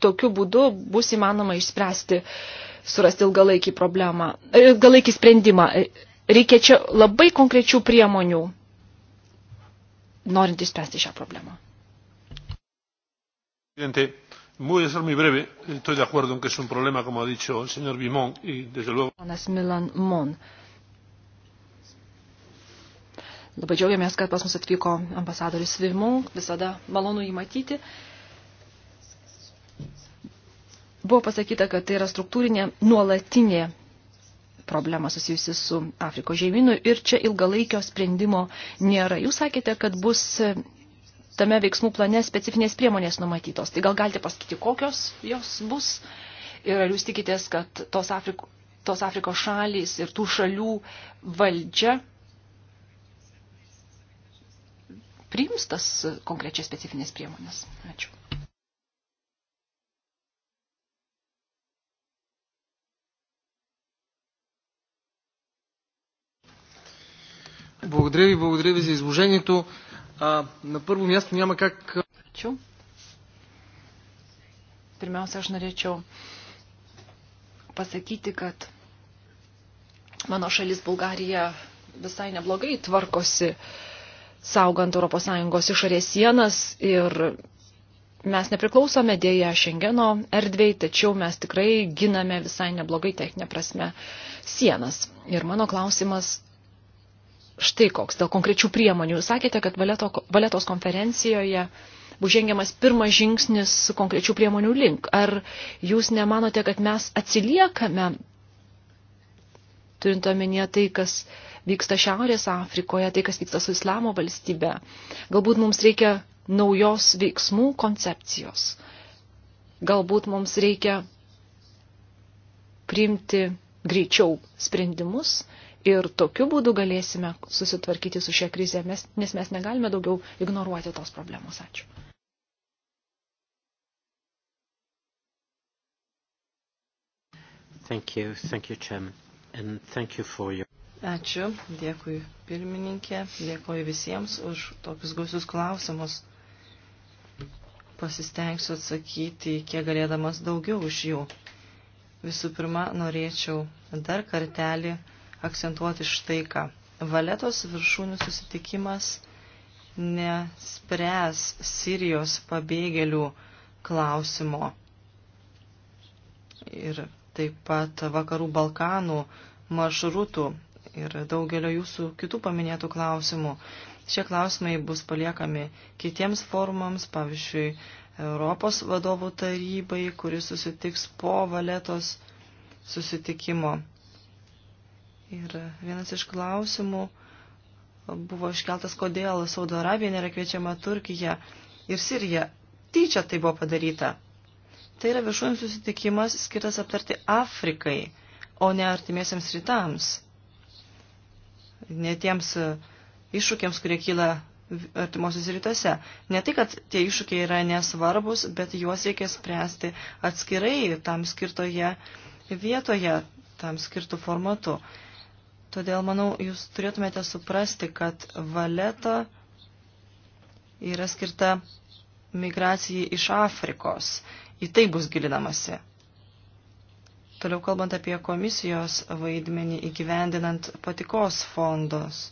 tokiu būdu bus įmanoma išspręsti, surasti ilgalaikį, problemą, ilgalaikį sprendimą. Reikia čia labai konkrečių priemonių, norint išspręsti šią problemą. Presidente, voy a ser muy breve. Estoy de acuerdo en que es un problema, como ha dicho el señor Bimón, y desde luego. Milan Mon. Labai džiaugiamės, kad pas mus atvyko ambasadoris Vimon, visada malonu jį matyti. Uh, Buvo pasakyta, kad tai yra struktūrinė nuolatinė problema susijusi su Afrikos žemynu ir čia ilgalaikio sprendimo nėra. Jūs sakėte, kad bus e, tame veiksmų plane specifinės priemonės numatytos. Tai gal galite pasakyti, kokios jos bus ir ar jūs tikitės, kad tos, Afriko, tos Afrikos šalys ir tų šalių valdžia priims tas konkrečias specifinės priemonės. Ačiū. Благодаря ви, благодаря ви за изложението. А, на първо място няма как... Ačiū. Pirmiausia, aš norėčiau pasakyti, kad mano šalis Bulgarija visai neblogai tvarkosi, saugant ES išorės sienas ir mes nepriklausome dėja Šengeno erdvėjai, tačiau mes tikrai giname visai neblogai techninė prasme sienas. Ir mano klausimas štai koks, dėl konkrečių priemonių. Sakėte, kad valeto, valetos konferencijoje bus žengiamas pirmas žingsnis konkrečių priemonių link. Ar jūs nemanote, kad mes atsiliekame, turint omenyje tai, kas vyksta Šiaurės Afrikoje, tai, kas vyksta su Islamo valstybe? Galbūt mums reikia naujos veiksmų koncepcijos. Galbūt mums reikia priimti greičiau sprendimus, Ir tokiu būdu galėsime susitvarkyti su šia krize, mes, nes mes negalime daugiau ignoruoti tos problemos. Ačiū. Thank you. Thank you, Chairman. And thank you for your... Ačiū, dėkui pirmininkė, dėkui visiems už tokius gausius klausimus. Pasistengsiu atsakyti, kiek galėdamas daugiau už jų. Visų pirma, norėčiau dar kartelį akcentuoti štai ką. Valetos viršūnių susitikimas nespręs Sirijos pabėgėlių klausimo. Ir taip pat vakarų Balkanų maršrutų ir daugelio jūsų kitų paminėtų klausimų. Šie klausimai bus paliekami kitiems forumams, pavyzdžiui, Europos vadovų tarybai, kuris susitiks po valetos susitikimo. Ir vienas iš klausimų buvo iškeltas, kodėl Saudo Arabija nėra kviečiama Turkija ir Sirija. Tyčia tai buvo padaryta. Tai yra viršūnių susitikimas skirtas aptarti Afrikai, o ne artimiesiams rytams. Ne tiems e, iššūkiams, kurie kyla artimuosius rytuose. Ne tai, kad tie iššūkiai yra nesvarbus, bet juos reikia spręsti atskirai tam skirtoje vietoje, tam skirtų formatu. Todėl, manau, jūs turėtumėte suprasti, kad valeta yra skirta migracijai iš Afrikos. Į tai bus gilinamasi. Toliau kalbant apie komisijos vaidmenį įgyvendinant patikos fondos.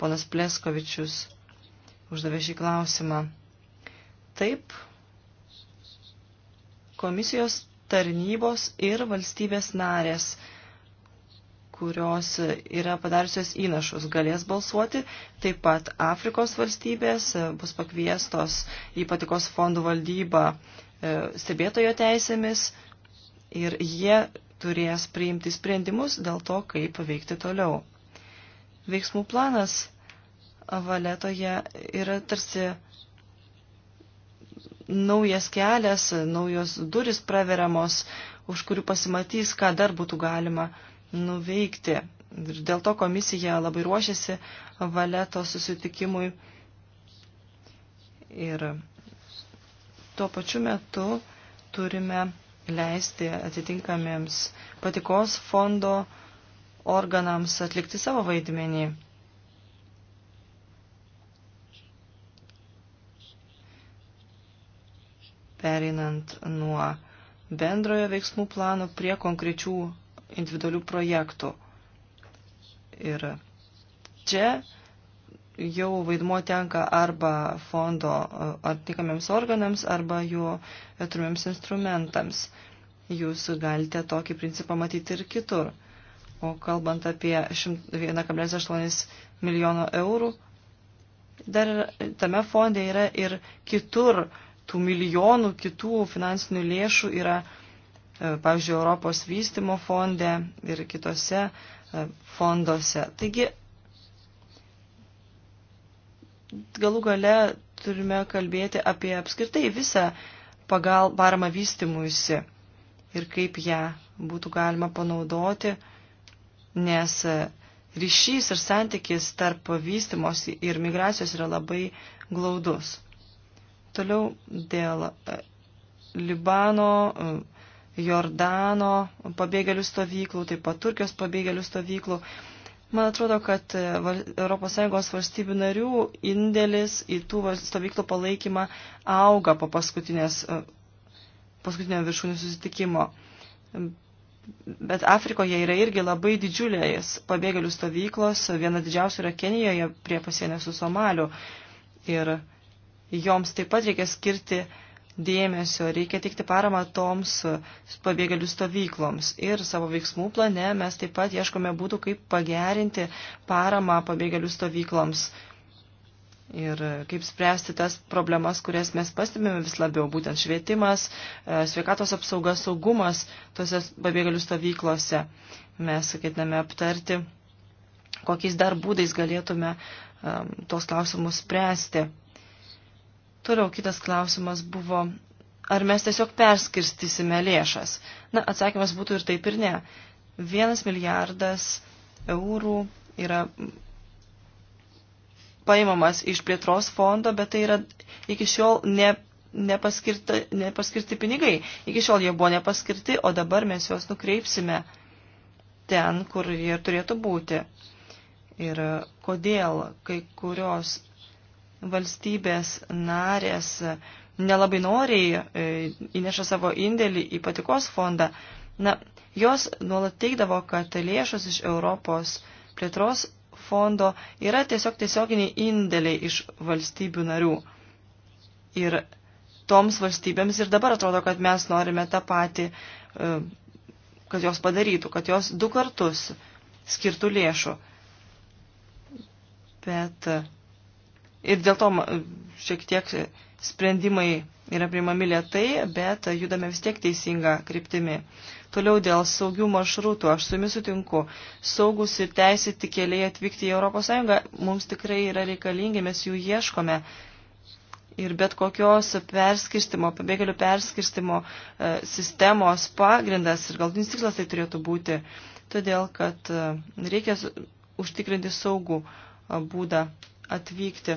Ponas Pleskovičius uždavė šį klausimą. Taip, komisijos tarnybos ir valstybės narės kurios yra padariusios įnašus, galės balsuoti. Taip pat Afrikos valstybės e, bus pakviestos į patikos fondų valdybą e, stebėtojo teisėmis ir jie turės priimti sprendimus dėl to, kaip veikti toliau. Veiksmų planas valetoje yra tarsi naujas kelias, naujos duris praveriamos, už kurių pasimatys, ką dar būtų galima uh, nuveikti. Ir dėl to komisija labai ruošiasi valeto susitikimui. Ir tuo pačiu metu turime leisti atitinkamiems patikos fondo organams atlikti savo vaidmenį. Perinant nuo bendrojo veiksmų plano prie konkrečių individualių projektų. Ir čia jau vaidmuo tenka arba fondo atitinkamiems organams, arba jų turimiems instrumentams. Jūs galite tokį principą matyti ir kitur. O kalbant apie 1,8 milijono eurų, dar tame fonde yra ir kitur, tų milijonų kitų finansinių lėšų yra E, pavyzdžiui, Europos vystimo fonde ir kitose e, fonduose. Taigi, galų gale turime kalbėti apie apskritai visą pagal paramą vystimuisi ir kaip ją būtų galima panaudoti, nes e, ryšys ir santykis tarp vystimosi ir migracijos yra labai glaudus. Toliau dėl Libano, Jordano pabėgėlių stovyklų, taip pat Turkijos pabėgėlių stovyklų. Man atrodo, kad ES valstybių narių indėlis į tų stovyklų palaikymą auga po e, paskutinio viršūnių susitikimo. Bet Afrikoje yra irgi labai didžiulės pabėgėlių stovyklos, viena didžiausių yra Kenijoje prie pasienio su Somaliu. Ir joms taip pat reikia skirti uh, dėmesio, reikia teikti paramą toms pabėgėlių stovykloms. Ir savo veiksmų plane mes taip pat ieškome būdų, kaip pagerinti paramą pabėgėlių stovykloms ir kaip spręsti tas problemas, kurias mes pastebime vis labiau, būtent švietimas, e, sveikatos apsauga, saugumas tose pabėgėlių stovyklose. Mes ketiname aptarti, kokiais dar būdais galėtume um, e, tos klausimus spręsti. Toliau kitas klausimas buvo, ar mes tiesiog perskirstysime lėšas. Na, atsakymas būtų ir taip ir ne. Vienas milijardas eurų yra paimamas iš plėtros fondo, bet tai yra iki šiol ne, nepaskirti, nepaskirti pinigai. Iki šiol jie buvo nepaskirti, o dabar mes juos nukreipsime ten, kur jie turėtų būti. Ir kodėl kai kurios valstybės narės nelabai noriai e, įneša savo indėlį į patikos fondą, na, jos nuolat teikdavo, kad lėšos iš Europos plėtros fondo yra tiesiog tiesioginiai indėliai iš valstybių narių. Ir toms valstybėms ir dabar atrodo, kad mes norime tą patį, e, kad jos padarytų, kad jos du kartus skirtų lėšų. Bet ir dėl to šiek tiek sprendimai yra priimami lietai, bet judame vis tiek teisinga kryptimi. Toliau dėl saugių maršrutų, aš su jumis sutinku, saugus ir teisėti keliai atvykti į ES mums tikrai yra reikalingi, mes jų ieškome. Ir bet kokios perskirstimo, pabėgėlių perskirstimo e, sistemos pagrindas ir galtinis tikslas tai turėtų būti, todėl kad e, reikia užtikrinti saugų e, būdą atvykti.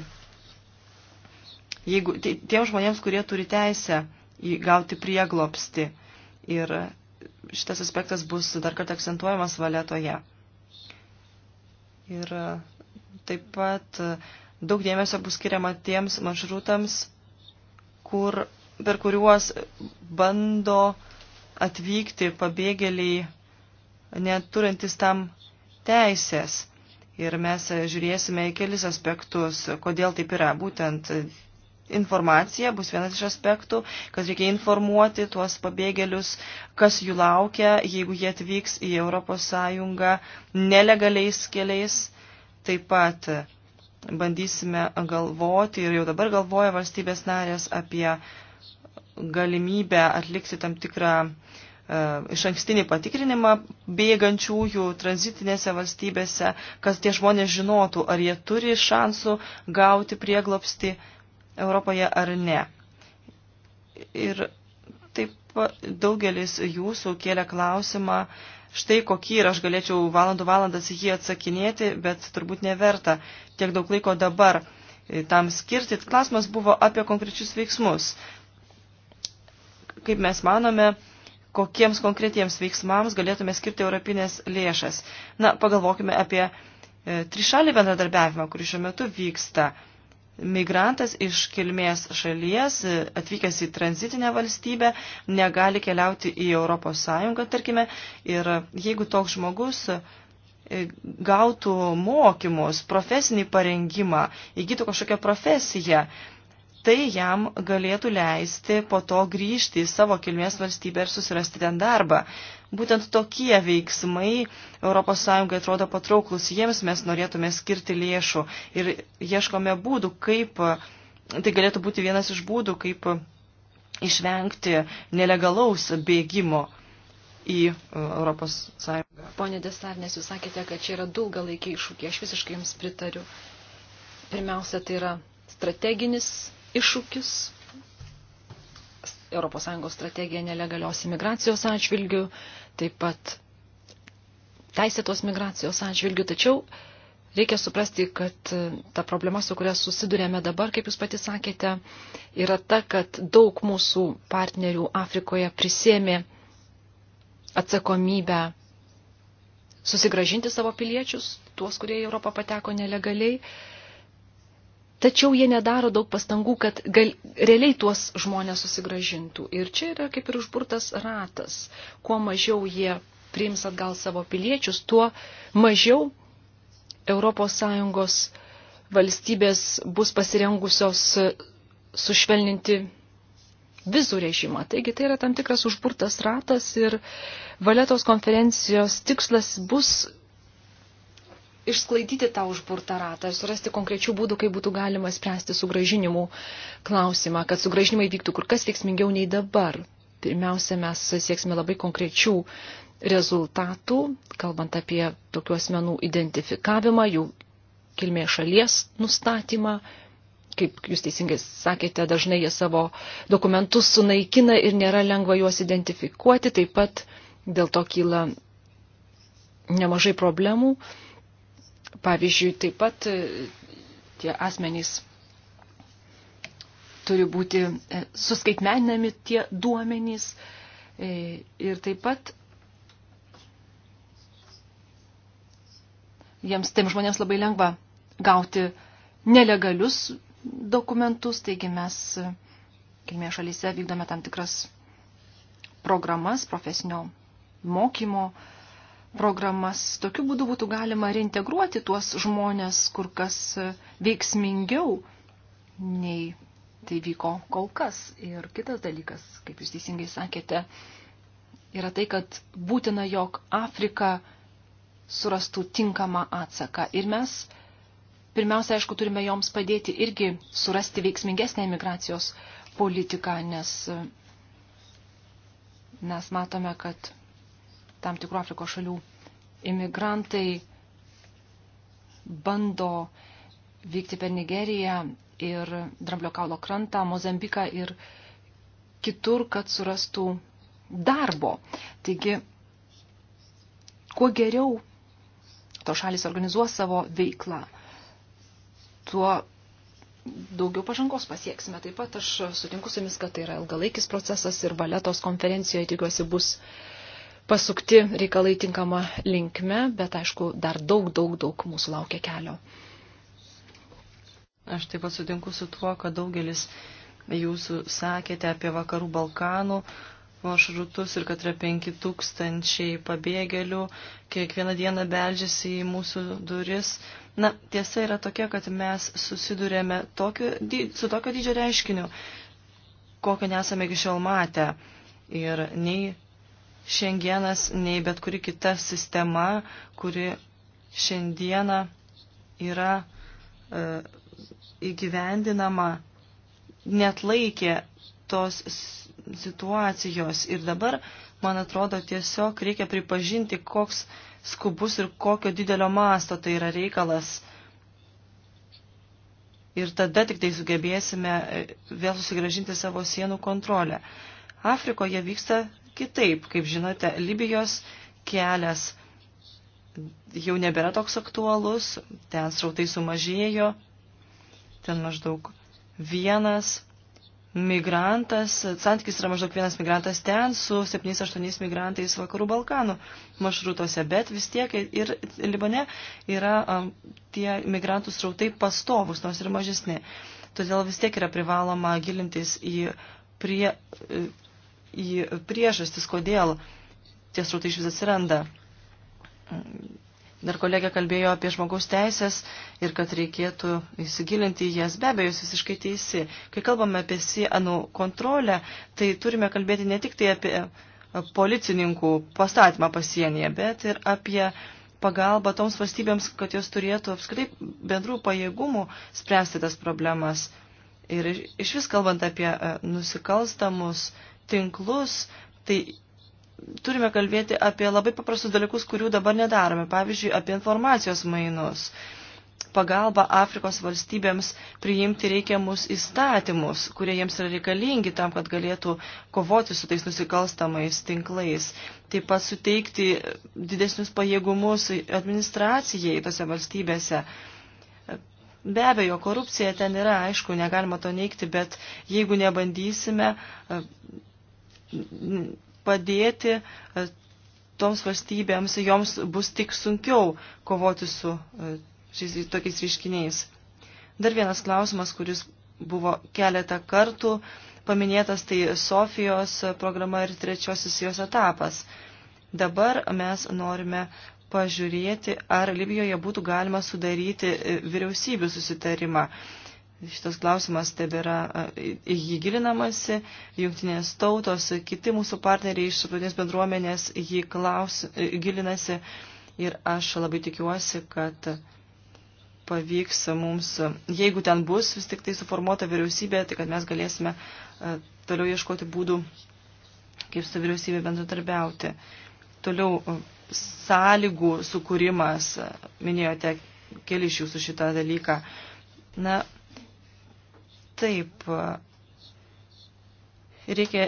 Jeigu tiem žmonėms, kurie turi teisę įgauti prieglopsti ir šitas aspektas bus dar kartą akcentuojamas valetoje. Ir taip pat daug dėmesio bus skiriama tiems maršrutams, kur, per kuriuos bando atvykti pabėgėliai, neturintis tam teisės. Ir mes žiūrėsime į kelis aspektus, kodėl taip yra. Būtent informacija bus vienas iš aspektų, kad reikia informuoti tuos pabėgėlius, kas jų laukia, jeigu jie atvyks į ES nelegaliais keliais. Taip pat bandysime galvoti ir jau dabar galvoja valstybės narės apie galimybę atlikti tam tikrą uh, E, iš ankstinį patikrinimą bėgančiųjų tranzitinėse valstybėse, kad tie žmonės žinotų, ar jie turi šansų gauti prieglopsti Europoje ar ne. Ir taip daugelis jūsų kėlė klausimą, štai kokį ir aš galėčiau valandų valandas jį atsakinėti, bet turbūt neverta tiek daug laiko dabar e, tam skirti. Klausimas buvo apie konkrečius veiksmus. Kaip mes manome, kokiems konkretiems veiksmams galėtume skirti europinės lėšas. Na, pagalvokime apie e, trišalį bendradarbiavimą, kuris šiuo metu vyksta. Migrantas iš kilmės šalies, e, atvykęs į tranzitinę valstybę, negali keliauti į Europos Sąjungą, tarkime, ir jeigu toks žmogus e, gautų mokymus, profesinį parengimą, įgytų kažkokią profesiją, tai jam galėtų leisti po to grįžti į savo kilmės valstybę ir susirasti ten darbą. Būtent tokie veiksmai ES atrodo patrauklus, jiems mes norėtume skirti lėšų ir ieškome būdų, kaip tai galėtų būti vienas iš būdų, kaip išvengti nelegalaus bėgimo į ES. Pone Desarnės, jūs sakėte, kad čia yra daugia laikiai iššūkiai, aš visiškai jums pritariu. Pirmiausia, tai yra strateginis iššūkis ES strategija nelegalios imigracijos atžvilgių, taip pat teisėtos migracijos atžvilgių, tačiau reikia suprasti, kad e, ta problema, su kuria susidurėme dabar, kaip jūs pati sakėte, yra ta, kad daug mūsų partnerių Afrikoje prisėmė atsakomybę susigražinti savo piliečius, tuos, kurie į Europą pateko nelegaliai tačiau jie nedaro daug pastangų, kad gal, realiai tuos žmonės susigražintų. Ir čia yra kaip ir užburtas ratas. Kuo mažiau jie priims atgal savo piliečius, tuo mažiau ES valstybės bus pasirengusios sušvelninti vizų režimą. Taigi tai yra tam tikras užburtas ratas ir valetos konferencijos tikslas bus išsklaidyti tą užburtą ratą ir surasti konkrečių būdų, kaip būtų galima spręsti sugražinimų klausimą, kad sugražinimai vyktų kur kas veiksmingiau nei dabar. Pirmiausia, mes sieksime labai konkrečių rezultatų, kalbant apie tokių asmenų identifikavimą, jų kilmės šalies nustatymą. Kaip jūs teisingai sakėte, dažnai jie savo dokumentus sunaikina ir nėra lengva juos identifikuoti, taip pat dėl to kyla nemažai problemų Pavyzdžiui, taip pat e, tie asmenys turi būti e, suskaitmeninami tie duomenys e, ir taip pat jiems, tiem žmonėms labai lengva gauti nelegalius dokumentus, taigi mes kilmės šalyse vykdome tam tikras programas profesinio mokymo, programas. Tokiu būdu būtų galima reintegruoti tuos žmonės kur kas veiksmingiau nei tai vyko kol kas. Ir kitas dalykas, kaip jūs teisingai sakėte, yra tai, kad būtina, jog Afrika surastų tinkamą atsaką. Ir mes pirmiausia, aišku, turime joms padėti irgi surasti veiksmingesnę imigracijos politiką, nes mes matome, kad tam tikrų Afrikos šalių imigrantai bando vykti per Nigeriją ir Dramblio kaulo krantą, Mozambiką ir kitur, kad surastų darbo. Taigi, kuo geriau to šalis organizuos savo veiklą, tuo daugiau pažangos pasieksime. Taip pat aš sutinku su jumis, kad tai yra ilgalaikis procesas ir valetos konferencijoje tikiuosi bus uh, pasukti reikalai tinkama linkme, bet aišku, dar daug, daug, daug mūsų laukia kelio. Aš taip pat sutinku su tuo, kad daugelis jūsų sakėte apie vakarų Balkanų maršrutus ir kad yra 5000 pabėgėlių, kiekvieną dieną beldžiasi į mūsų duris. Na, tiesa yra tokia, kad mes susidurėme tokio, su tokio dydžio reiškiniu, kokio nesame iki šiol matę. Ir nei šiandienas, nei bet kuri kita sistema, kuri šiandieną yra e, įgyvendinama, net laikė tos situacijos. Ir dabar, man atrodo, tiesiog reikia pripažinti, koks skubus ir kokio didelio masto tai yra reikalas. Ir tada tik tai sugebėsime e, vėl susigražinti savo sienų kontrolę. Afrikoje vyksta kitaip. Kaip žinote, Libijos kelias jau nebėra toks aktualus, ten srautai sumažėjo, ten maždaug vienas migrantas, santykis yra maždaug vienas migrantas ten su 7-8 migrantais vakarų Balkanų maršrutuose, bet vis tiek ir Libane yra um, tie migrantų srautai pastovus, nors ir mažesni. Todėl vis tiek yra privaloma gilintis į prie, į priežastis, kodėl tie srautai iš vis atsiranda. Dar kolegė kalbėjo apie žmogaus teisės ir kad reikėtų įsigilinti į jas. Be abejo, jūs visiškai teisi. Kai kalbame apie sienų kontrolę, tai turime kalbėti ne tik tai apie policininkų pastatymą pasienyje, bet ir apie pagalbą toms valstybėms, kad jos turėtų apskritai bendrų pajėgumų spręsti tas problemas. Ir iš vis kalbant apie e, nusikalstamus tinklus, tai turime kalbėti apie labai paprastus dalykus, kurių dabar nedarome. Pavyzdžiui, apie informacijos mainus. Pagalba Afrikos valstybėms priimti reikiamus įstatymus, kurie jiems yra reikalingi tam, kad galėtų kovoti su tais nusikalstamais tinklais. Taip pat suteikti didesnius pajėgumus administracijai tose valstybėse. Be abejo, korupcija ten yra, aišku, negalima to neikti, bet jeigu nebandysime padėti e, toms valstybėms, joms bus tik sunkiau kovoti su e, šiais tokiais reiškiniais. Dar vienas klausimas, kuris buvo keletą kartų paminėtas, tai Sofijos programa ir trečiasis jos etapas. Dabar mes norime pažiūrėti, ar Libijoje būtų galima sudaryti e, vyriausybių susitarimą šitas klausimas tebėra į jį gilinamasi, jungtinės tautos, kiti mūsų partneriai iš tarptautinės bendruomenės jį klaus, e, gilinasi ir aš labai tikiuosi, kad pavyks mums, jeigu ten bus vis tik tai suformuota vyriausybė, tai kad mes galėsime toliau ieškoti būdų, kaip su vyriausybė bendradarbiauti. Toliau sąlygų sukūrimas, minėjote keli iš jūsų šitą dalyką. Na, Taip, reikia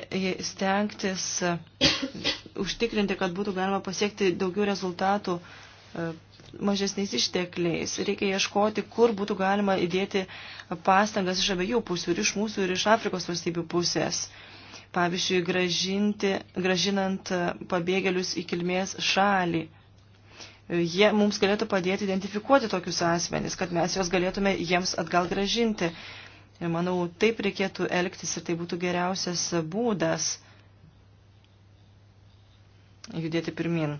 stengtis užtikrinti, kad būtų galima pasiekti daugiau rezultatų e, mažesniais ištekliais. Reikia ieškoti, kur būtų galima įdėti pastangas iš abiejų pusių, ir iš mūsų, ir iš Afrikos valstybių pusės. Pavyzdžiui, gražinti, gražinant pabėgėlius į kilmės šalį. Jie mums galėtų padėti identifikuoti tokius asmenys, kad mes juos galėtume jiems atgal gražinti. Ir manau, taip reikėtų elgtis ir tai būtų geriausias būdas judėti pirmin.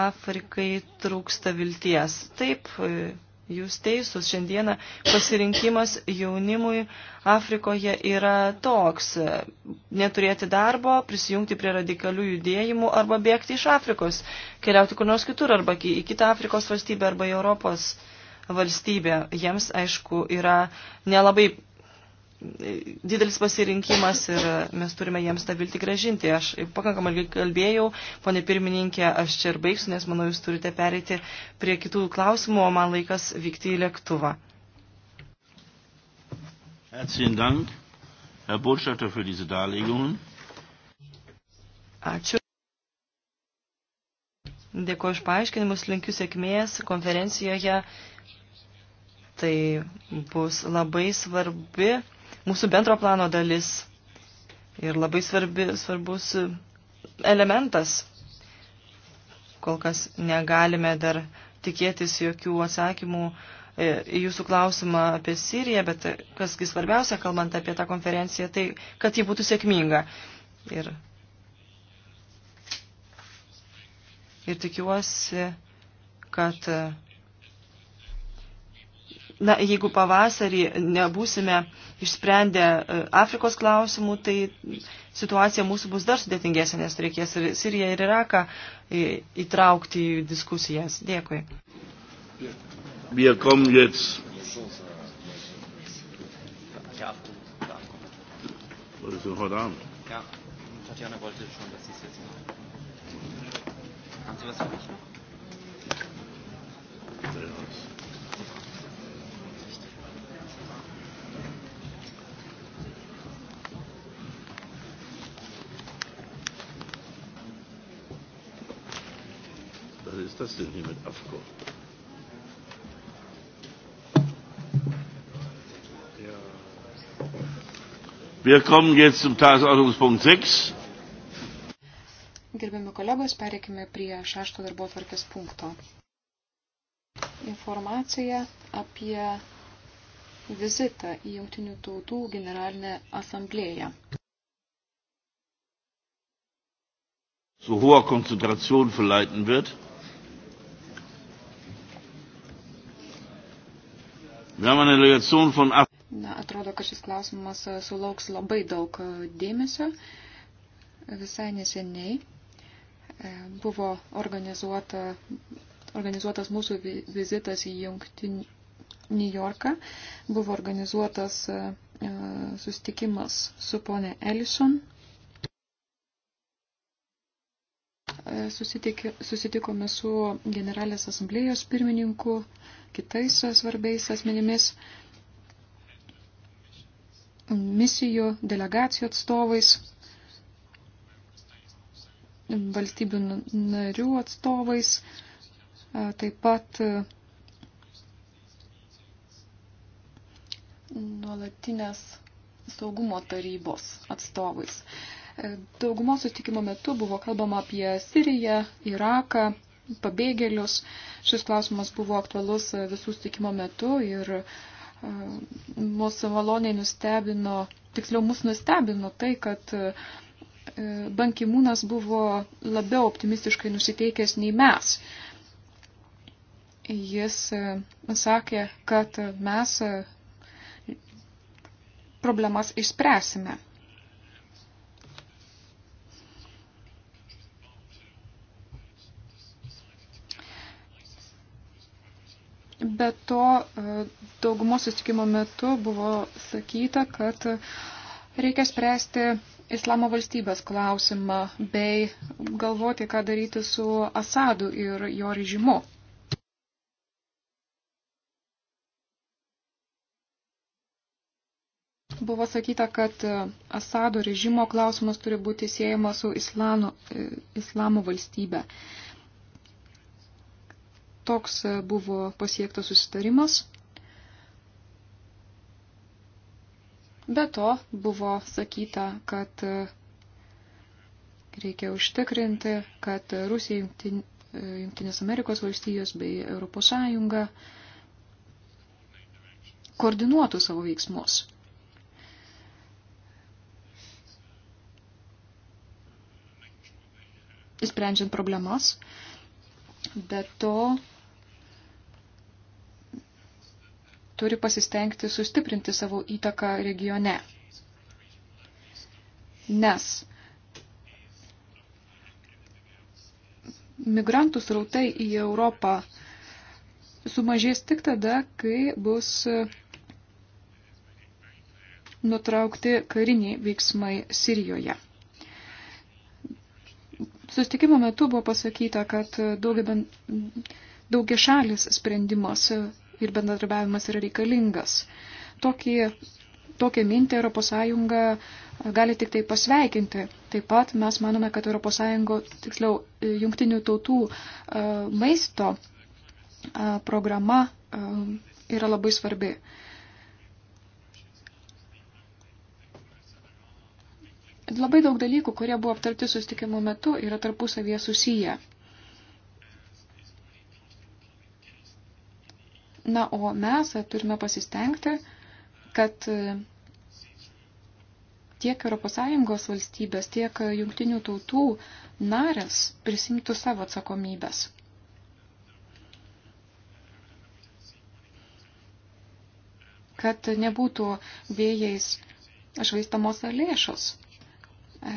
Afrikai trūksta vilties. Taip, jūs teisūs, šiandieną pasirinkimas jaunimui Afrikoje yra toks - neturėti darbo, prisijungti prie radikalių judėjimų arba bėgti iš Afrikos, keliauti kur nors kitur arba į kitą Afrikos valstybę arba į Europos valstybę valstybė. Jiems, aišku, yra nelabai didelis pasirinkimas ir mes turime jiems tą viltį gražinti. Aš pakankamai kalbėjau, ponė pirmininkė, aš čia ir baigsiu, nes manau, jūs turite pereiti prie kitų klausimų, o man laikas vykti į lėktuvą. Herzlichen Dank, Herr Botschafter, für diese Darlegungen. Ačiū. Dėkuoju iš paaiškinimus, linkiu sėkmės konferencijoje tai bus labai svarbi mūsų bendro plano dalis ir labai svarbi, svarbus elementas. Kol kas negalime dar tikėtis jokių atsakymų e, į jūsų klausimą apie Siriją, bet kasgi svarbiausia, kalbant apie tą konferenciją, tai kad ji būtų sėkminga. Ir, ir tikiuosi, kad Na, jeigu pavasarį nebūsime išsprendę e, Afrikos klausimų, tai situacija mūsų bus dar sudėtingesnė, nes reikės ir Siriją ir Iraką įtraukti į diskusijas. Dėkui. Wir kommen jetzt. Was ist denn heute Abend? Ja, Tatjana wollte schon, dass Sie es jetzt machen. Haben Sie was für mich noch? Ja, ist das denn hier mit AFCO? Wir kommen jetzt zum Tagesordnungspunkt 6. Gerbiami kolegos, pereikime prie šešto darbo tvarkės punkto. Informacija apie vizitą į Jungtinių tautų generalinę asamblėją. Zu hoher Konzentration verleiten wird. Na, atrodo, kad šis klausimas e, sulauks labai daug e, dėmesio. Visai neseniai e, buvo organizuota, organizuotas mūsų vizitas į jungtinį New Yorką. Buvo organizuotas susitikimas su ponė Ellison susitikome su Generalės asamblėjos pirmininku, kitais svarbiais asmenimis, misijų, delegacijų atstovais, valstybių narių atstovais, taip pat nuolatinės saugumo tarybos atstovais. E, daugumos sutikimo metu buvo kalbama apie Siriją, Iraką, pabėgėlius. Šis klausimas buvo aktualus e, visų sutikimo metu ir e, mūsų maloniai nustebino, tiksliau mūsų nustebino tai, kad Bankimūnas buvo labiau optimistiškai nusiteikęs nei mes. Jis sakė, kad mes problemas išspręsime. Be to, e, daugumos susitikimo metu buvo sakyta, kad reikia spręsti islamo valstybės klausimą bei galvoti, ką daryti su Asadu ir jo režimu. Buvo sakyta, kad Asado režimo klausimas turi būti siejamas su islano, e, islamo valstybe. Toks e, buvo pasiektas susitarimas. Be to buvo sakyta, kad e, reikia užtikrinti, kad Rusija, Junktinės e, Amerikos valstijos bei Europos Sąjunga koordinuotų savo veiksmus. Įsprendžiant problemas, bet to turi pasistengti sustiprinti savo įtaką regione. Nes migrantų srautai į Europą sumažės tik tada, kai bus nutraukti kariniai veiksmai Sirijoje. Sustikimo metu buvo pasakyta, kad daugia, daugia šalis sprendimas ir bendradarbiavimas yra reikalingas. Tokį, tokią mintį ES gali tik tai pasveikinti. Taip pat mes manome, kad ES, tiksliau, jungtinių tautų e, maisto e, programa e, yra labai svarbi. Labai daug dalykų, kurie buvo aptarti sustikimo metu, yra tarpusavėje susiję. Na, o mes turime pasistengti, kad tiek ES valstybės, tiek jungtinių tautų narės prisimtų savo atsakomybės. Kad nebūtų vėjais švaistamos lėšos, e,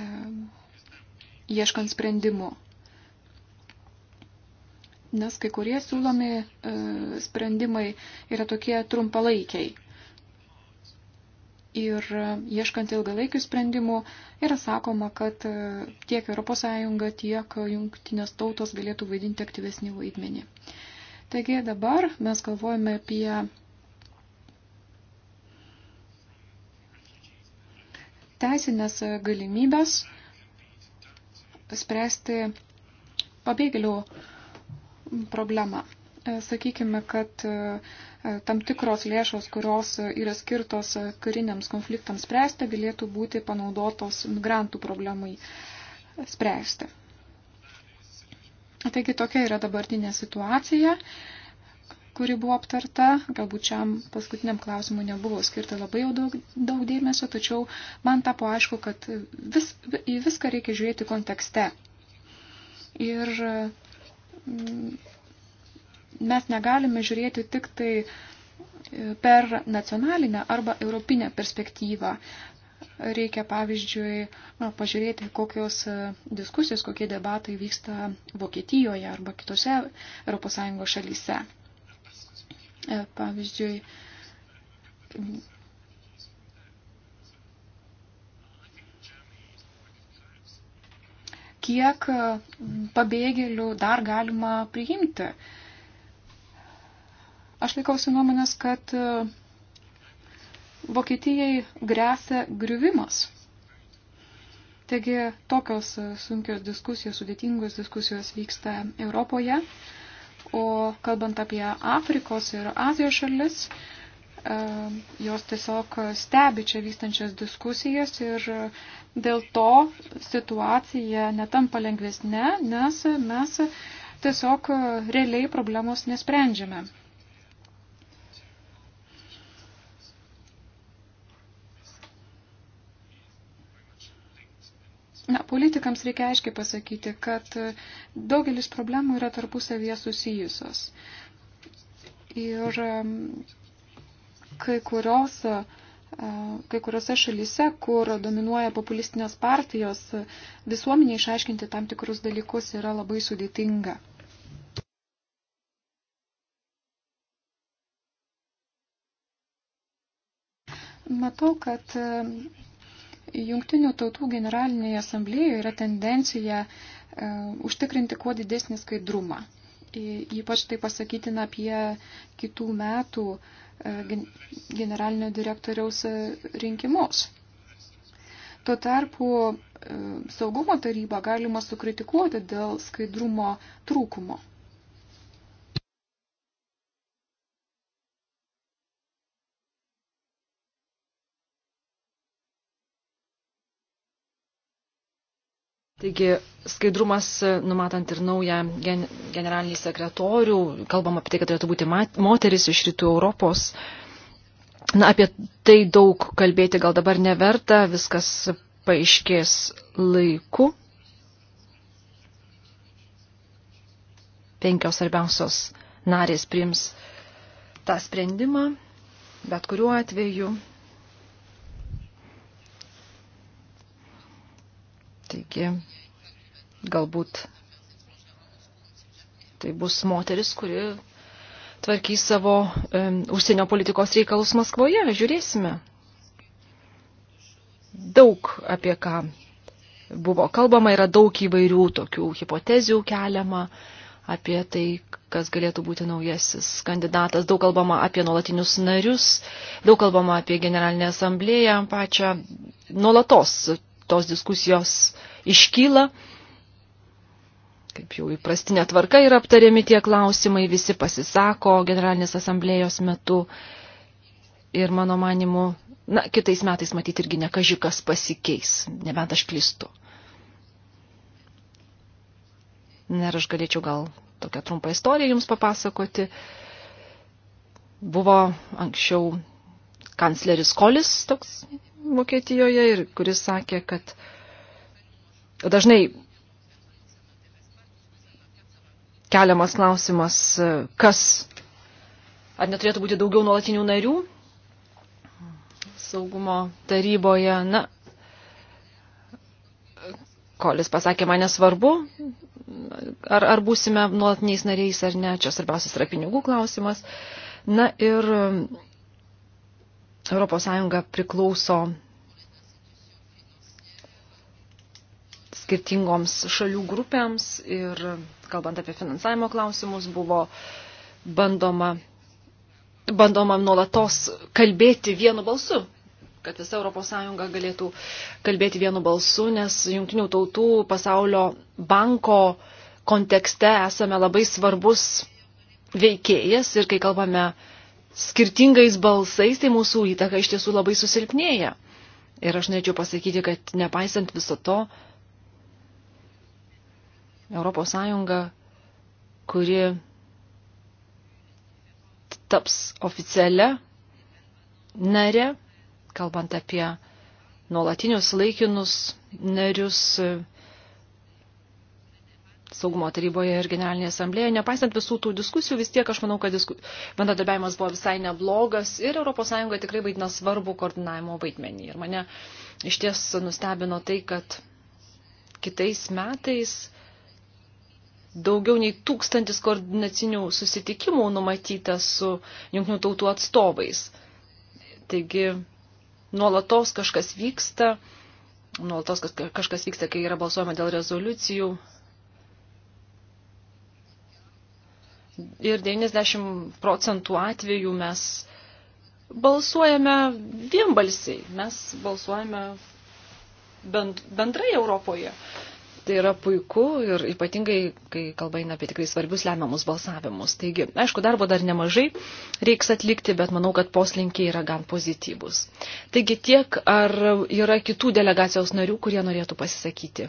ieškant sprendimų nes kai kurie siūlomi e, sprendimai yra tokie trumpalaikiai. Ir e, ieškant ilgalaikių sprendimų yra sakoma, kad e, tiek ES, tiek jungtinės tautos galėtų vaidinti aktyvesnį vaidmenį. Taigi dabar mes galvojame apie teisinės galimybės spręsti pabėgėlių problema. E, sakykime, kad e, e, tam tikros lėšos, kurios yra skirtos kariniams konfliktams spręsti, galėtų būti panaudotos migrantų problemai spręsti. Taigi tokia yra dabartinė situacija kuri buvo aptarta. Galbūt šiam paskutiniam klausimui nebuvo skirta labai jau daug, daug dėmesio, tačiau man tapo aišku, kad vis, į viską reikia žiūrėti kontekste. Ir Mm, mes negalime žiūrėti tik tai e, per nacionalinę arba europinę perspektyvą. Reikia, pavyzdžiui, na, pažiūrėti, kokios e, diskusijos, kokie debatai vyksta Vokietijoje arba kitose ES šalyse. E, pavyzdžiui, kiek e, pabėgėlių dar galima priimti. Aš laikausi nuomonės, kad e, Vokietijai grėsia griuvimas. Taigi tokios e, sunkios diskusijos, sudėtingos diskusijos vyksta Europoje. O kalbant apie Afrikos ir Azijos šalis, E, jos tiesiog stebi čia vykstančias diskusijas ir dėl to situacija netampa lengvesnė, nes mes tiesiog realiai problemos nesprendžiame. Na, politikams reikia aiškiai pasakyti, kad daugelis problemų yra tarpusavyje susijusios. Ir kai kurios e, kai kuriuose šalyse, kur dominuoja populistinės partijos, visuomenė išaiškinti tam tikrus dalykus yra labai sudėtinga. Matau, kad e, Jungtinių tautų generalinėje asamblėjoje yra tendencija e, užtikrinti kuo didesnį skaidrumą. Ypač tai pasakytina apie kitų metų uh, E, generalinio direktoriaus e, rinkimus. Tuo tarpu e, saugumo tarybą galima sukritikuoti dėl skaidrumo trūkumo. Taigi skaidrumas, numatant ir naują gen, generalinį sekretorių, kalbam apie tai, kad turėtų būti mat, moteris iš rytų Europos. Na, apie tai daug kalbėti gal dabar neverta, viskas paaiškės laiku. Penkios svarbiausios narės priims tą sprendimą, bet kuriuo atveju. Taigi, Galbūt tai bus moteris, kuri tvarkys savo um, užsienio politikos reikalus Maskvoje. Žiūrėsime. Daug apie ką buvo kalbama, yra daug įvairių tokių hipotezių keliama apie tai, kas galėtų būti naujasis kandidatas. Daug kalbama apie nuolatinius narius, daug kalbama apie generalinę asamblėją pačią. Nuolatos tos diskusijos iškyla kaip jau įprastinė tvarka yra aptariami tie klausimai, visi pasisako generalinės asamblėjos metu. Ir mano manimu, na, kitais metais matyti irgi nekažikas pasikeis, nebent aš klistu. Na ir aš galėčiau gal tokią trumpą istoriją jums papasakoti. Buvo anksčiau kancleris Kolis toks Vokietijoje ir kuris sakė, kad dažnai keliamas klausimas, e, kas, ar neturėtų būti daugiau nuolatinių narių saugumo taryboje. Na, Kolis pasakė, man nesvarbu, ar, ar būsime nuolatiniais nariais ar ne, čia svarbiausias yra pinigų klausimas. Na ir ES priklauso skirtingoms šalių grupėms ir kalbant apie finansavimo klausimus, buvo bandoma, bandoma nuolatos kalbėti vienu balsu kad visa ES galėtų kalbėti vienu balsu, nes jungtinių tautų pasaulio banko kontekste esame labai svarbus veikėjas ir kai kalbame skirtingais balsais, tai mūsų įtaka iš tiesų labai susilpnėja. Ir aš norėčiau pasakyti, kad nepaisant viso to, Europos Sąjunga, kuri taps oficialia narė, kalbant apie nuolatinius laikinus narius e, saugumo taryboje ir generalinėje asamblėje. Nepaisant visų tų diskusijų, vis tiek aš manau, kad disku... bendradarbiavimas buvo visai neblogas ir ES tikrai vaidina svarbu koordinavimo vaidmenį. Ir mane iš ties nustebino tai, kad kitais metais daugiau nei tūkstantis koordinacinių susitikimų numatyta su jungtinių tautų atstovais. Taigi nuolatos kažkas vyksta, nuolatos kažkas vyksta, kai yra balsuojama dėl rezoliucijų. Ir 90 procentų atvejų mes balsuojame vienbalsiai, mes balsuojame bend, bendrai Europoje. Uh, Tai yra puiku ir ypatingai, kai kalba eina apie tikrai svarbius lemiamus balsavimus. Taigi, aišku, darbo dar nemažai reiks atlikti, bet manau, kad poslinkiai yra gan pozityvus. Taigi tiek, ar yra kitų delegacijos narių, kurie norėtų pasisakyti.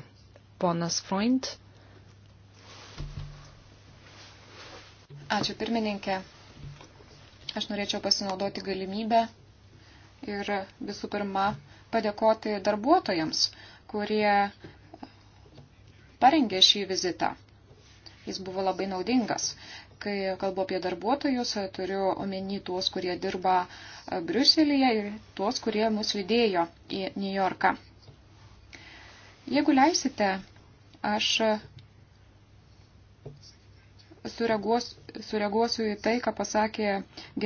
Ponas Freund. Ačiū pirmininkė. Aš norėčiau pasinaudoti galimybę ir visų pirma padėkoti darbuotojams, kurie parengė šį vizitą. Jis buvo labai naudingas. Kai kalbu apie darbuotojus, turiu omeny tuos, kurie dirba e, Briuselėje ir tuos, kurie mus lydėjo į New Yorką. Jeigu leisite, aš sureaguos, sureaguosiu į tai, ką pasakė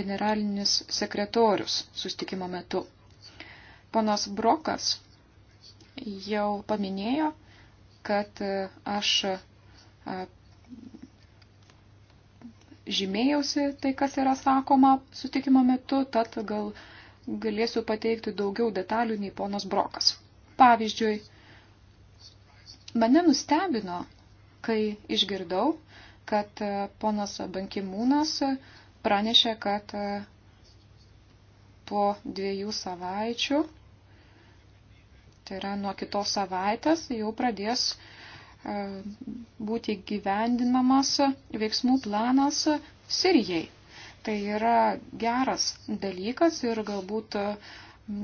generalinis sekretorius sustikimo metu. Ponas Brokas jau paminėjo, kad e, aš e, žymėjausi tai, kas yra sakoma sutikimo metu, tad gal galėsiu pateikti daugiau detalių nei ponas Brokas. Pavyzdžiui, mane nustebino, kai išgirdau, kad e, ponas Bankimūnas pranešė, kad po dviejų savaičių Tai yra nuo kitos savaitės jau pradės e, būti gyvendinamas veiksmų planas Sirijai. Tai yra geras dalykas ir galbūt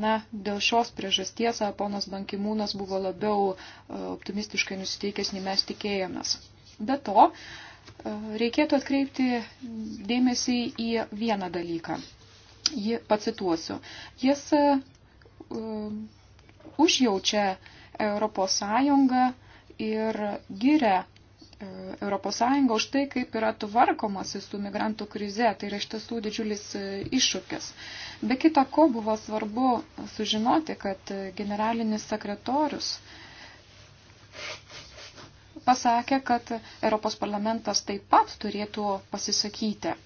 Na, dėl šios priežasties ponas Bankimūnas buvo labiau e, optimistiškai nusiteikęs, nei mes tikėjomės. Be to, e, reikėtų atkreipti dėmesį į vieną dalyką. Jį pacituosiu. Jis užjaučia ES ir giria ES už tai, kaip yra tvarkomasi su migrantų krize. Tai yra iš tiesų didžiulis e, iššūkis. Be kita ko buvo svarbu sužinoti, kad generalinis sekretorius pasakė, kad Europos parlamentas taip pat turėtų pasisakyti.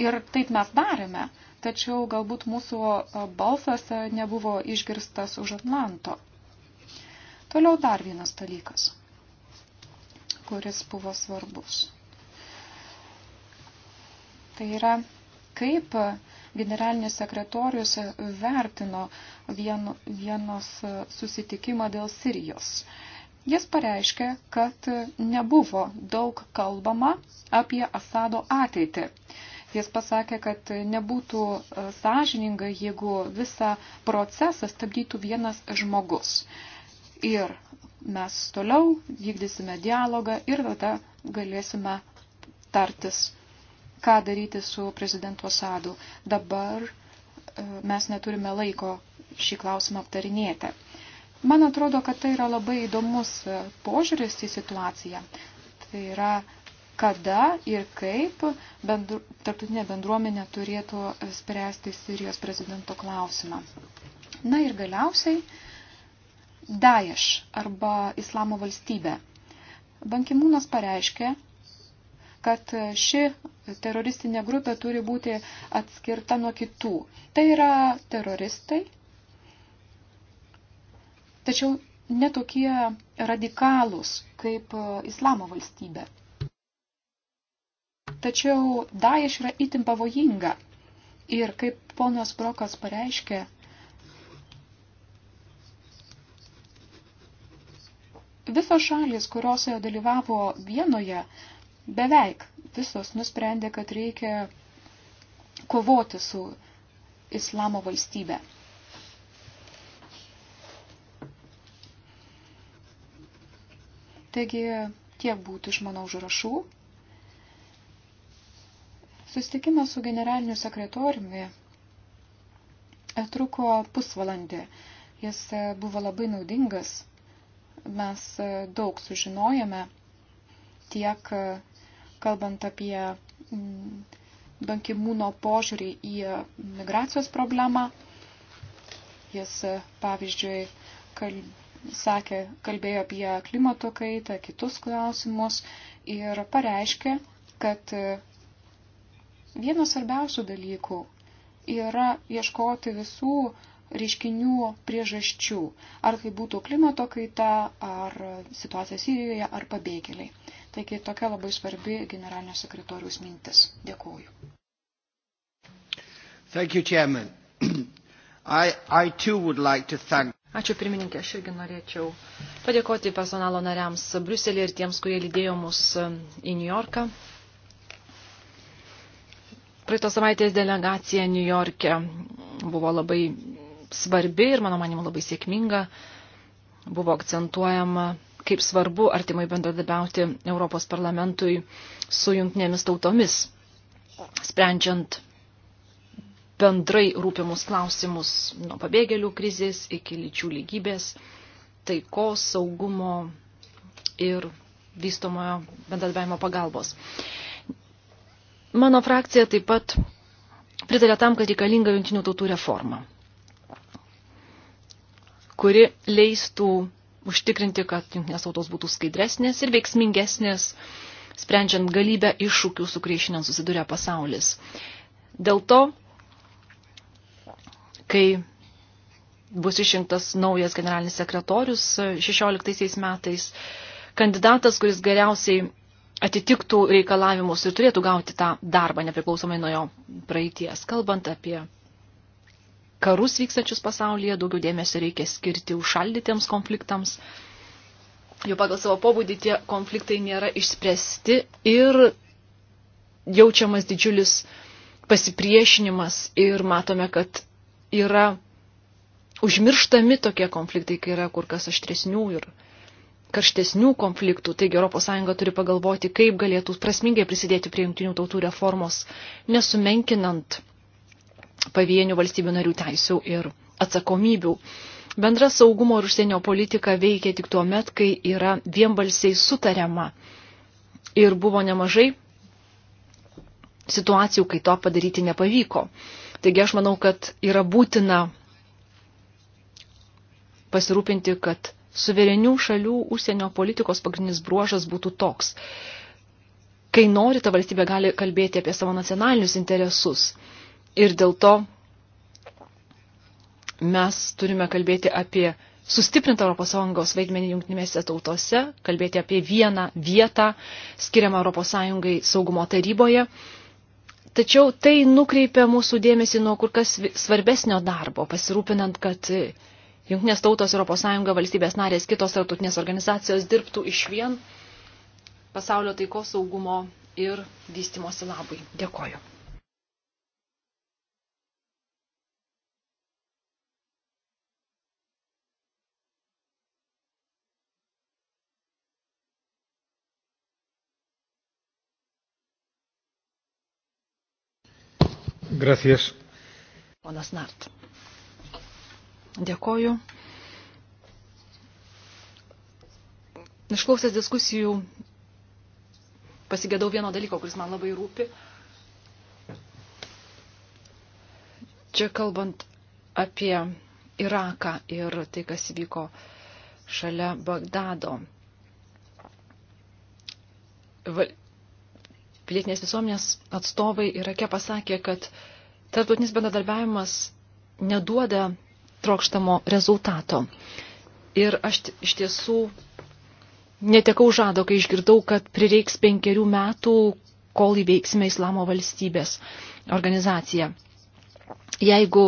Ir taip mes darėme tačiau galbūt mūsų balsas nebuvo išgirstas už Atlanto. Toliau dar vienas dalykas, kuris buvo svarbus. Tai yra, kaip generalinis sekretorius vertino vieno, vienos susitikimą dėl Sirijos. Jis pareiškė, kad nebuvo daug kalbama apie Asado ateitį. Jis pasakė, kad nebūtų e, sąžininga, jeigu visą procesą stabdytų vienas žmogus. Ir mes toliau vykdysime dialogą ir tada galėsime tartis, ką daryti su prezidentu Asadu. Dabar e, mes neturime laiko šį klausimą aptarinėti. Man atrodo, kad tai yra labai įdomus e, požiūris į situaciją. Tai yra kada ir kaip bendru, tarptautinė bendruomenė turėtų spręsti Sirijos prezidento klausimą. Na ir galiausiai Daesh arba Islamo valstybė. Bankimūnas pareiškė, kad ši teroristinė grupė turi būti atskirta nuo kitų. Tai yra teroristai, tačiau netokie radikalūs kaip Islamo valstybė. Tačiau Daesh yra itin pavojinga. Ir kaip ponas Brokas pareiškė, visos šalis, kurios jau dalyvavo vienoje, beveik visos nusprendė, kad reikia kovoti su islamo valstybė. Taigi tiek būtų iš mano užrašų. Sustikimas su generaliniu sekretoriumi e, truko pusvalandį. Jis e, buvo labai naudingas. Mes e, daug sužinojame tiek kalbant apie mm, bankimūno požiūrį į migracijos problemą. Jis, pavyzdžiui, kalb, sakė, kalbėjo apie klimato kaitą, kitus klausimus ir pareiškė, kad Vienas svarbiausių dalykų yra ieškoti visų reiškinių priežasčių, ar tai būtų klimato kaita, ar situacija Sirijoje, ar pabėgėliai. Taigi tokia labai svarbi generalinio sekretoriaus mintis. Dėkuoju. Thank you, Chairman. <clears throat> I, I too would like to thank... Ačiū pirmininkė, aš irgi norėčiau padėkoti personalo nariams Briuselį ir tiems, kurie lydėjo mus e, į Niujorką praeitos savaitės delegacija New York'e buvo labai svarbi ir, mano manimu, labai sėkminga. Buvo akcentuojama, kaip svarbu artimai bendradabiauti Europos parlamentui su jungtinėmis tautomis, sprendžiant bendrai rūpimus klausimus nuo pabėgėlių krizės iki lyčių lygybės, taikos, saugumo ir vystomojo bendradarbiavimo pagalbos. Mano frakcija taip pat pritarė tam, kad reikalinga jungtinių tautų reforma, kuri leistų užtikrinti, kad jungtinės tautos būtų skaidresnės ir veiksmingesnės, sprendžiant galybę iššūkių, su kuriais šiandien susiduria pasaulis. Dėl to, kai bus išrinktas naujas generalinis sekretorius 16 metais, kandidatas, kuris geriausiai atitiktų reikalavimus ir turėtų gauti tą darbą, nepriklausomai nuo jo praeities. Kalbant apie karus vykstančius pasaulyje, daugiau dėmesio reikia skirti užšaldytiems konfliktams. Jau pagal savo pobūdį tie konfliktai nėra išspręsti ir jaučiamas didžiulis pasipriešinimas ir matome, kad yra užmirštami tokie konfliktai, kai yra kur kas aštresnių ir karštesnių konfliktų, taigi ES turi pagalvoti, kaip galėtų prasmingai prisidėti prie jungtinių tautų reformos, nesumenkinant pavienių valstybių narių teisių ir atsakomybių. Bendra saugumo ir užsienio politika veikia tik tuo met, kai yra vienbalsiai sutariama. Ir buvo nemažai situacijų, kai to padaryti nepavyko. Taigi aš manau, kad yra būtina pasirūpinti, kad suverenių šalių užsienio politikos pagrindinis bruožas būtų toks. Kai nori, ta valstybė gali kalbėti apie savo nacionalinius interesus. Ir dėl to mes turime kalbėti apie sustiprinti ES vaidmenį jungtinėse tautose, kalbėti apie vieną vietą skiriamą ES saugumo taryboje. Tačiau tai nukreipia mūsų dėmesį nuo kur kas svarbesnio darbo, pasirūpinant, kad Junktinės tautos, ES, valstybės narės, kitos tarptautinės organizacijos dirbtų iš vien pasaulio taikos saugumo ir vystimosi labui. Dėkoju. Gracias. Ponas Nart. Dėkoju. Išklausęs diskusijų pasigėdau vieno dalyko, kuris man labai rūpi. Čia kalbant apie Iraką ir tai, kas vyko šalia Bagdado. Val... Pilietinės visuomenės atstovai Irake pasakė, kad tarptautinis bendradarbiavimas neduoda trokštamo rezultato. Ir aš iš tiesų netekau žado, kai išgirdau, kad prireiks penkerių metų, kol įveiksime Islamo valstybės organizaciją. Jeigu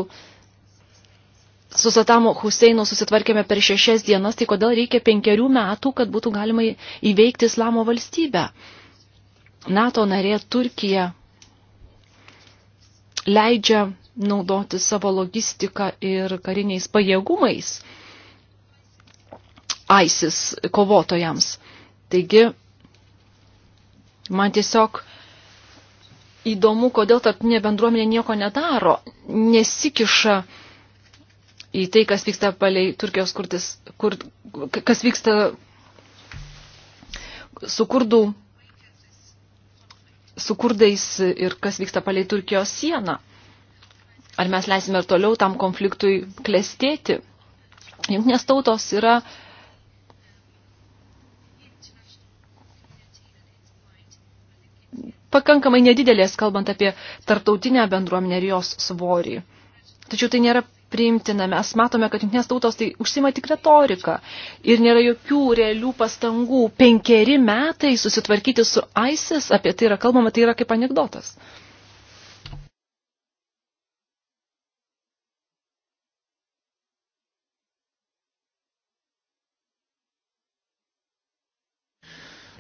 su Satamo Huseinu susitvarkėme per šešias dienas, tai kodėl reikia penkerių metų, kad būtų galima įveikti Islamo valstybę? NATO narė Turkija leidžia naudoti savo logistiką ir kariniais pajėgumais ISIS kovotojams. Taigi, man tiesiog įdomu, kodėl tarptinė bendruomenė nieko nedaro, nesikiša į tai, kas vyksta palei Turkijos kurtis, kur, kas vyksta su kurdų, su kurdais ir kas vyksta palei Turkijos sieną. Ar mes leisime ir toliau tam konfliktui klestėti? Jungtinės tautos yra pakankamai nedidelės, kalbant apie tartautinę bendruomenę ir jos svorį. Tačiau tai nėra priimtina. Mes matome, kad jungtinės tautos tai užsima tik retoriką ir nėra jokių realių pastangų. Penkeri metai susitvarkyti su ISIS, apie tai yra kalbama, tai yra kaip anegdotas. Uh,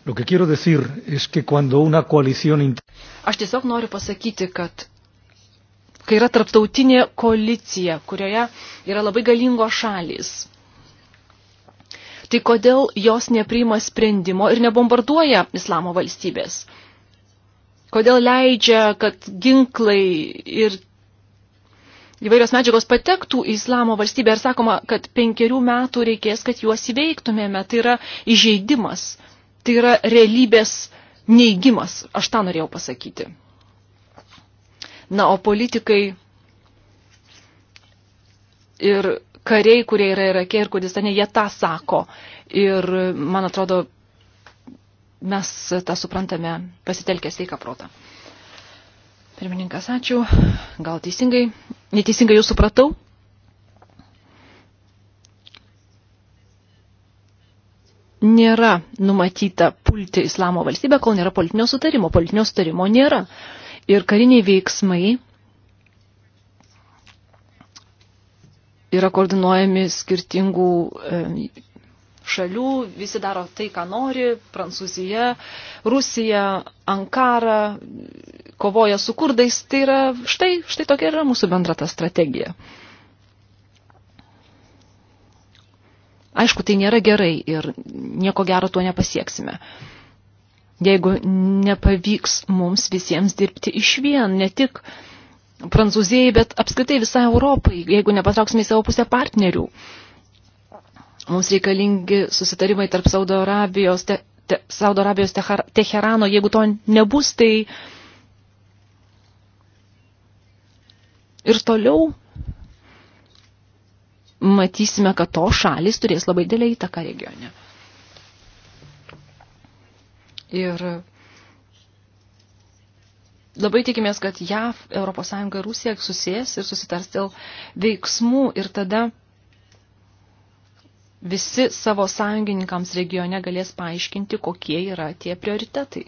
Lo que quiero decir es que cuando una coalición... Aš tiesiog noriu pasakyti, kad kai yra tarptautinė koalicija, kurioje yra labai galingos šalys, tai kodėl jos nepriima sprendimo ir nebombarduoja islamo valstybės? Kodėl leidžia, kad ginklai ir įvairios medžiagos patektų į islamo valstybę ir sakoma, kad penkerių metų reikės, kad juos įveiktumėme. Tai yra įžeidimas tai yra realybės neigimas. Aš tą norėjau pasakyti. Na, o politikai ir kariai, kurie yra Irake ir Kurdistane, jie tą sako. Ir, man atrodo, mes tą suprantame pasitelkę sveiką protą. Pirmininkas, ačiū. Gal teisingai, neteisingai jūs supratau? nėra numatyta pulti islamo valstybę, kol nėra politinio sutarimo. Politinio sutarimo nėra. Ir kariniai veiksmai yra koordinuojami skirtingų e, šalių, visi daro tai, ką nori, Prancūzija, Rusija, Ankara, kovoja su kurdais, tai yra, štai, štai tokia yra mūsų bendra ta strategija. Aišku, tai nėra gerai ir nieko gero tuo nepasieksime. Jeigu nepavyks mums visiems dirbti iš vien, ne tik Prancūzijai, bet apskritai visai Europai, jeigu nepatrauksime į savo pusę partnerių. Mums reikalingi susitarimai tarp Saudo Arabijos, te, te, Saudo Arabijos Tehar, Teherano, jeigu to nebus, tai ir toliau matysime, kad to šalis turės labai dėlę įtaką regione. Ir labai tikimės, kad JAV, ES ir Rusija susijęs ir susitars dėl veiksmų ir tada visi savo sąjungininkams regione galės paaiškinti, kokie yra tie prioritetai.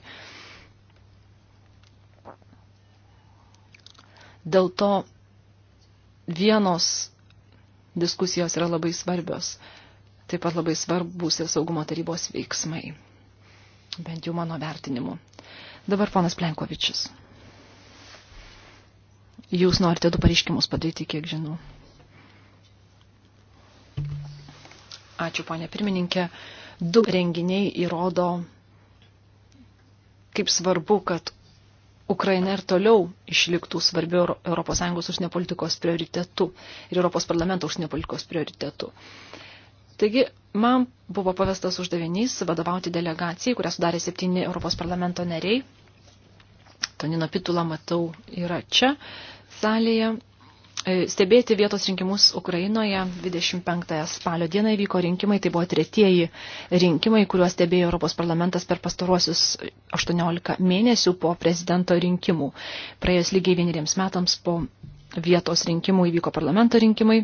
Dėl to vienos diskusijos yra labai svarbios. Taip pat labai svarbus ir saugumo tarybos veiksmai. Bent jau mano vertinimu. Dabar ponas Plenkovičius. Jūs norite du pareiškimus padaryti, kiek žinau. Ačiū, ponė pirmininkė. Du renginiai įrodo, kaip svarbu, kad Ukraina ir toliau išliktų svarbiu ES užsienio politikos prioritetu ir Europos parlamento užsienio politikos prioritetu. Taigi, man buvo pavestas uždavinys vadovauti delegacijai, kurią sudarė septyni Europos parlamento nariai. Tonino Pitula, matau, yra čia salėje. E, stebėti vietos rinkimus Ukrainoje. 25 spalio dieną įvyko rinkimai, tai buvo tretieji rinkimai, kuriuos stebėjo Europos parlamentas per pastaruosius 18 mėnesių po prezidento rinkimų. Praėjus lygiai vieneriems metams po vietos rinkimų įvyko parlamento rinkimai.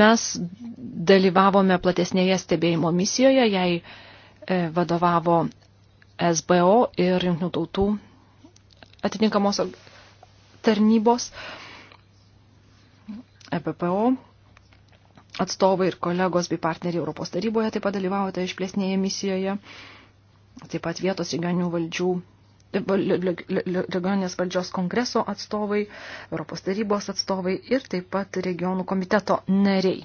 Mes dalyvavome platesnėje stebėjimo misijoje, jai e, vadovavo SBO ir jungtinių tautų atitinkamos tarnybos, EPPO atstovai ir kolegos bei partneriai Europos taryboje taip pat dalyvavote išplėsnėje misijoje, taip pat vietos regioninių valdžių regioninės valdžios kongreso atstovai, Europos tarybos atstovai ir taip pat regionų komiteto nariai.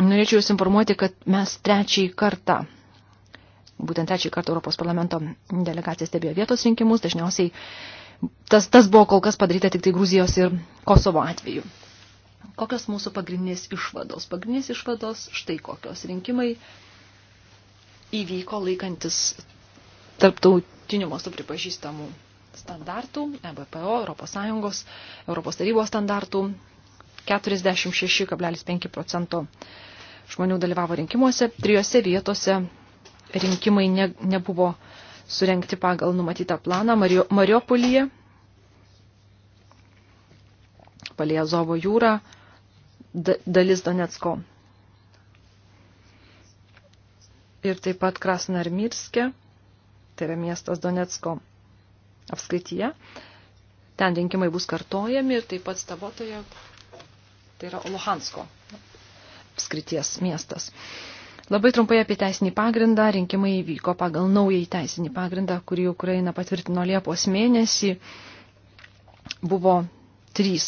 Norėčiau Jūs informuoti, kad mes trečiai kartą būtent trečią kartą Europos parlamento delegacija stebėjo vietos rinkimus, dažniausiai tas, tas buvo kol kas padaryta tik tai Gruzijos ir Kosovo atveju. Kokios mūsų pagrindinės išvados? Pagrindinės išvados štai kokios. Rinkimai įvyko laikantis tarptautinių mastų pripažįstamų standartų, EBPO, Europos Sąjungos, Europos tarybos standartų. 46,5 procento žmonių dalyvavo rinkimuose, trijose vietose rinkimai ne, nebuvo surenkti pagal numatytą planą Mario, Mariopolyje, palie Azovo jūrą, da, dalis Donecko. Ir taip pat Krasnarmirske, tai yra miestas Donecko apskrityje. Ten rinkimai bus kartojami ir taip pat Stavotoje, tai yra Luhansko apskrities miestas. Labai trumpai apie teisinį pagrindą. Rinkimai įvyko pagal naują teisinį pagrindą, kurį Ukraina patvirtino Liepos mėnesį. Buvo trys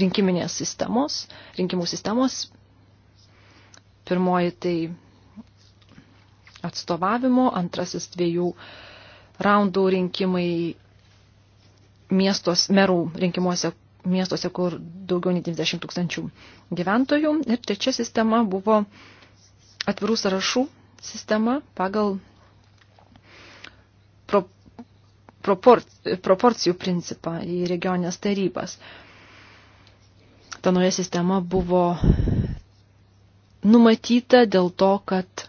rinkiminės sistemos, rinkimų sistemos. Pirmoji tai atstovavimo, antrasis dviejų raundų rinkimai miestos, merų rinkimuose miestuose, kur daugiau nei 90 tūkstančių gyventojų. Ir trečia sistema buvo atvirų sąrašų sistema pagal pro, propor, proporcijų principą į regionės tarybas. Ta nauja sistema buvo numatyta dėl to, kad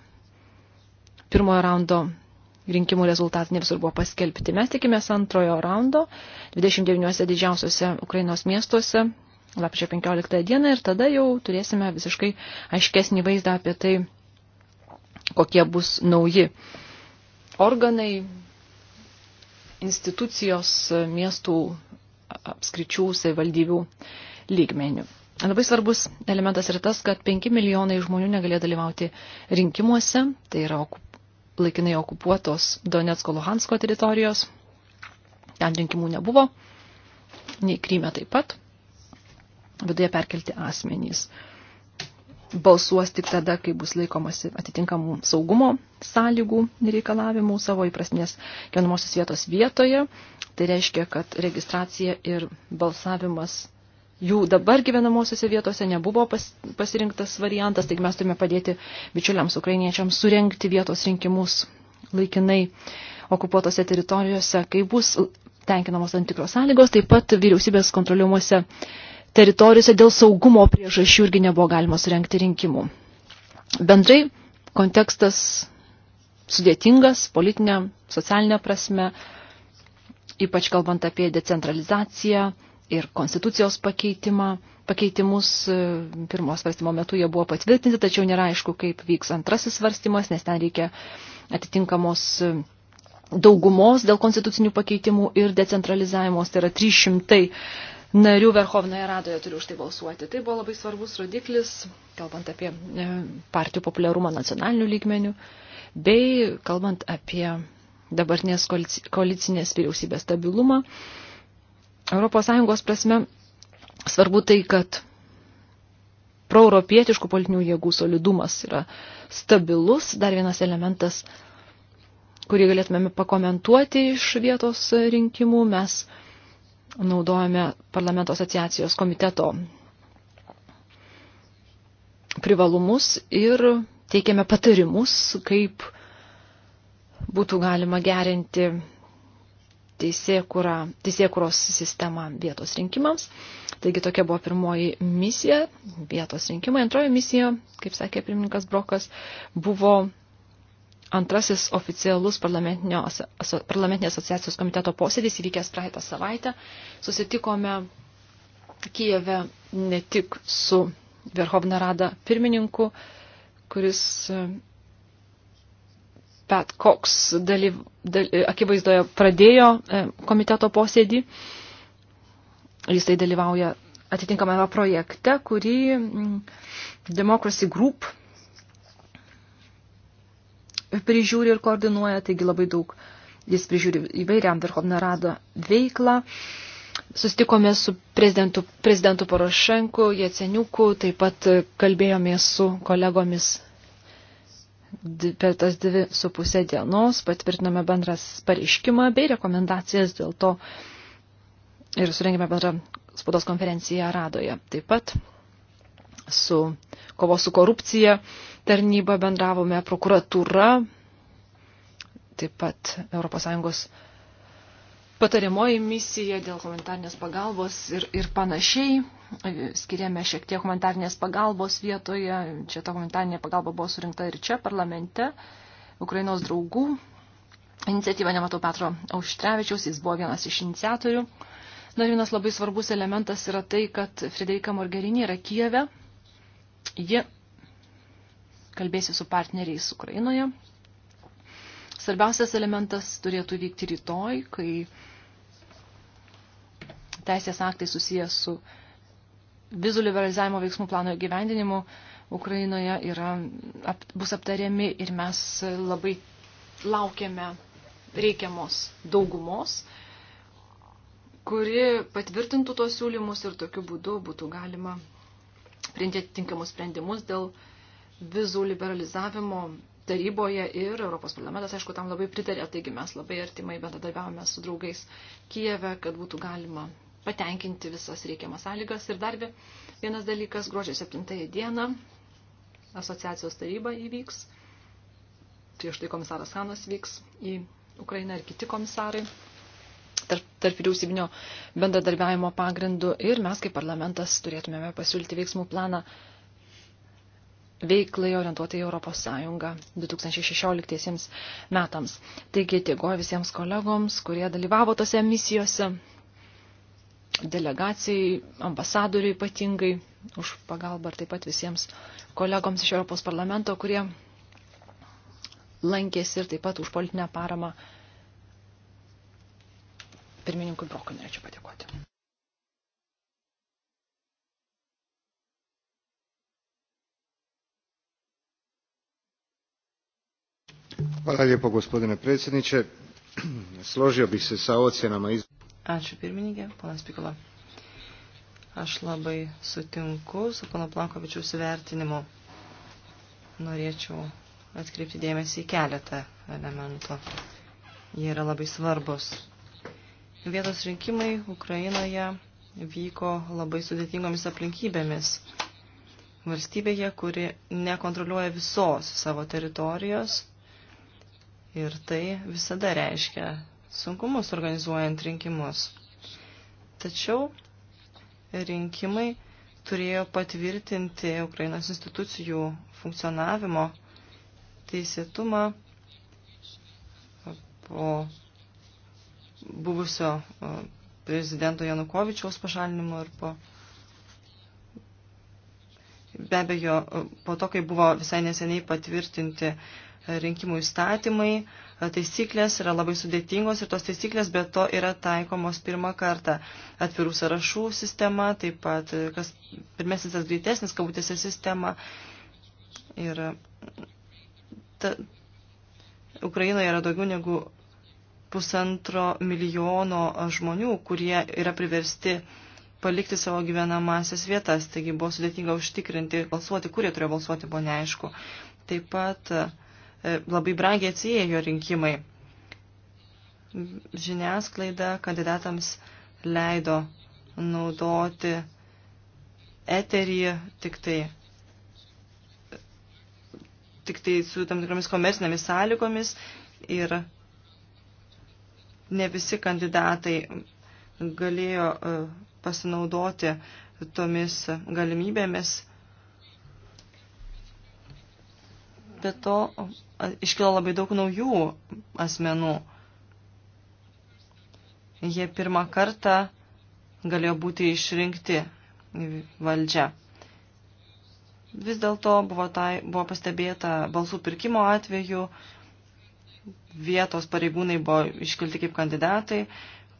pirmojo raundo rinkimų rezultatai ne visur buvo paskelbti. Mes tikimės antrojo raundo 29 didžiausiose Ukrainos miestuose lapčio 15 dieną ir tada jau turėsime visiškai aiškesnį vaizdą apie tai, kokie bus nauji organai, institucijos miestų apskričių savivaldybių lygmenių. Labai svarbus elementas yra tas, kad 5 milijonai žmonių negalėjo dalyvauti rinkimuose, tai yra okup, laikinai okupuotos Donetsko Luhansko teritorijos, ten rinkimų nebuvo, nei Kryme taip pat, viduje perkelti asmenys balsuos tik tada, kai bus laikomasi atitinkamų saugumo sąlygų reikalavimų savo įprasnės gyvenamosios vietos vietoje. Tai reiškia, kad registracija ir balsavimas jų dabar gyvenamosiose vietose nebuvo pas, pasirinktas variantas, taigi mes turime padėti bičiuliams ukrainiečiams surenkti vietos rinkimus laikinai okupuotose teritorijose, kai bus tenkinamos tam tikros sąlygos, taip pat vyriausybės kontroliuomuose uh, teritorijose dėl saugumo priežasčių irgi nebuvo galima surenkti rinkimų. Bendrai kontekstas sudėtingas politinė, socialinė prasme, ypač kalbant apie decentralizaciją ir konstitucijos pakeitimą. Pakeitimus pirmo svarstymo metu jie buvo patvirtinti, tačiau nėra aišku, kaip vyks antrasis svarstymas, nes ten reikia atitinkamos daugumos dėl konstitucinių pakeitimų ir decentralizavimos, tai yra 300 narių Verhovnoje Radoje turi už tai balsuoti. Tai buvo labai svarbus rodiklis, kalbant apie e, partijų populiarumą nacionalinių lygmenių, bei kalbant apie dabartinės koalicinės vyriausybės stabilumą. ES prasme svarbu tai, kad proeuropietiškų politinių jėgų solidumas yra stabilus. Dar vienas elementas, kurį galėtumėme pakomentuoti iš vietos rinkimų, mes naudojame parlamento asociacijos komiteto privalumus ir teikiame patarimus, kaip būtų galima gerinti teisėkuros sistemą vietos rinkimams. Taigi tokia buvo pirmoji misija, vietos rinkimai. Antroji misija, kaip sakė pirmininkas Brokas, buvo antrasis oficialus parlamentinės asociacijos komiteto posėdis įvykęs praeitą savaitę. Susitikome Kijeve ne tik su Verhovna Rada pirmininku, kuris e, Pat Cox dalyv, dalyv, e, akivaizdoje pradėjo e, komiteto posėdį. Jisai dalyvauja atitinkamame projekte, kurį mm, Democracy Group prižiūri ir koordinuoja, taigi labai daug. Jis prižiūri įvairiam Verhovna Rada veiklą. Sustikome su prezidentu, prezidentu Porošenku, Jeceniuku, taip pat kalbėjomės su kolegomis per tas dvi su pusė dienos, patvirtinome bendras pareiškimą bei rekomendacijas dėl to ir surengėme bendrą spaudos konferenciją Radoje. Taip pat su kovo su korupcija tarnyba bendravome, prokuratūra, taip pat ES patariamoji misija dėl humanitarnės pagalbos ir, ir panašiai. Skiriame šiek tiek humanitarnės pagalbos vietoje. Čia ta humanitarnė pagalba buvo surinkta ir čia, parlamente, Ukrainos draugų. Iniciatyvą nematau Petro Auštrevičiaus, jis buvo vienas iš iniciatorių. Dar vienas labai svarbus elementas yra tai, kad Frederika Morgerini yra Kijeve Ji kalbėsi su partneriais Ukrainoje. Svarbiausias elementas turėtų vykti rytoj, kai teisės aktai susijęs su vizų liberalizavimo veiksmų plano gyvendinimu Ukrainoje yra, ap, bus aptariami ir mes labai laukiame reikiamos daugumos, kuri patvirtintų tos siūlymus ir tokiu būdu būtų galima priimti tinkamus sprendimus dėl vizų liberalizavimo taryboje ir Europos parlamentas, aišku, tam labai pritarė, taigi mes labai artimai bendradarbiavome su draugais Kijeve, kad būtų galima patenkinti visas reikiamas sąlygas. Ir dar vienas dalykas, gruodžio 7 dieną asociacijos taryba įvyks, prieš tai komisaras Hanas vyks į Ukrainą ir kiti komisarai tarp, tarp vyriausybinio bendradarbiavimo pagrindų ir mes kaip parlamentas turėtumėme pasiūlyti veiksmų planą veiklai orientuotai į Europos Sąjungą 2016 metams. Taigi dėkoju visiems kolegoms, kurie dalyvavo tose misijose, delegacijai, ambasadoriui ypatingai už pagalbą ir taip pat visiems kolegoms iš Europos parlamento, kurie lankėsi ir taip pat už politinę paramą pirmininkui Brokui norėčiau padėkoti. Hvala lijepo gospodine predsjedniče. Složio bih se sa ocjenama iz... Ačiū pirmininkė, ponas Pikula. Aš labai sutinku su pono Plankovičiaus vertinimu. Norėčiau atkreipti dėmesį į keletą elementų. Jie yra labai svarbus Vietos rinkimai Ukrainoje vyko labai sudėtingomis aplinkybėmis. Valstybėje, kuri nekontroliuoja visos savo teritorijos ir tai visada reiškia sunkumus organizuojant rinkimus. Tačiau rinkimai turėjo patvirtinti Ukrainos institucijų funkcionavimo teisėtumą po buvusio prezidento Janukovičiaus pašalinimo ir po Be abejo, po to, kai buvo visai neseniai patvirtinti rinkimų įstatymai, taisyklės yra labai sudėtingos ir tos taisyklės be to yra taikomos pirmą kartą. Atvirų sąrašų sistema, taip pat kas pirmesnis tas greitesnis kabutėse sistema. Ir ta, Ukrainoje yra daugiau negu pusantro milijono žmonių, kurie yra priversti palikti savo gyvenamasias vietas, taigi buvo sudėtinga užtikrinti balsuoti, kurie turėjo balsuoti, buvo neaišku. Taip pat e, labai brangiai atsijėjo rinkimai. Žiniasklaida kandidatams leido naudoti eterį tik tai, tik tai su tam tikromis komersinėmis sąlygomis ir ne visi kandidatai galėjo e, pasinaudoti tomis galimybėmis. Be to e, iškilo labai daug naujų asmenų. Jie pirmą kartą galėjo būti išrinkti valdžia. Vis dėlto buvo, tai, buvo pastebėta balsų pirkimo atveju, vietos pareigūnai buvo iškelti kaip kandidatai.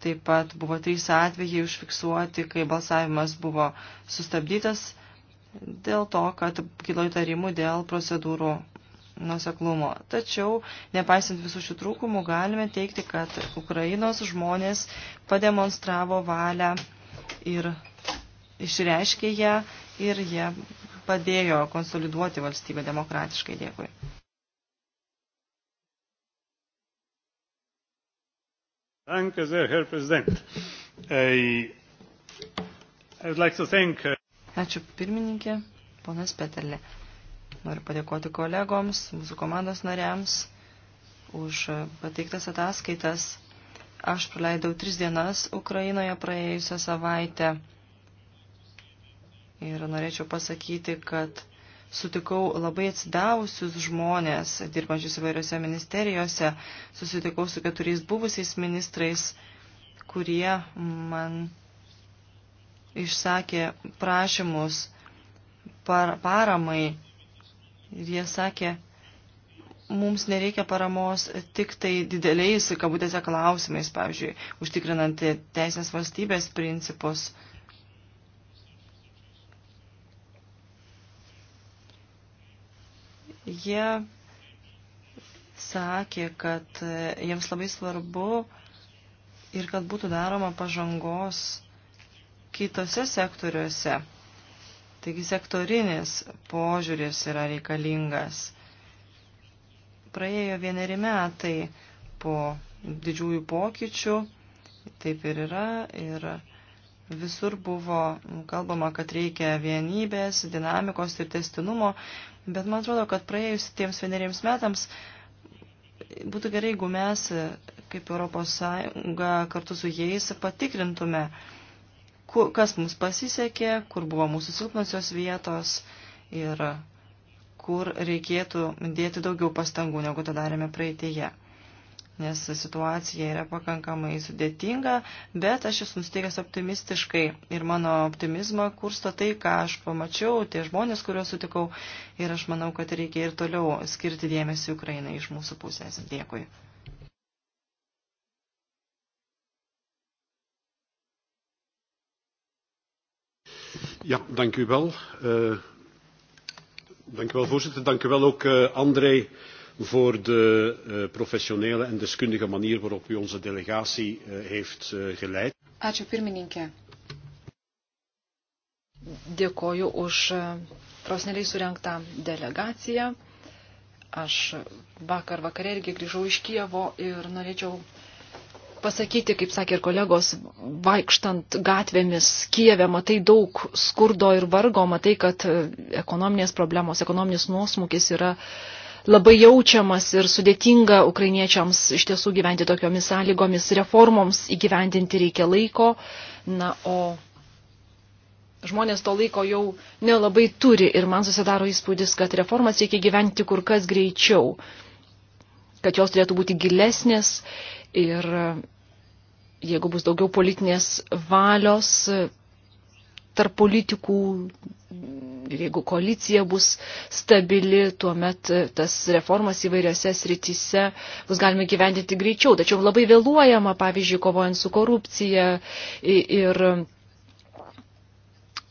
Taip pat buvo trys atvejai užfiksuoti, kai balsavimas buvo sustabdytas dėl to, kad kilo įtarimų dėl procedūrų nuseklumo. Tačiau, nepaisant visų šių trūkumų, galime teikti, kad Ukrainos žmonės pademonstravo valią ir išreiškė ją ir jie padėjo konsoliduoti valstybę demokratiškai. Dėkui. Danke sehr, Herr Präsident. Äh, I would like to thank... Äh, Ačiū pirmininkė, ponas Peterle. Noriu padėkoti kolegoms, mūsų komandos nariams už e, pateiktas ataskaitas. Aš praleidau tris dienas Ukrainoje praėjusią savaitę ir norėčiau pasakyti, kad sutikau labai atsidavusius žmonės, dirbančius įvairiose ministerijose, susitikau su keturiais buvusiais ministrais, kurie man išsakė prašymus par paramai ir jie sakė, mums nereikia paramos tik tai dideliais, kabutėse, klausimais, pavyzdžiui, užtikrinant teisės valstybės principus. Jie sakė, kad e, jiems labai svarbu ir kad būtų daroma pažangos kitose sektoriuose. Taigi sektorinis požiūris yra reikalingas. Praėjo vieneri metai po didžiųjų pokyčių, taip ir yra, ir Visur buvo kalbama, kad reikia vienybės, dinamikos ir testinumo, bet man atrodo, kad praėjus tiems vieneriems metams būtų gerai, jeigu mes kaip Europos Sąjunga kartu su jais patikrintume, kas mums pasisekė, kur buvo mūsų silpnosios vietos ir kur reikėtų dėti daugiau pastangų, negu tą darėme praeitėje nes situacija yra pakankamai sudėtinga, bet aš esu nusteigęs optimistiškai ir mano optimizmą kursto tai, ką aš pamačiau, tie žmonės, kuriuos sutikau ir aš manau, kad reikia ir toliau skirti dėmesį Ukrainai iš mūsų pusės. Dėkui. Ja, dank u wel. Uh, dank u wel, voorzitter. Dank u wel ook, uh, André. Uh, voor de uh, professionele en deskundige manier waarop u onze delegatie uh, heeft uh, geleid. Ačiū pirmininkė. Dėkoju už profesionaliai surenktą delegaciją. Aš vakar vakare irgi grįžau iš Kievo ir norėčiau pasakyti, kaip sakė ir kolegos, vaikštant gatvėmis Kijeve, matai daug skurdo ir vargo, matai, kad ekonominės problemos, ekonominis nuosmukis yra uh, labai jaučiamas ir sudėtinga ukrainiečiams iš tiesų gyventi tokiomis sąlygomis. Reformoms įgyvendinti reikia laiko, na, o žmonės to laiko jau nelabai turi ir man susidaro įspūdis, kad reformas reikia gyventi kur kas greičiau, kad jos turėtų būti gilesnės ir jeigu bus daugiau politinės valios tarp politikų ir jeigu koalicija bus stabili, tuomet e, tas reformas įvairiose srityse bus galima gyvendinti greičiau. Tačiau labai vėluojama, pavyzdžiui, kovojant su korupcija ir, ir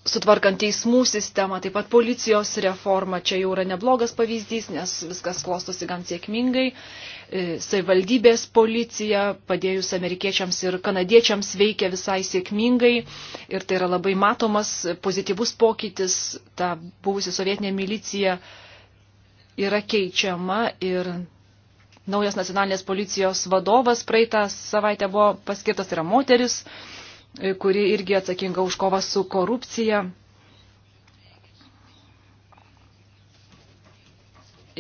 sutvarkant teismų sistemą, taip pat policijos reforma, čia jau yra neblogas pavyzdys, nes viskas klostosi gan sėkmingai. E, savivaldybės policija, padėjus amerikiečiams ir kanadiečiams, veikia visai sėkmingai ir tai yra labai matomas pozityvus pokytis, ta buvusi sovietinė milicija yra keičiama ir naujas nacionalinės policijos vadovas praeitą savaitę buvo paskirtas, tai yra moteris kuri irgi atsakinga už kovą su korupcija.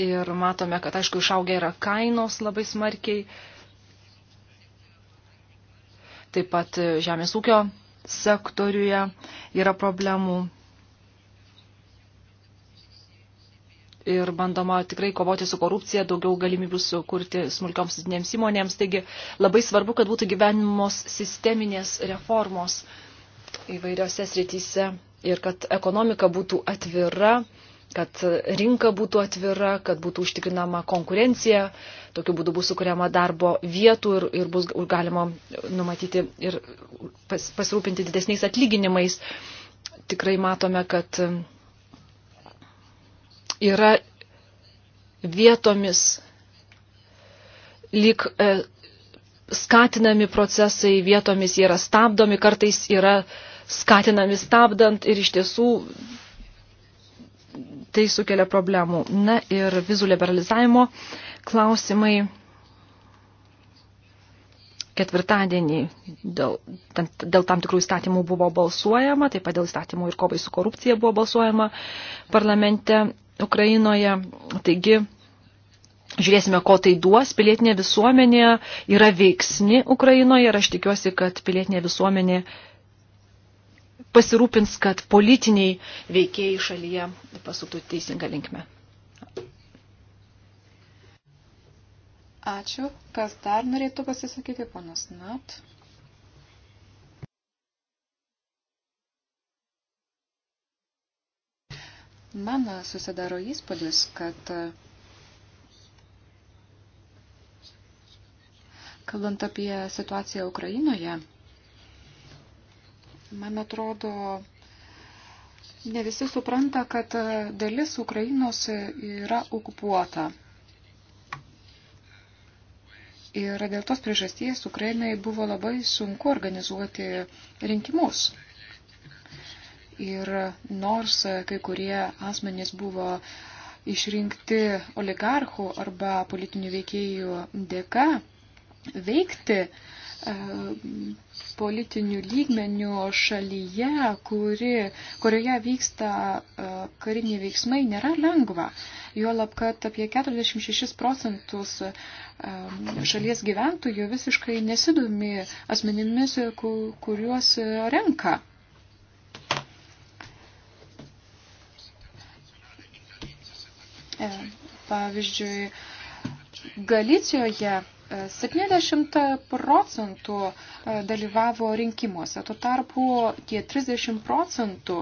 Ir matome, kad, aišku, išaugia yra kainos labai smarkiai. Taip pat žemės ūkio sektoriuje yra problemų ir bandoma tikrai kovoti su korupcija, daugiau galimybių sukurti smulkioms didinėms įmonėms. Taigi labai svarbu, kad būtų gyvenimos sisteminės reformos įvairiose srityse ir kad ekonomika būtų atvira, kad rinka būtų atvira, kad būtų užtikrinama konkurencija, tokiu būdu bus sukuriama darbo vietų ir, ir bus galima numatyti ir pas, pasirūpinti didesniais atlyginimais. Tikrai matome, kad yra vietomis lyg e, skatinami procesai, vietomis jie yra stabdomi, kartais yra skatinami stabdant ir iš tiesų tai sukelia problemų. Na ir vizų liberalizavimo klausimai ketvirtadienį dėl, dėl tam tikrų įstatymų buvo balsuojama, taip pat dėl įstatymų ir kovai su korupcija buvo balsuojama parlamente Ukrainoje. Taigi, Žiūrėsime, ko tai duos. Pilietinė visuomenė yra veiksni Ukrainoje ir aš tikiuosi, kad pilietinė visuomenė pasirūpins, kad politiniai veikėjai šalyje pasuktų teisingą linkmę. Ačiū. Kas dar norėtų pasisakyti, ponas Nat? Man susidaro įspūdis, kad kalbant apie situaciją Ukrainoje, man atrodo, ne visi supranta, kad dalis Ukrainos yra okupuota. Ir dėl tos priežasties Ukrainai buvo labai sunku organizuoti rinkimus. Ir nors kai kurie asmenys buvo išrinkti oligarchų arba politinių veikėjų dėka veikti e, politinių lygmenių šalyje, kuri, kurioje vyksta e, kariniai veiksmai, nėra lengva. Juolab, kad apie 46 procentus e, šalies gyventojų visiškai nesidomi asmenimis, kuriuos renka. E, pavyzdžiui, Galicijoje 70 e, procentų e, dalyvavo rinkimuose, tuo tarpu tie 30 procentų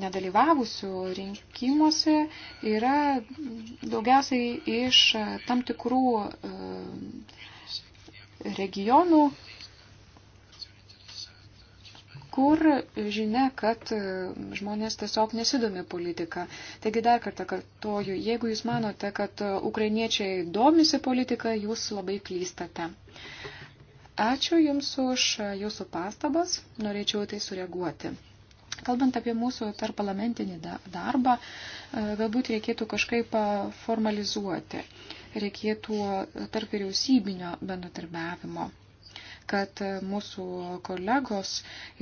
nedalyvavusių rinkimuose yra daugiausiai iš tam tikrų regionų kur žinia, kad e, žmonės tiesiog nesidomi politika. Taigi dar kartą kartuoju, jeigu jūs manote, kad e, ukrainiečiai domisi politika, jūs labai klystate. Ačiū Jums už e, Jūsų pastabas, norėčiau tai sureaguoti. Kalbant apie mūsų tarparlamentinį darbą, galbūt reikėtų kažkaip formalizuoti, reikėtų tarp vyriausybinio bendradarbiavimo kad mūsų kolegos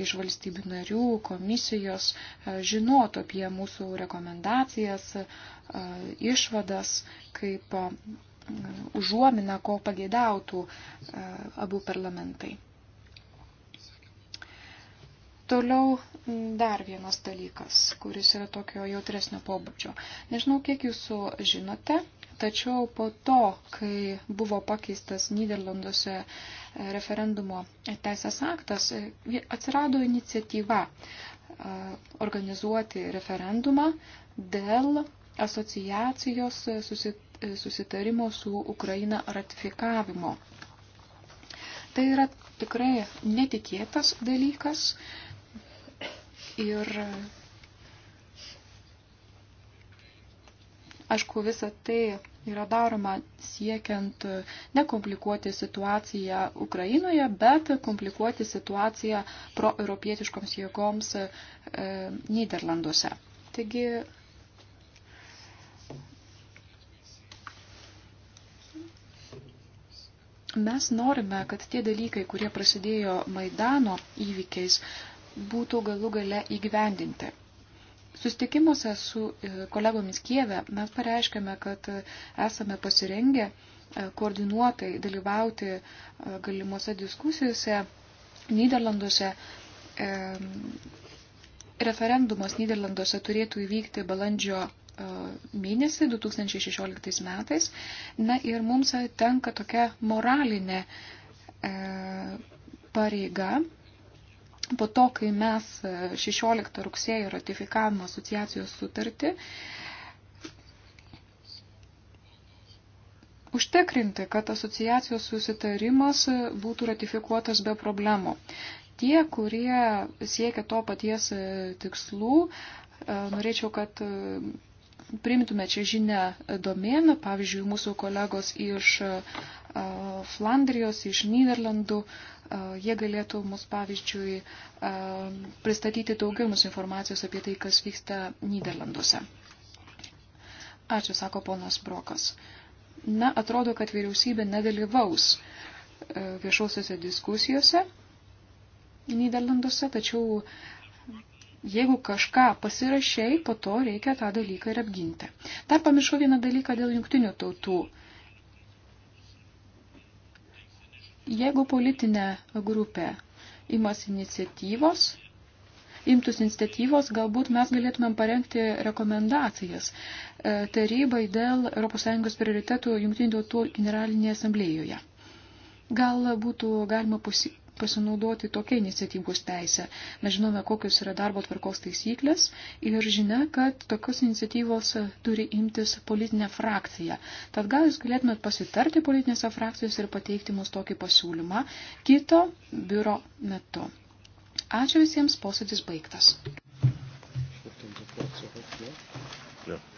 iš valstybių narių komisijos e, žinotų apie mūsų rekomendacijas, e, išvadas, kaip e, užuomina, ko pageidautų abu parlamentai. Toliau dar vienas dalykas, kuris yra tokio jautresnio pobūdžio. Nežinau, kiek jūsų žinote, tačiau po to, kai buvo pakeistas Niderlanduose referendumo teisės aktas, atsirado iniciatyva e, organizuoti referendumą dėl asociacijos susitarimo su Ukraina ratifikavimo. Tai yra tikrai netikėtas dalykas ir aišku, visa tai yra daroma siekiant nekomplikuoti situaciją Ukrainoje, bet komplikuoti situaciją proeuropietiškoms jėgoms e, Niderlanduose. Taigi, mes norime, kad tie dalykai, kurie prasidėjo Maidano įvykiais, būtų galų gale įgyvendinti. Sustikimuose su e, kolegomis Kieve mes pareiškėme, kad e, esame pasirengę e, koordinuotai dalyvauti galimuose diskusijose Niderlanduose. Referendumas Niderlanduose turėtų įvykti balandžio mėnesį 2016 metais. Na ir mums tenka tokia moralinė pareiga po to, kai mes 16 e, rugsėjo ratifikavimo asociacijos sutartį, užtikrinti, kad asociacijos susitarimas būtų ratifikuotas be problemų. Tie, kurie siekia to paties e, tikslų, e, norėčiau, kad primtume čia žinę domeną, pavyzdžiui, mūsų kolegos iš Flandrijos, iš Niderlandų. Jie galėtų mus, pavyzdžiui, pristatyti daugiau mūsų informacijos apie tai, kas vyksta Niderlanduose. Ačiū, sako ponas Brokas. Na, atrodo, kad vyriausybė nedalyvaus viešausiose diskusijose Niderlanduose, tačiau jeigu kažką pasirašiai, po to reikia tą dalyką ir apginti. Dar pamiršau vieną dalyką dėl jungtinių tautų. Uh, Jeigu politinė grupė imas iniciatyvos, imtus iniciatyvos, galbūt mes galėtumėm parengti rekomendacijas e, tarybai dėl ES prioritetų Junktinių tautų generalinėje asamblėjoje. Gal būtų galima pasinaudoti tokia iniciatyvos teisė. Mes žinome, kokios yra darbo tvarkos taisyklės ir žinia, kad tokios iniciatyvos e, turi imtis politinė frakcija. Tad gal jūs galėtumėt pasitarti politinėse frakcijose ir pateikti mums tokį pasiūlymą kito biuro metu. Ačiū visiems, posėdis baigtas. Yeah.